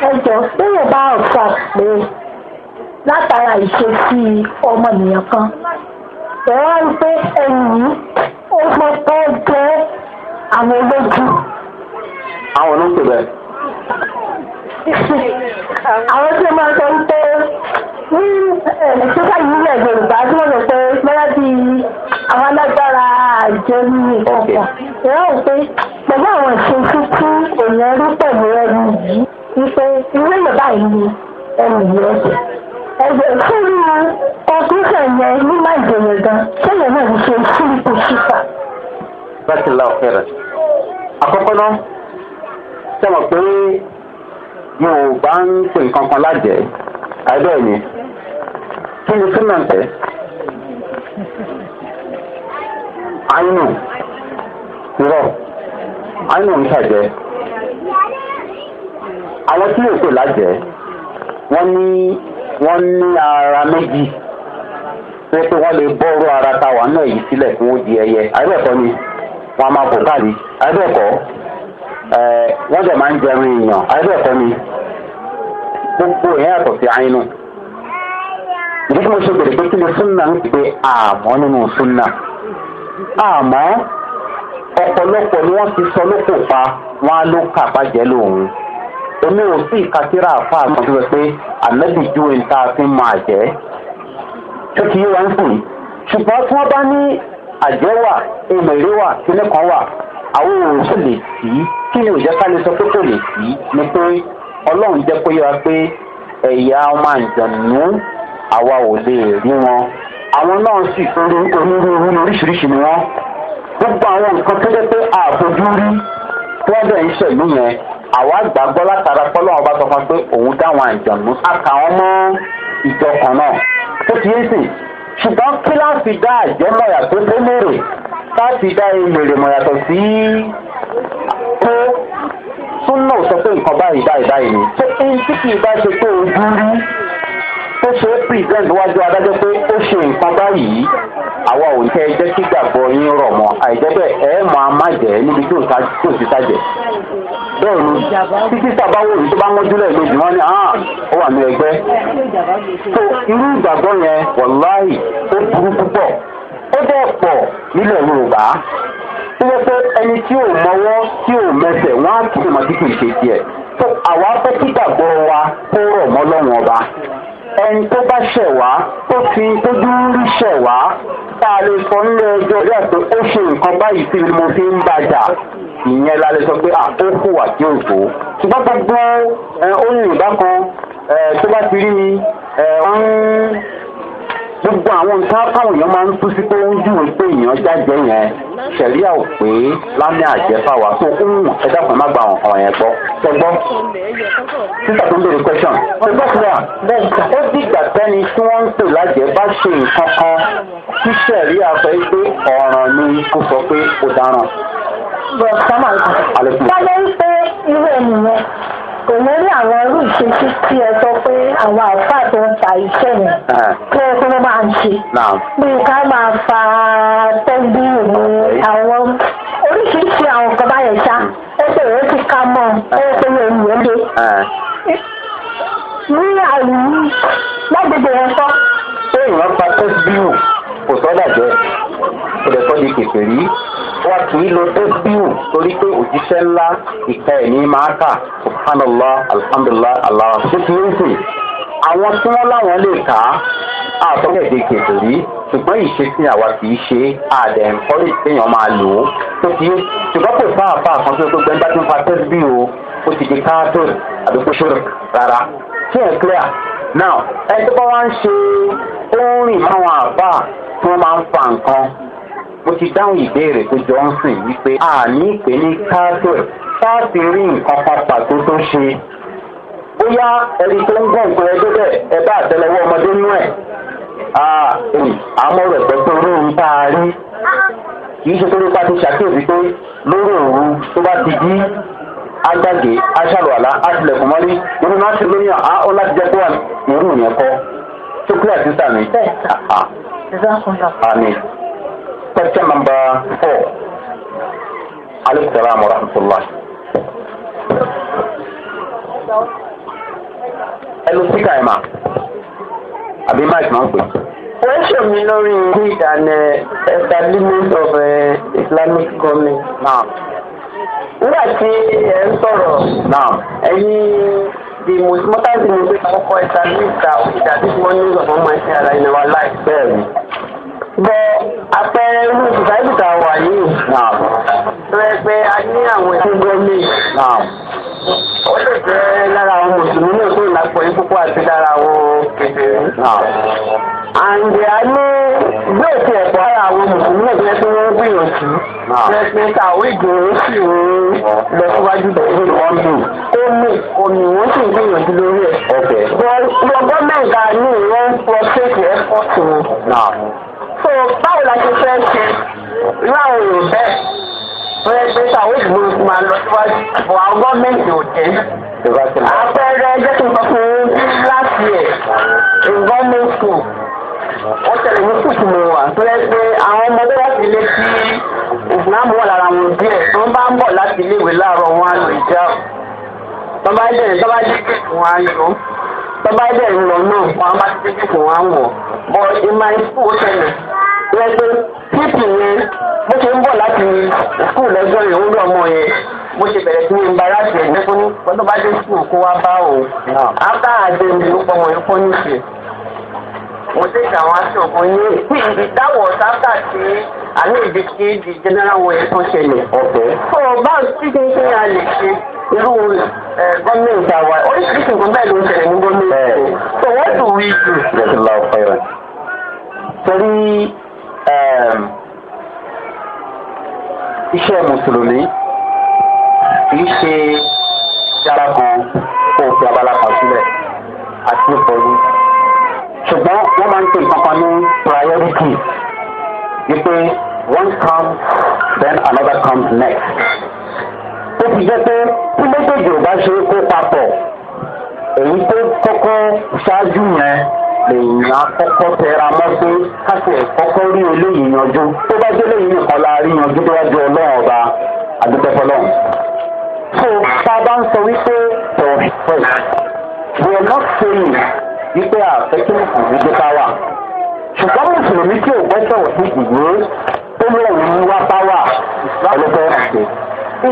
B: ẹjọ́ bẹ́ẹ̀ bá ọ̀fà pé látara ìṣesí ọmọnìyàn kan ẹ̀rọ rí pé ẹ̀yìn yìí ó pẹ́ pẹ́ jẹ́ àwọn olójú.
A: àwọn ló ń pè bẹ́ẹ̀.
B: àwọn tí wọ́n sọ pé ní ṣíṣá yìí ilẹ̀ yorùbá tí wọ́n sọ pé mẹ́rẹ́ bíi àwọn alágbára àìjẹ́ nínú ìtọ́jà ìyá ò pé pẹ̀lú àwọn ìṣesí tí èèyàn rí pẹ̀lú ẹnu yìí wípé irú ìyọ̀bá yìí ẹnu yìí ẹ̀jẹ̀ ẹ̀jẹ̀ sórí ọkùnrin yẹn ní nàìjíríà gan kéèyàn náà ń ṣe sílíkù sífà.
A: láti la ọ̀fẹ́ rẹ̀ àkọ́kọ́ náà sẹ́wọ̀n pé mo ò bá ń pè nǹkan kan lájẹ̀ẹ́ àìbẹ́ẹ̀ kí ni súnmọ̀ ń tẹ̀? àìnù irọ́
B: àìnù ń ṣàjẹ́ àwọn tí yóò pè lájẹ́
A: ara méjì pé pé wọ́n lè ara ta náà yìí sílẹ̀ fún odi ẹyẹ àìbẹ̀kọ́ ni wọ́n a máa bò káàdì àìbẹ̀kọ́ wọ́n dẹ̀ máa ń jẹun èèyàn ni gbogbo ìyẹn yàtọ̀ sí àìnù ìdí tí mo ṣe bèrè pé kí ni súnà ń àmọ́ nínú àmọ́ ọ̀pọ̀lọpọ̀ ni wọ́n ti sọ lóko pa wọn á ló kà bàjẹ́ lòun èmi ò sí ìkàtírà àfa àmọ́ tó sọ pé ànábì ju ìta fi máa jẹ́ tó kì í wọ́n fún yìí ṣùgbọ́n tí wọ́n bá ní àjẹ́ wà èèmọ̀ èrè wà kíní kan wà àwọn òòrùn tó lè sí kí ni òjẹ́ lè sọ pé kò lè sí ni pé ọlọ́run jẹ́ pé yọra pé ẹ̀yà ọmọ àjọ̀nù àwa ò lè rí wọn àwọn náà sì onírúurú oríṣiríṣi ni wọ́n gbogbo àwọn nǹkan tó jẹ́ pé àbójú rí wọ́n dẹ̀ ń ṣẹ̀lú yẹn àwa gbàgbọ́ látara pọ́lọ́wọ́n bá sọ fún pé òun dáwọn àjọ̀nù àkàwọn mọ́ ìjọ kan náà tó ti yé sìn ṣùgbọ́n kíláàsì dá àjẹ́ mọ̀yà tó tó lérè láti dá ìlèrè mọ̀yàtọ̀ sí pé súnà sọ pé nǹkan báyìí báyìí báyìí ni ṣé
B: ẹni tí kì í bá ṣe pé ojú rí
A: tó ṣe é wájú adájọ́ pé ó ṣe nǹkan báyìí àwa ò ní kẹ́ ẹ jẹ́ kí gbàgbọ́ yín rọ̀ mọ́ àìjẹ́ ẹ máa má jẹ́ níbi tí ò ti tajẹ̀
B: bẹ́ẹ̀ ni títí
A: sábàwò yìí tó bá wọ́n júlẹ̀ lójú wọn ni ó
B: wà ní ẹgbẹ́ irú ìgbàgbọ́ yẹn
A: wọ̀láì ó burú púpọ̀ ó bẹ́ẹ̀ pọ̀ nílẹ̀ yorùbá pé ẹni tí ò mọwọ́ tí ò mẹsẹ̀ wọ́n wa kó rọ̀ ẹni tó bá ṣẹ̀ wá tó fi ojú rí ṣẹ̀ wá tá a lè sọ nílé ẹjọ́ rí àti ó ṣe nǹkan báyìí tí mo fi ń bàjá ìyẹn la lè sọ pé àkókò àti òfò ṣùgbọ́n gbogbo ohun ìbá tó bá ti rí mi ó ń gbogbo àwọn nǹkan táwọn èèyàn máa ń tú sí pé ó ń júwe pé èèyàn jáde yẹn sẹ̀ríà ò pé lámì àjẹfà wa tó ń wù ẹ̀dá kan má gba ọ̀ràn yẹn gbọ́ tẹgbọ́
B: títà tó ń béèrè question tẹgbọ́
A: fúra ó dìgbà tẹ́ni tí wọ́n ń tò lájẹ́ bá ṣe nǹkan kan tí sẹ̀ríà fẹ́ pé ọ̀ràn ni kò sọ pé ó dáràn.
B: bọ̀ sámà ń kọ́. àlẹ́ fún mi. wọ́n lè ń pe irú ẹ̀ nìyẹn yàtọ̀ lórí àwọn irú ìṣesí tí ẹ sọ pé àwọn àfáà tó ń ta iṣẹ́ yẹn tó ẹ fún máa ń ṣe bí ká máa fa tẹ́bí ní àwọn oríṣiríṣi àwọn kan báyẹn ṣá hmm. ẹ pé èyí ti ká mọ́ ẹ pé èyí ò lè ní àyè lágbègbè wọn sọ.
A: ṣé ìwọ́n pa tẹ́bí kò sọ́dà jẹ́ kò lè sọ́ di kèfèrí wa kì í lo ẹ́bíù torí pé òjíṣẹ́ ńlá ìka ẹ̀yìn máa kà subhanallah alhamdulilah allah ṣé kí ó sì àwọn tí wọ́n láwọn lè kà á àtọ́gẹ̀dẹ̀ kètò rí ṣùgbọ́n ìṣesí àwa kì ṣe àdẹ̀ ẹ̀ńkọ́rì téèyàn máa lò ó tó ti ṣùgbọ́n kò fà fà kan tó gbogbo ẹgbẹ́ tó ń fa tẹ́sí o ó ti di káàtó àbí ṣòro rárá ṣé ẹ̀ clear now ẹni tó bá wá ń ṣe ó ń rìn máwọn àbá tí wọ́n máa ń fa nǹkan mo ti dáhùn ìbéèrè tó jọ ń sìn wípé a ní ìpè ní káàtó káàtì rí nǹkan kan pàtó tó ṣe bóyá ẹni tó ń gbọ́ nǹkan ẹgbẹ́ bẹ́ẹ̀ ẹ bá àtẹlẹwọ́ ọmọdé nú ẹ̀ àmọ́ rẹ̀ pẹ̀lú olóhùn tá a rí kì í ṣe torí pa ti ṣàkíyèsí pé lórí òru tó bá ti jí agbáge aṣàlùwàlá àtìlẹ̀kùn mọ́lí nínú náà ti lóyún à ó láti jẹ́ pé wà nírú yẹn kọ́ tó kílẹ̀ sísà mi. bẹ́ẹ̀ sà ah, ah. á. àmì Question number four. Alayhi salam wa rahmatullah. Ẹnu síkà ẹ̀ máa. Àbí Mike máa ń pè. Question mi lórí Greek and uh, establishment of uh, Islamic government. Naam. Nígbà tí ẹ ń sọ̀rọ̀. Naam. Ẹyin the most important thing is pé àwọn ọkọ̀ establish that we that this ara in our life. bẹ apẹẹrẹ irú sòsáìtì tá wà yìí a ní àwọn ẹkún gọọmì ó lè jẹ lára àwọn mùsùlùmí náà tó lápò púpọ̀ àti
B: lára àwọn kékeré àǹdí a ní ti ẹ̀kọ́ ara àwọn mùsùlùmí gbìyànjú rẹ pé tàwọn ìgbìyànjú sì ń lọ síwájú omi wọn sì gbìyànjú lórí ẹ̀.
A: ní so
B: báwo la ṣe fẹ́ ṣe
A: láwọn èrò bẹ́ẹ̀ bẹ́ẹ̀ gbé sàwọn ìgbò máa lọ síwájú bọ̀ àwọn gọ́ọ̀mẹ̀ntì ò dé. àpẹẹrẹ jẹ́ kí n sọ fún un bí láti ẹ̀ gọ́ọ̀mẹ̀ntì wọ́n tẹ̀lé ní kùtù mọ̀ wá tó yẹ pé àwọn ọmọdé láti ilé tí ìsìlámù wà lára wọn díẹ̀ tó ń bá ń bọ̀ láti iléèwé láàárọ̀ wọn á lò ìjà tó bá dẹ̀ tó bá dé tọ́ba dẹ̀ ń lọ náà wọn bá ti tẹ́jú fún wọn wọ̀ bọ́ ìmọ̀ ìfú tẹ̀lẹ̀ yẹ pé pípì yẹn bó ṣe ń bọ̀ láti skul lọ́jọ́ yẹn ń lọ ọmọ yẹn bó ṣe bẹ̀rẹ̀ sí embarrass yẹn ní fún ní tọ́ba dé skul kó wá bá òun after àdéhùn ló pọ̀ wọ́n fọ́ níṣẹ́
B: mo dé ìdáwọn aṣọ́gun
A: yín ibi táwọ̀ sábà tí àní ibi tí di general way tó ṣẹlẹ̀. ọ̀fẹ́. fọ báwo tí kí n kí
B: a lè ṣe irú gọ́ọ̀mẹ̀ntì àwa oríṣiríṣi nǹkan bẹ́ẹ̀ ló ń ṣẹlẹ̀ ní gọ́ọ̀mẹ̀ntì. so what do we do. yasula ọ̀fẹ́rẹ́ torí
A: um, iṣẹ́ mùsùlùmí kì í ṣe jára kan kó o fi abala kan sílẹ̀ àti ìfọ̀yín ṣùgbọ́n wọ́n máa ń pè kankan ní priority wípé one comes then another comes next. ó ti jẹ́ pé tí méjèèjì ò bá ṣe é kó papọ̀ èyí tó kọ́kọ́ ṣáájú yẹn lèèyàn akọ́kọ́ tẹra mọ́ pé káṣí ẹ̀ kọ́kọ́ rí eléyìí yanjú tó bá dé lẹ́yìn nìkan la rí yanjú déwájú ọlọ́run ọba adúgbẹ́fọlọ́run. so tá a bá ń sọ wípé tọ̀ we are not saying wípé àfẹ́ kí mùsùlùmí gbé páwà ṣùgbọ́n mùsùlùmí tí ò gbẹ́sẹ̀ wọ̀ sí ìwé tó lẹ́yìn wá páwà ọlọ́fẹ́ ràn ṣe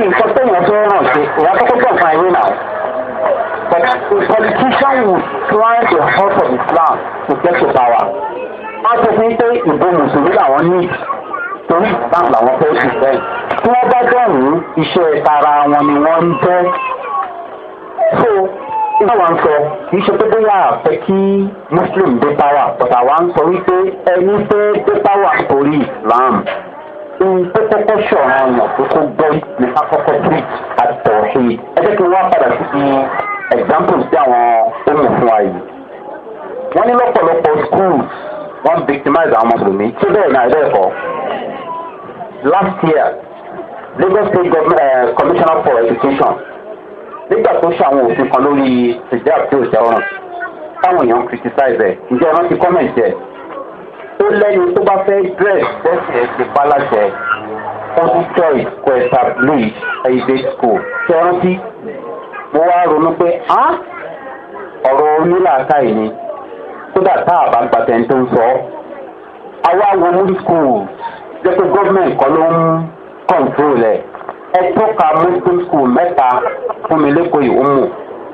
A: nǹkan tó yẹn fẹ́ ràn ṣe ìyá tó kọ́kọ́ fún ayé náà. But the politician will try to help of Islam to get to power. Wọ́n ti fi pé ìbò mùsùlùmí làwọn ní torí Islam làwọn fẹ́ ṣe bẹ́ẹ̀. Tí wọ́n bá dẹ̀rùn iṣẹ́ tara wọn ni wọ́n ń jẹ́ ìgbà wa ń sọ kì í ṣe pé bóyá àfẹ́ kí muslim dé power but àwa ń sọ wípé ẹni pé dé power torí islam ohun tó kọ́kọ́ ṣọ̀ràn ọ̀yàn tó tó gbọ́ ní akọ́kọ́ treat àti tọ̀ọ̀ṣe ẹ jẹ́ kí n wá padà sí examples tí àwọn ohun fún wa yìí wọ́n ní lọ́pọ̀lọpọ̀ schools wọ́n victimize àwọn mùsùlùmí tí bẹ́ẹ̀ náà ẹ̀rọ ẹ̀kọ́ last year lagos state government uh, commissioner for education nígbà tó ṣe àwọn òfin kan lórí hijab tí ò jẹ́ ọ̀ràn táwọn èèyàn criticize ẹ̀ ǹjẹ́ ọ̀ràn ti comment ẹ̀ tó lẹ́yìn tó bá fẹ́ dress bẹ́sì ẹ̀ ti pa láṣẹ constitutory kwesta louis heritage school tí ọ̀ràn ti mo wá ronú pé ọ̀rọ̀ onílàákàyè ni kódà tá a bá gbàtẹ́ ń tó ń sọ ọ́ àwa wo múlí school jẹ́ pé gọ́ọ̀mẹ̀ntì kan ló ń kọ̀ǹtrol ẹ̀ ẹ tọ́ka muslim school mẹ́ta fún mi lẹ́kọ̀ọ́ ìhùmù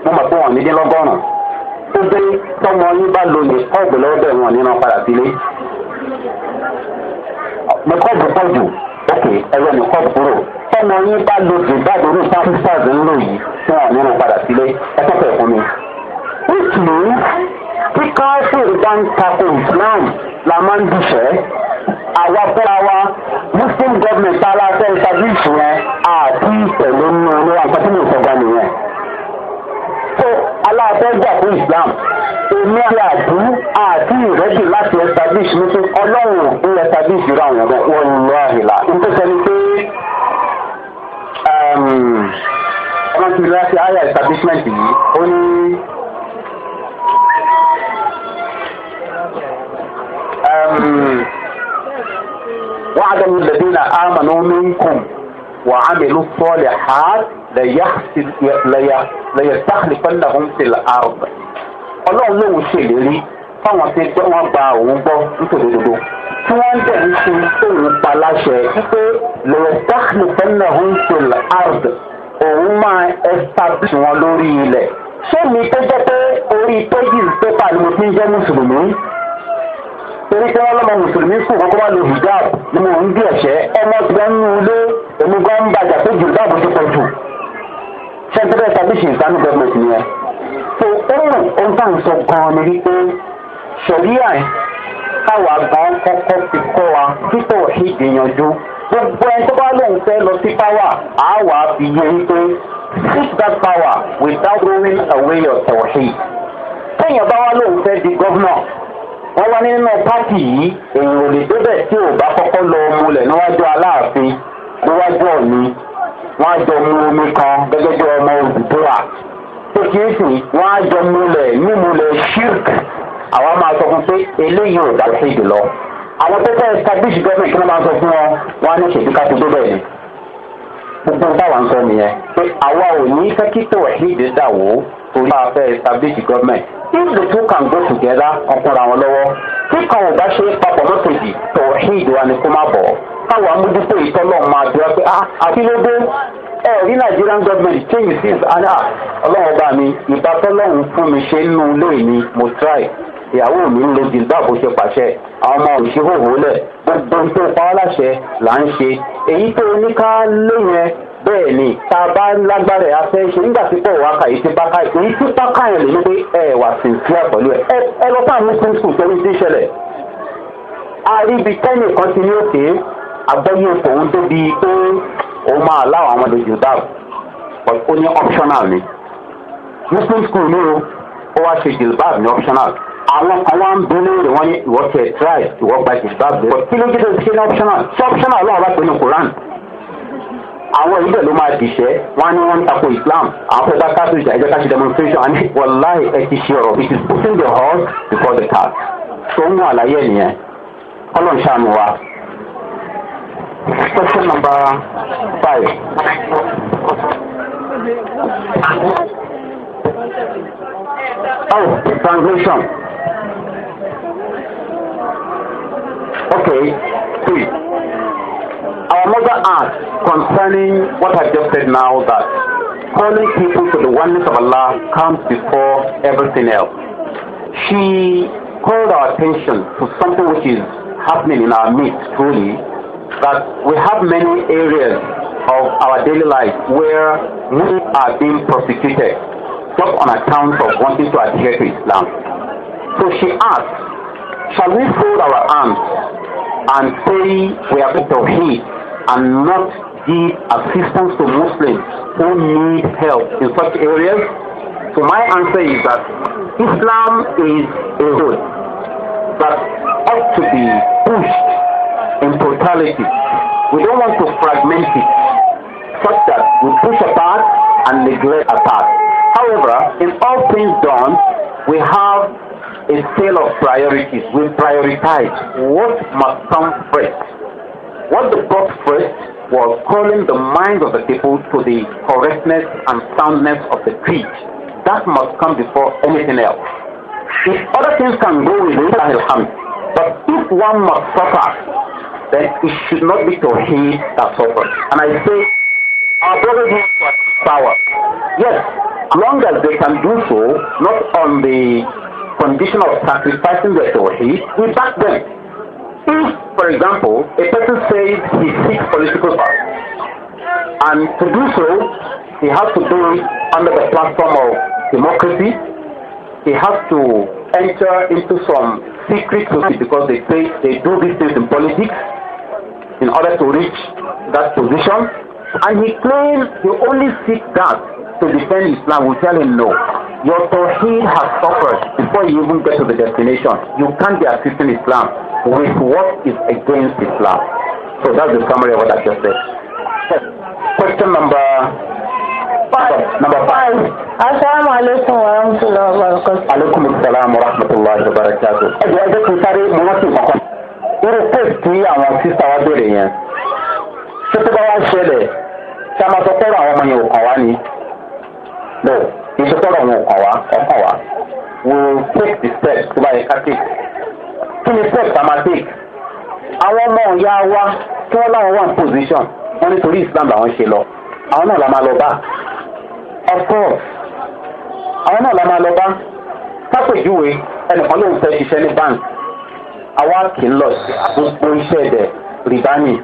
A: mo mọ̀ pé wọ́n ní dín lọ́gọ́rùn-ún tó dé tọmọ yín bá lo ní kọ́ọ̀bù lọ́wọ́ bẹ́ẹ̀ wọn nínú padà sílé ní kọ́ọ̀bù pọ̀ ok ẹ̀rọ ní kọ́ọ̀bù kúrò tọmọ yín bá lo jù jáde ní sáfù sáàzì ń lò yìí fún wọn nínú padà sílé ẹ tọ́ka ẹ̀fún mi. which means tí káfíìn bá ń takò islam la máa ń dùfẹ́ àwa fúnra wa muslim government tá a la ìṣúná sí ìṣẹ̀lẹ̀ nínú olówó àgbàtí mi ìṣẹ̀dá nìyẹn. so aláàbẹ̀jà fún islam èmi àdú àti ìrẹ́jì láti establish ní pé ọlọ́run ń establish irú àwọn ọ̀rẹ́ wọn lọ àrìlà nípa sẹ́ni pé um,
B: wọ́n ti rí láti higher establishment
A: yìí ó ní. وعد الذين آمنوا منكم وعملوا الصالحات ليستخلفنهم في الارض ọlọ́run lòun ṣèlérí fáwọn tí wọ́n gba òun gbọ́ nítorí dodo tí wọ́n dẹ̀ ń ṣe tóun pa láṣẹ wípé lẹ́yẹ̀dáhìnfẹ́nàhún ṣe ard òun máa establish wọn lórí ilẹ̀ ṣé mi tó jẹ́ pé orí pages paper ni mo ti ń jẹ́ mùsùlùmí torí pé wọ́n lọ́mọ mùsùlùmí kù kọ́kọ́ wà lórí hijab ni mo ń gbé ẹ̀ṣẹ́ ọmọ ti bẹ́ẹ̀ ń ilé èmi gan ń bàjẹ́ pé jù báàbò ti pọ̀ jù ṣẹ́ńtẹ́rẹ́ establish islamic government nìyẹn so ó ohun tá à ń sọ gan ni wípé sẹ̀ríà káwa gan kọ́kọ́ fi kọ́ wa títọ̀ ìdè yanjú gbogbo ẹni tó bá lóun fẹ́ lọ sí power á wà á fi yé wípé seek that power without throwing away your tawhid téèyàn bá wá lóun fẹ́ di gọ́vnọ̀ wọ́n wá nínú pátì yìí èèyàn ò lè débẹ̀ tí ò bá kọ́kọ́ lọ mulẹ̀ níwájú aláàfin níwájú ọ̀ni wọ́n á jọ mu omi kan gẹ́gẹ́ bí ọmọ òdùdúrà pé kí n sì wọ́n á jọ múlẹ̀ nímúlẹ̀ shirk àwọn máa sọ fún pé eléyìí ò dá sí ìdùlọ
B: àwọn tó fẹ́ establish government kí wọ́n máa sọ fún wọn
A: wọ́n á ní ṣètí ká ti débẹ̀ ni gbogbo báwa ń sọ nìyẹn pé àwa ò ní fẹ́ kí tó ẹ̀hídìí dà wó torí bá a fẹ́ establish government if the two can go together ọkùnrin àwọn lọ́wọ́
B: tí kan ò bá ṣe
A: papọ̀ mọ́tòjì tó ẹ̀hídìí wa ni kó má bọ̀ káwọn amójútó ìtọ́lọ́ máa dúró pé ah, àkílódé ẹ̀rí nigerian government tí yìí sí àná ọlọ́run bá mi ìbátọ́lọ́run fún mi ṣe nínú ilé mi mo try ìyàwó mi ń lo jìlbá bó ṣe pàṣẹ àwọn ọmọ òṣìhòhò lẹ̀ gbogbo tó pa á láṣẹ là ń ṣe èyí tó ní ká lé yẹn ni tá a bá lágbára ẹ̀ afẹ́ ṣe nígbà tí pọ̀ wá kà èyí tí pákà èyí tí pákà yẹn lè ní pé ẹ wà sí ìfúyà pẹ̀lú ẹ ẹ lọ sáà muslim school torí ti ṣẹlẹ̀ a rí ibi ti ní òkè agbẹ́yẹ tòun débi pé òun máa láwọn àwọn lòjù dáàbò but ó ní optional ni muslim school ní o ó wá ṣe jilbab ní optional àwọn kan wá ń bí léèrè wọn ní ìwọ tiẹ̀ try ìwọ gba jilbab lé but kí ló dé tó ṣe ní optional ṣé optional ọlọ́run bá pè ní quran àwọn ìlú ẹ̀ ló máa dìṣẹ́ wọn ní wọn tako islam àwọn fẹ́ bá catholic ẹ̀jẹ̀ ká ṣe demonstration and wàláì ẹ ti ṣe ọ̀rọ̀ it is putting the horse before the cat. tó ń wọ àlàyé nìyẹn kọ́lọ̀ ń ṣàánú wa question number five.
B: Oh, translation. Okay,
A: please. Our mother asked concerning what I just said now that
B: calling people
A: to the oneness of Allah comes before everything else. She called our attention to something which is happening in our midst truly that we have many areas of our daily life where we are being prosecuted just on account of wanting to adhere to Islam. So she asked, shall we fold our arms and say we are going to hate and not give assistance to Muslims who need help in such areas? So my answer is that Islam is a road that ought to be pushed totality. We don't want to fragment it such that we push apart and neglect apart. However, in all things done, we have a scale of priorities. We prioritize what must come first. What the brought first was calling the minds of the people to the correctness and soundness of the creed. That must come before anything else. If other things can go with it, alhamdulillah. But if one must suffer then it should not be to him that suffers. And I say, our brothers need power. Yes, long as they can do so, not on the condition of sacrificing their tawheed, we back them. If, for example, a person
B: says he seeks political
A: power, and to do so, he has to do it under the platform of democracy, he has to enter into some secret society because they say they do these things in politics in order to reach that position. And he claims you only seek that to defend Islam. We tell him no. Your Tawheed has suffered before you even get to the destination. You can't be assisting Islam with what is against Islam. So that's the summary of what I just said. Question number number five. Assalamu alaikum wa rahmatullahi wa barakatuh. Alaikum assalam wa rahmatullahi wa barakatuh. Ẹ jẹ́ ẹ jẹ́ kí n sáré mọ́nà sí irú pèsè tí àwọn sísá wa béèrè yẹn tí bá wá ṣẹlẹ̀ tí a máa sọ pé àwọn ọmọ yẹn ò kàn wá ni no ìṣèpọ̀rọ̀ wọn ò kàn wá ọkàn wá we will take the steps tó bá yẹ ká take kí ni steps a máa take àwọn ọmọ ìyá wa tí wọ́n láwọn wà ní position wọ́n nítorí islam làwọn ṣe lọ àwọn náà la máa lọ bá of course àwọn náà la máa lọ bá pápẹ̀júwe ẹnìkan lóun fẹ́ ṣiṣẹ́ ní bank àwa kì í lọ gbogbo iṣẹ́ ẹ̀dẹ̀ rìbáyìn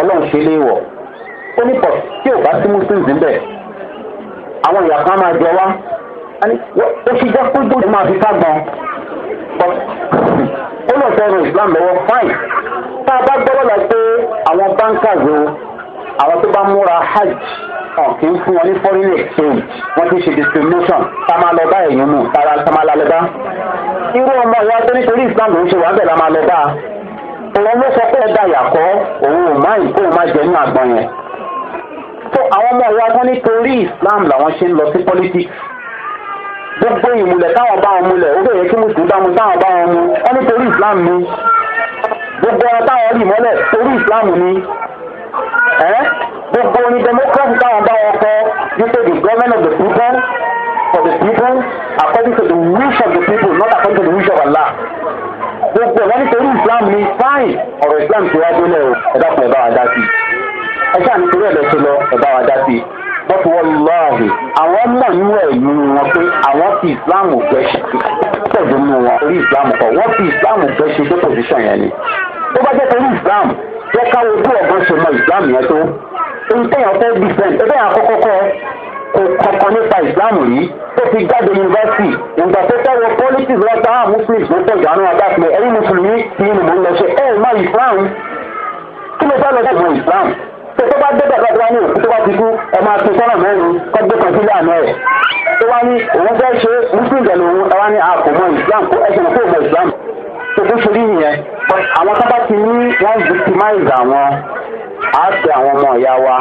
A: ọlọ́run ṣe lé wọ̀ ó ní pọ̀ tí ò bá sí muslims ń bẹ̀ àwọn ìyá kan máa jẹ wá ó ṣe jẹ́ pé gbòdì máa fi ságbọn ó lọ sẹ́run islam lọ́wọ́ fine tá a bá gbọ́dọ̀ lọ pé àwọn bankers o àwọn tó bá múra hajj hàn kì í fún wọn ní foreign exchange wọn ti ṣe discrimination tá a máa lọ bá èèyàn mu tá a máa lọ bá. irú ọmọ ìyá tó nítorí islam ló ń ṣe wà bẹ́ẹ̀ la máa lọ bá a. òun ló sọ pé ẹ̀dá ìyàkọ́ òun ò má ìkó òun má jẹ nínú àgbọn yẹn. tó àwọn ọmọ ìyá tó nítorí islam làwọn ṣe ń lọ sí politics. gbogbo ìmùlẹ̀ táwọn bá wọn múlẹ̀ ó bẹ̀rẹ̀ kí mùsùlùmí bá mu táwọn bá wọn mu wọn nítorí islam ni. gbogbo ọ gbogbo ní democracy táwọn bá wọn kọ wípé the government of the people for the people according to the wish of the people not according to the wish of allah gbogbo ẹ̀ wọ́n ní torí islam ní fine ọ̀rọ̀ islam ti wá délẹ̀ o ẹ̀dá fún ẹ̀bá wa dá sí ẹ ṣáà nítorí ẹ̀dá ṣe lọ ẹ̀bá wa dá sí but wọ́n lọ́ọ̀hìn àwọn mọ̀ nínú ẹ̀yìn wọn pé àwọn fi islam gbẹ ṣe pẹ̀lú wọn orí islam kọ wọ́n fi islam gbẹ ṣe dé position yẹn ni tó bá jẹ́ torí islam jẹ́ ká wo bí ọ̀gbọ́n ṣe mọ islam yẹn tó ohun téèyàn fẹ́ dìfẹ́ǹ ẹgbẹ́ yẹn àkọ́kọ́ kọ́ kò kankan nípa islam yìí tó fi jáde yunifásitì ìgbà tó fẹ́ wọ politics wọn tá àwọn muslims ló tẹ̀sán àwọn adáfẹ́ ẹ̀yin mùsùlùmí ni mo ń lọ ṣe ẹ̀ má islam kí ló fẹ́ lọ sí ìmọ̀ islam
B: tó tó bá débẹ̀ lọ́dọ̀ wá ní òkú
A: tó bá ti kú ẹ máa tún sọ́nà mẹ́rin kọ́ gbé kan sílé àná ẹ̀ tó wá ní òun fẹ́ ṣe muslim pẹ̀lú òun ẹ wá ní àkómọ islam kó ẹ ṣe mọ̀ kó islam. so bó àwọn sábà ti ní wọ́n victimize àwọn àti àwọn ọmọ ìyá wa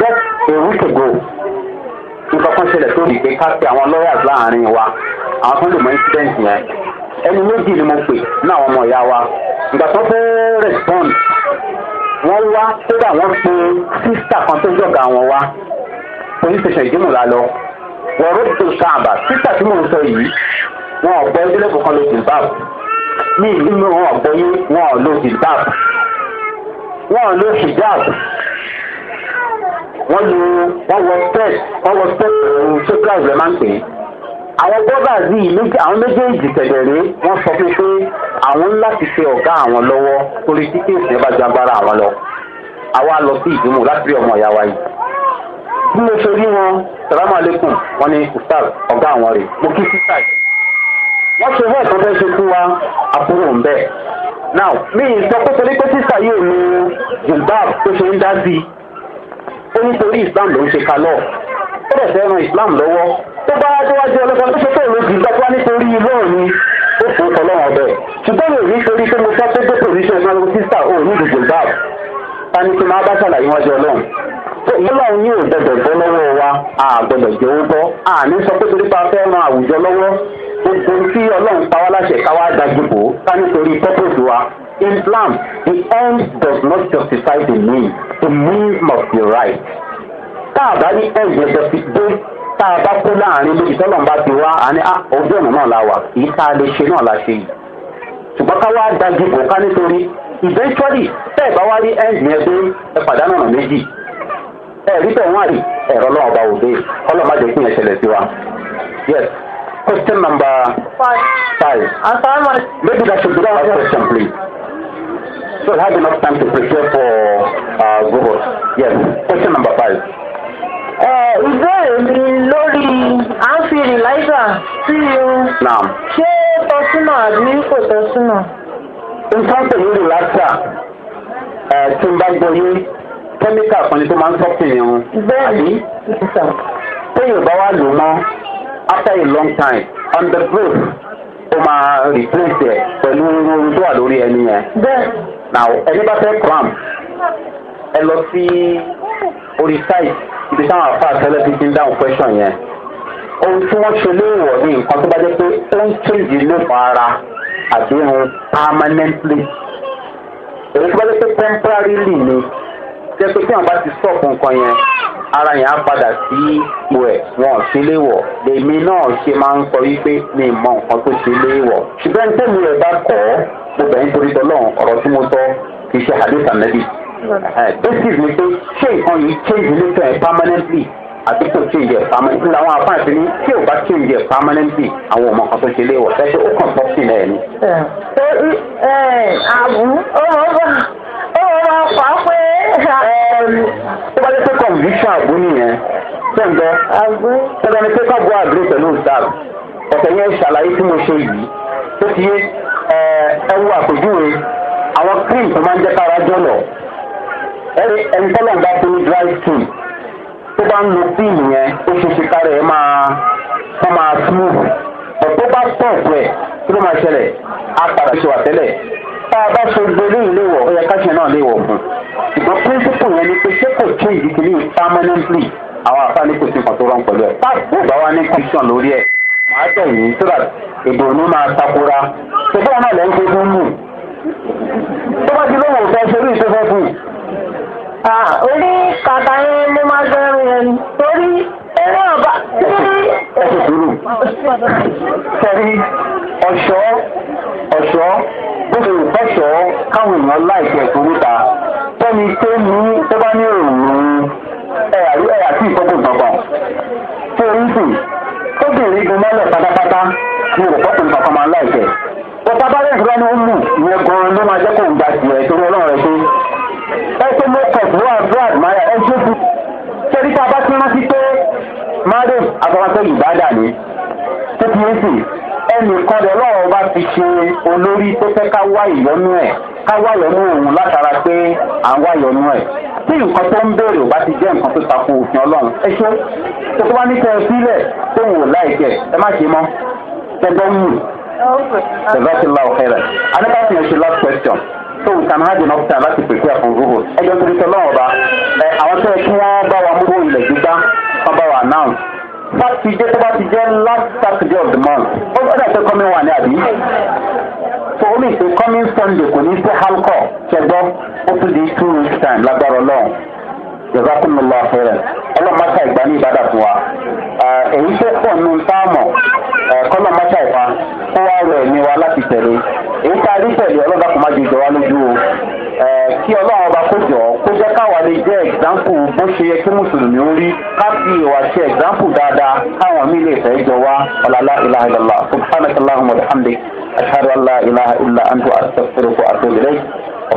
A: just a week ago nǹkan kan ṣẹlẹ̀ tó dìde ká pe àwọn lawyers láàrin wa àwọn tó mọ incident yẹn ẹni méjì ni mo pè ní àwọn ọmọ ìyá wa ìgbà tó fẹ́ respond wọ́n wá kódà wọ́n pe sista kan tó jọ̀gà wọn ní ìlú mi wọn àgbọ́yé wọn ò lo hijab wọn ò lo hijab wọ́n lu wọ́n wọ step wọ́n wọ step ọ̀hún eh, sókèlàs rẹ̀ máa ń pè é àwọn brothers yìí àwọn méjèèjì tẹ̀lẹ̀rẹ́ wọ́n sọ fún pé àwọn ńlá ti ṣe ọ̀gá àwọn lọ́wọ́ torí títí ìsìn bá ju agbára àwọn lọ àwa lọ sí ìdìmú láti rí ọmọ ìyá wa yìí
B: bí mo ṣe rí wọn
A: sàlámù alẹ́kùn wọn ni ustaz ọ̀gá àwọn rè mo kí sísá yìí wọ́n ṣe bẹ́ẹ̀ tó fẹ́ ṣe fún wa àbúrò ń bẹ́ẹ̀. now mi ì sọ pé torí pé sísà yóò nu zimbab tó ṣe ń dá sí i ó nítorí islam ló ń ṣe kalọ́ ó dẹ̀ fẹ́ ran islam lọ́wọ́ tó bá déwájú ọlọ́kan tó ṣe pé òun ti gbàgbá nítorí ilọ́ọ̀ ni ó fún ọlọ́run ọbẹ̀ ṣùgbọ́n mi ò ní torí pé mo fẹ́ pé pé pòlíṣẹ́ ìmọ̀ ọlọ́run sísà ó ní ìdìbò zimbab tani tí máa bá ṣàlàyé wájú ọlọ́run tó ìmọ̀láwọn ní òdẹ̀dẹ̀ bọ́ lọ́wọ́ wa àgbẹ̀dẹ̀ jẹ́ ó bọ́ àní sọ pé torí pa fẹ́ àwùjọ lọ́wọ́ gbogbo tí ọlọ́run pa wá láṣẹ ká wá dájú ká nítorí purpose wa islam the end does not justify the means the means must be right. tá a bá ní end yẹn jọ ti dé tá a bá kú láàrin lójú tọ́lọ́run bá ti wá a ní ah, ojú ọ̀nà náà la wà èyí tá a lè ṣe náà la ṣe yìí. ṣùgbọ́n ká wá dájú bò ká nítorí eventually tẹ́ ẹ̀ bá wá rí end yẹn dé ẹ pàdánù ọ̀nà méjì ẹ̀rí tẹ̀ wọ́n àrí ẹ̀rọ náà ọba òde ọlọ́mọdé pín ẹ̀ṣẹ̀lẹ̀ sí wa. yes question number five. five. Maybe that should be the last question, please. So have enough time to prepare for uh, Google. Yes, question number five.
B: Uh, is Ìbéèrè mi lórí Anfield Eliza tí irun
A: ṣé tọ́súnà àbí kò tọ́súnà? In pẹ̀lú rìláṣà tí n bá gbọ́ yé kẹ́míkà kan ni tó máa ń sọ́kùnrin irun. Bẹ́ẹ̀ni, téèyàn bá wà you mọ́ after a long time on the proof ó máa replace ẹ̀ pẹ̀lú irun tó wà lórí ẹni yẹn. now ẹni bá fẹ́ cram ẹ lọ sí orí site ibi táwọn àfáà tẹ́lẹ̀ ti ti ń dáhùn question yẹn ohun tí wọ́n ṣe léèwọ̀ ní nǹkan tó bá jẹ́ pé ó ń change lóògùn ara àti permanently èyí tó bá jẹ́ pé temporarily ni jẹ́ pé tí wọ́n bá ti stop nǹkan yẹn ara yẹn á padà sí ipò ẹ̀ wọn ò sí léwọ̀ lèmi náà ṣe máa ń sọ wípé mi mọ nǹkan tó ṣe léwọ̀ ṣùgbọ́n tẹ́mi rẹ̀ bá kọ́ mo bẹ̀ ń torí tọ́lọ́run ọ̀rọ̀ tí mo sọ kì í ṣe hadith anabi basis ni pé ṣé nǹkan yìí change nípa ẹ̀ permanently àti kò change ẹ̀ permanently làwọn àfáàsì ni tí ò bá change ẹ̀ permanently àwọn ọmọ kan tó ṣe léwọ̀ ṣẹ́ṣẹ́ ó kàn pọ́pì náà ẹ̀ ni.
B: àbú ó wá fà á pé. Um,
A: tó bá dé pé conviction àbú nìyẹn tó ń jẹ tó bá dé pé káàbù àgbèrè pẹ̀lú ìsáàbù ọ̀sẹ̀ yẹn ṣàlàyé tí mo ṣe yìí tó ti yé eh, ẹ wo àpèjúwe àwọn cream tó máa ń jẹ́ kára jọ̀lọ̀ ẹni tọ́lọ̀ ń bá tó ní dry skin tó bá ń lo cream yẹn ó ṣe ṣe kára ẹ máa kó máa smooth ọ̀tọ́ bá tọ̀ ọ̀pẹ kí ló máa ṣẹlẹ̀ á padà ṣe wà tẹ́lẹ̀. tá a bá so gbélé ilé wọ̀ ó yẹ ká ṣe náà lè wọ̀ fún mm-hmm. ṣùgbọ́n píríncípù yẹn ni pé ṣé kò tún ìdíkì ní permanently àwọn àfa ní kò sí nǹkan tó rán pẹ̀lú ẹ̀ bá wá ní lórí ẹ̀ màá tẹ̀ yìí takora náà fún mù
B: tó bá ti lóun ò fẹ́ ṣe orí ìṣẹ́fẹ́ fún un. orí kàkà yẹn ló máa ẹ̀rọ ọba ẹ̀sẹ̀ dúró tẹ̀rí ọ̀ṣọ́
A: ọ̀ṣọ́ bó ṣe lè fẹ́ṣọ́ káwọn èèyàn láìpẹ́ ìforúta tẹ́ni tó ní tó bá ní òòrùn ẹ̀ àrí ẹ̀ àti ìfọ́kùn gbọ̀ngàn tí orí sì tó bèrè igun mọ́lẹ̀ pátápátá ní ìrọ̀pọ̀kùn kankan máa láìpẹ́ bọ́tà bá rẹ̀ ìdúrà ní ó mú ìyẹn gan-an ló máa jẹ́ kó ń gba tiẹ̀ torí ọlọ́run rẹ̀ ṣe ẹ tó mọ́kọ̀ọ̀bù wà bú àdùmáyà ẹ tó ti tẹ́rí tá a bá ti rántí tó mariam afọwọ́sẹ́ ìbádà ni tẹ́tírísì ẹnìkan rẹ̀ lọ́wọ́ bá ti ṣe olórí tó fẹ́ ká wá ìyọnú ẹ̀ ká wá ìyọnú òun látara pé à ń wá ìyọnú ẹ̀ tí nǹkan tó ń béèrè ò bá ti jẹ́ nǹkan tó takò òfin ọlọ́run ẹ ṣe tó tó bá ní kẹ́ ẹ sílẹ̀ tó ń wò láìpẹ́ ẹ má ṣe mọ́ tẹ́gbọ́n mú tẹ́gbọ́n question so we can have enough time láti pèsè àfọ̀nrúhò ẹjọ́ torí tọ́lọ́wọ́n ọba àwọn tó yẹ kí wọ́n bá wa mú ilẹ̀ gbígbá máa bá wa announce tó bá ti jẹ́ last saturday of the month ó gbọ́dọ̀ pé coming one ní àbí so ó lè ṣe coming sunday kò ní sí halkọ ṣẹgbọ́ ó tún di two weeks time lágbára ọlọ́run jazakumullah fẹrẹ ọlọmọṣà ìgbà ní ìbàdàn fún wa èyí tó pọ̀ nù táàmù kọlọmọṣà ìpa kó wá rẹ̀ ní wa láti tẹ̀lé èyí tá a rí tẹ̀lé ọlọ́dà kò má ju ìjọba lójú o kí ọlọ́run ọba kó jọ lè jẹ́ ẹ̀gbáǹpù bó ṣe yẹ kí mùsùlùmí ń rí ká fi ìwà ṣe ẹ̀gbáǹpù dáadáa káwọn mí lè fẹ́ jọ wá ọ̀làlá ilaha illallah subhanahu wa ta'ala ashhadu an la ilaha illa anhu astaghfiruka wa atubu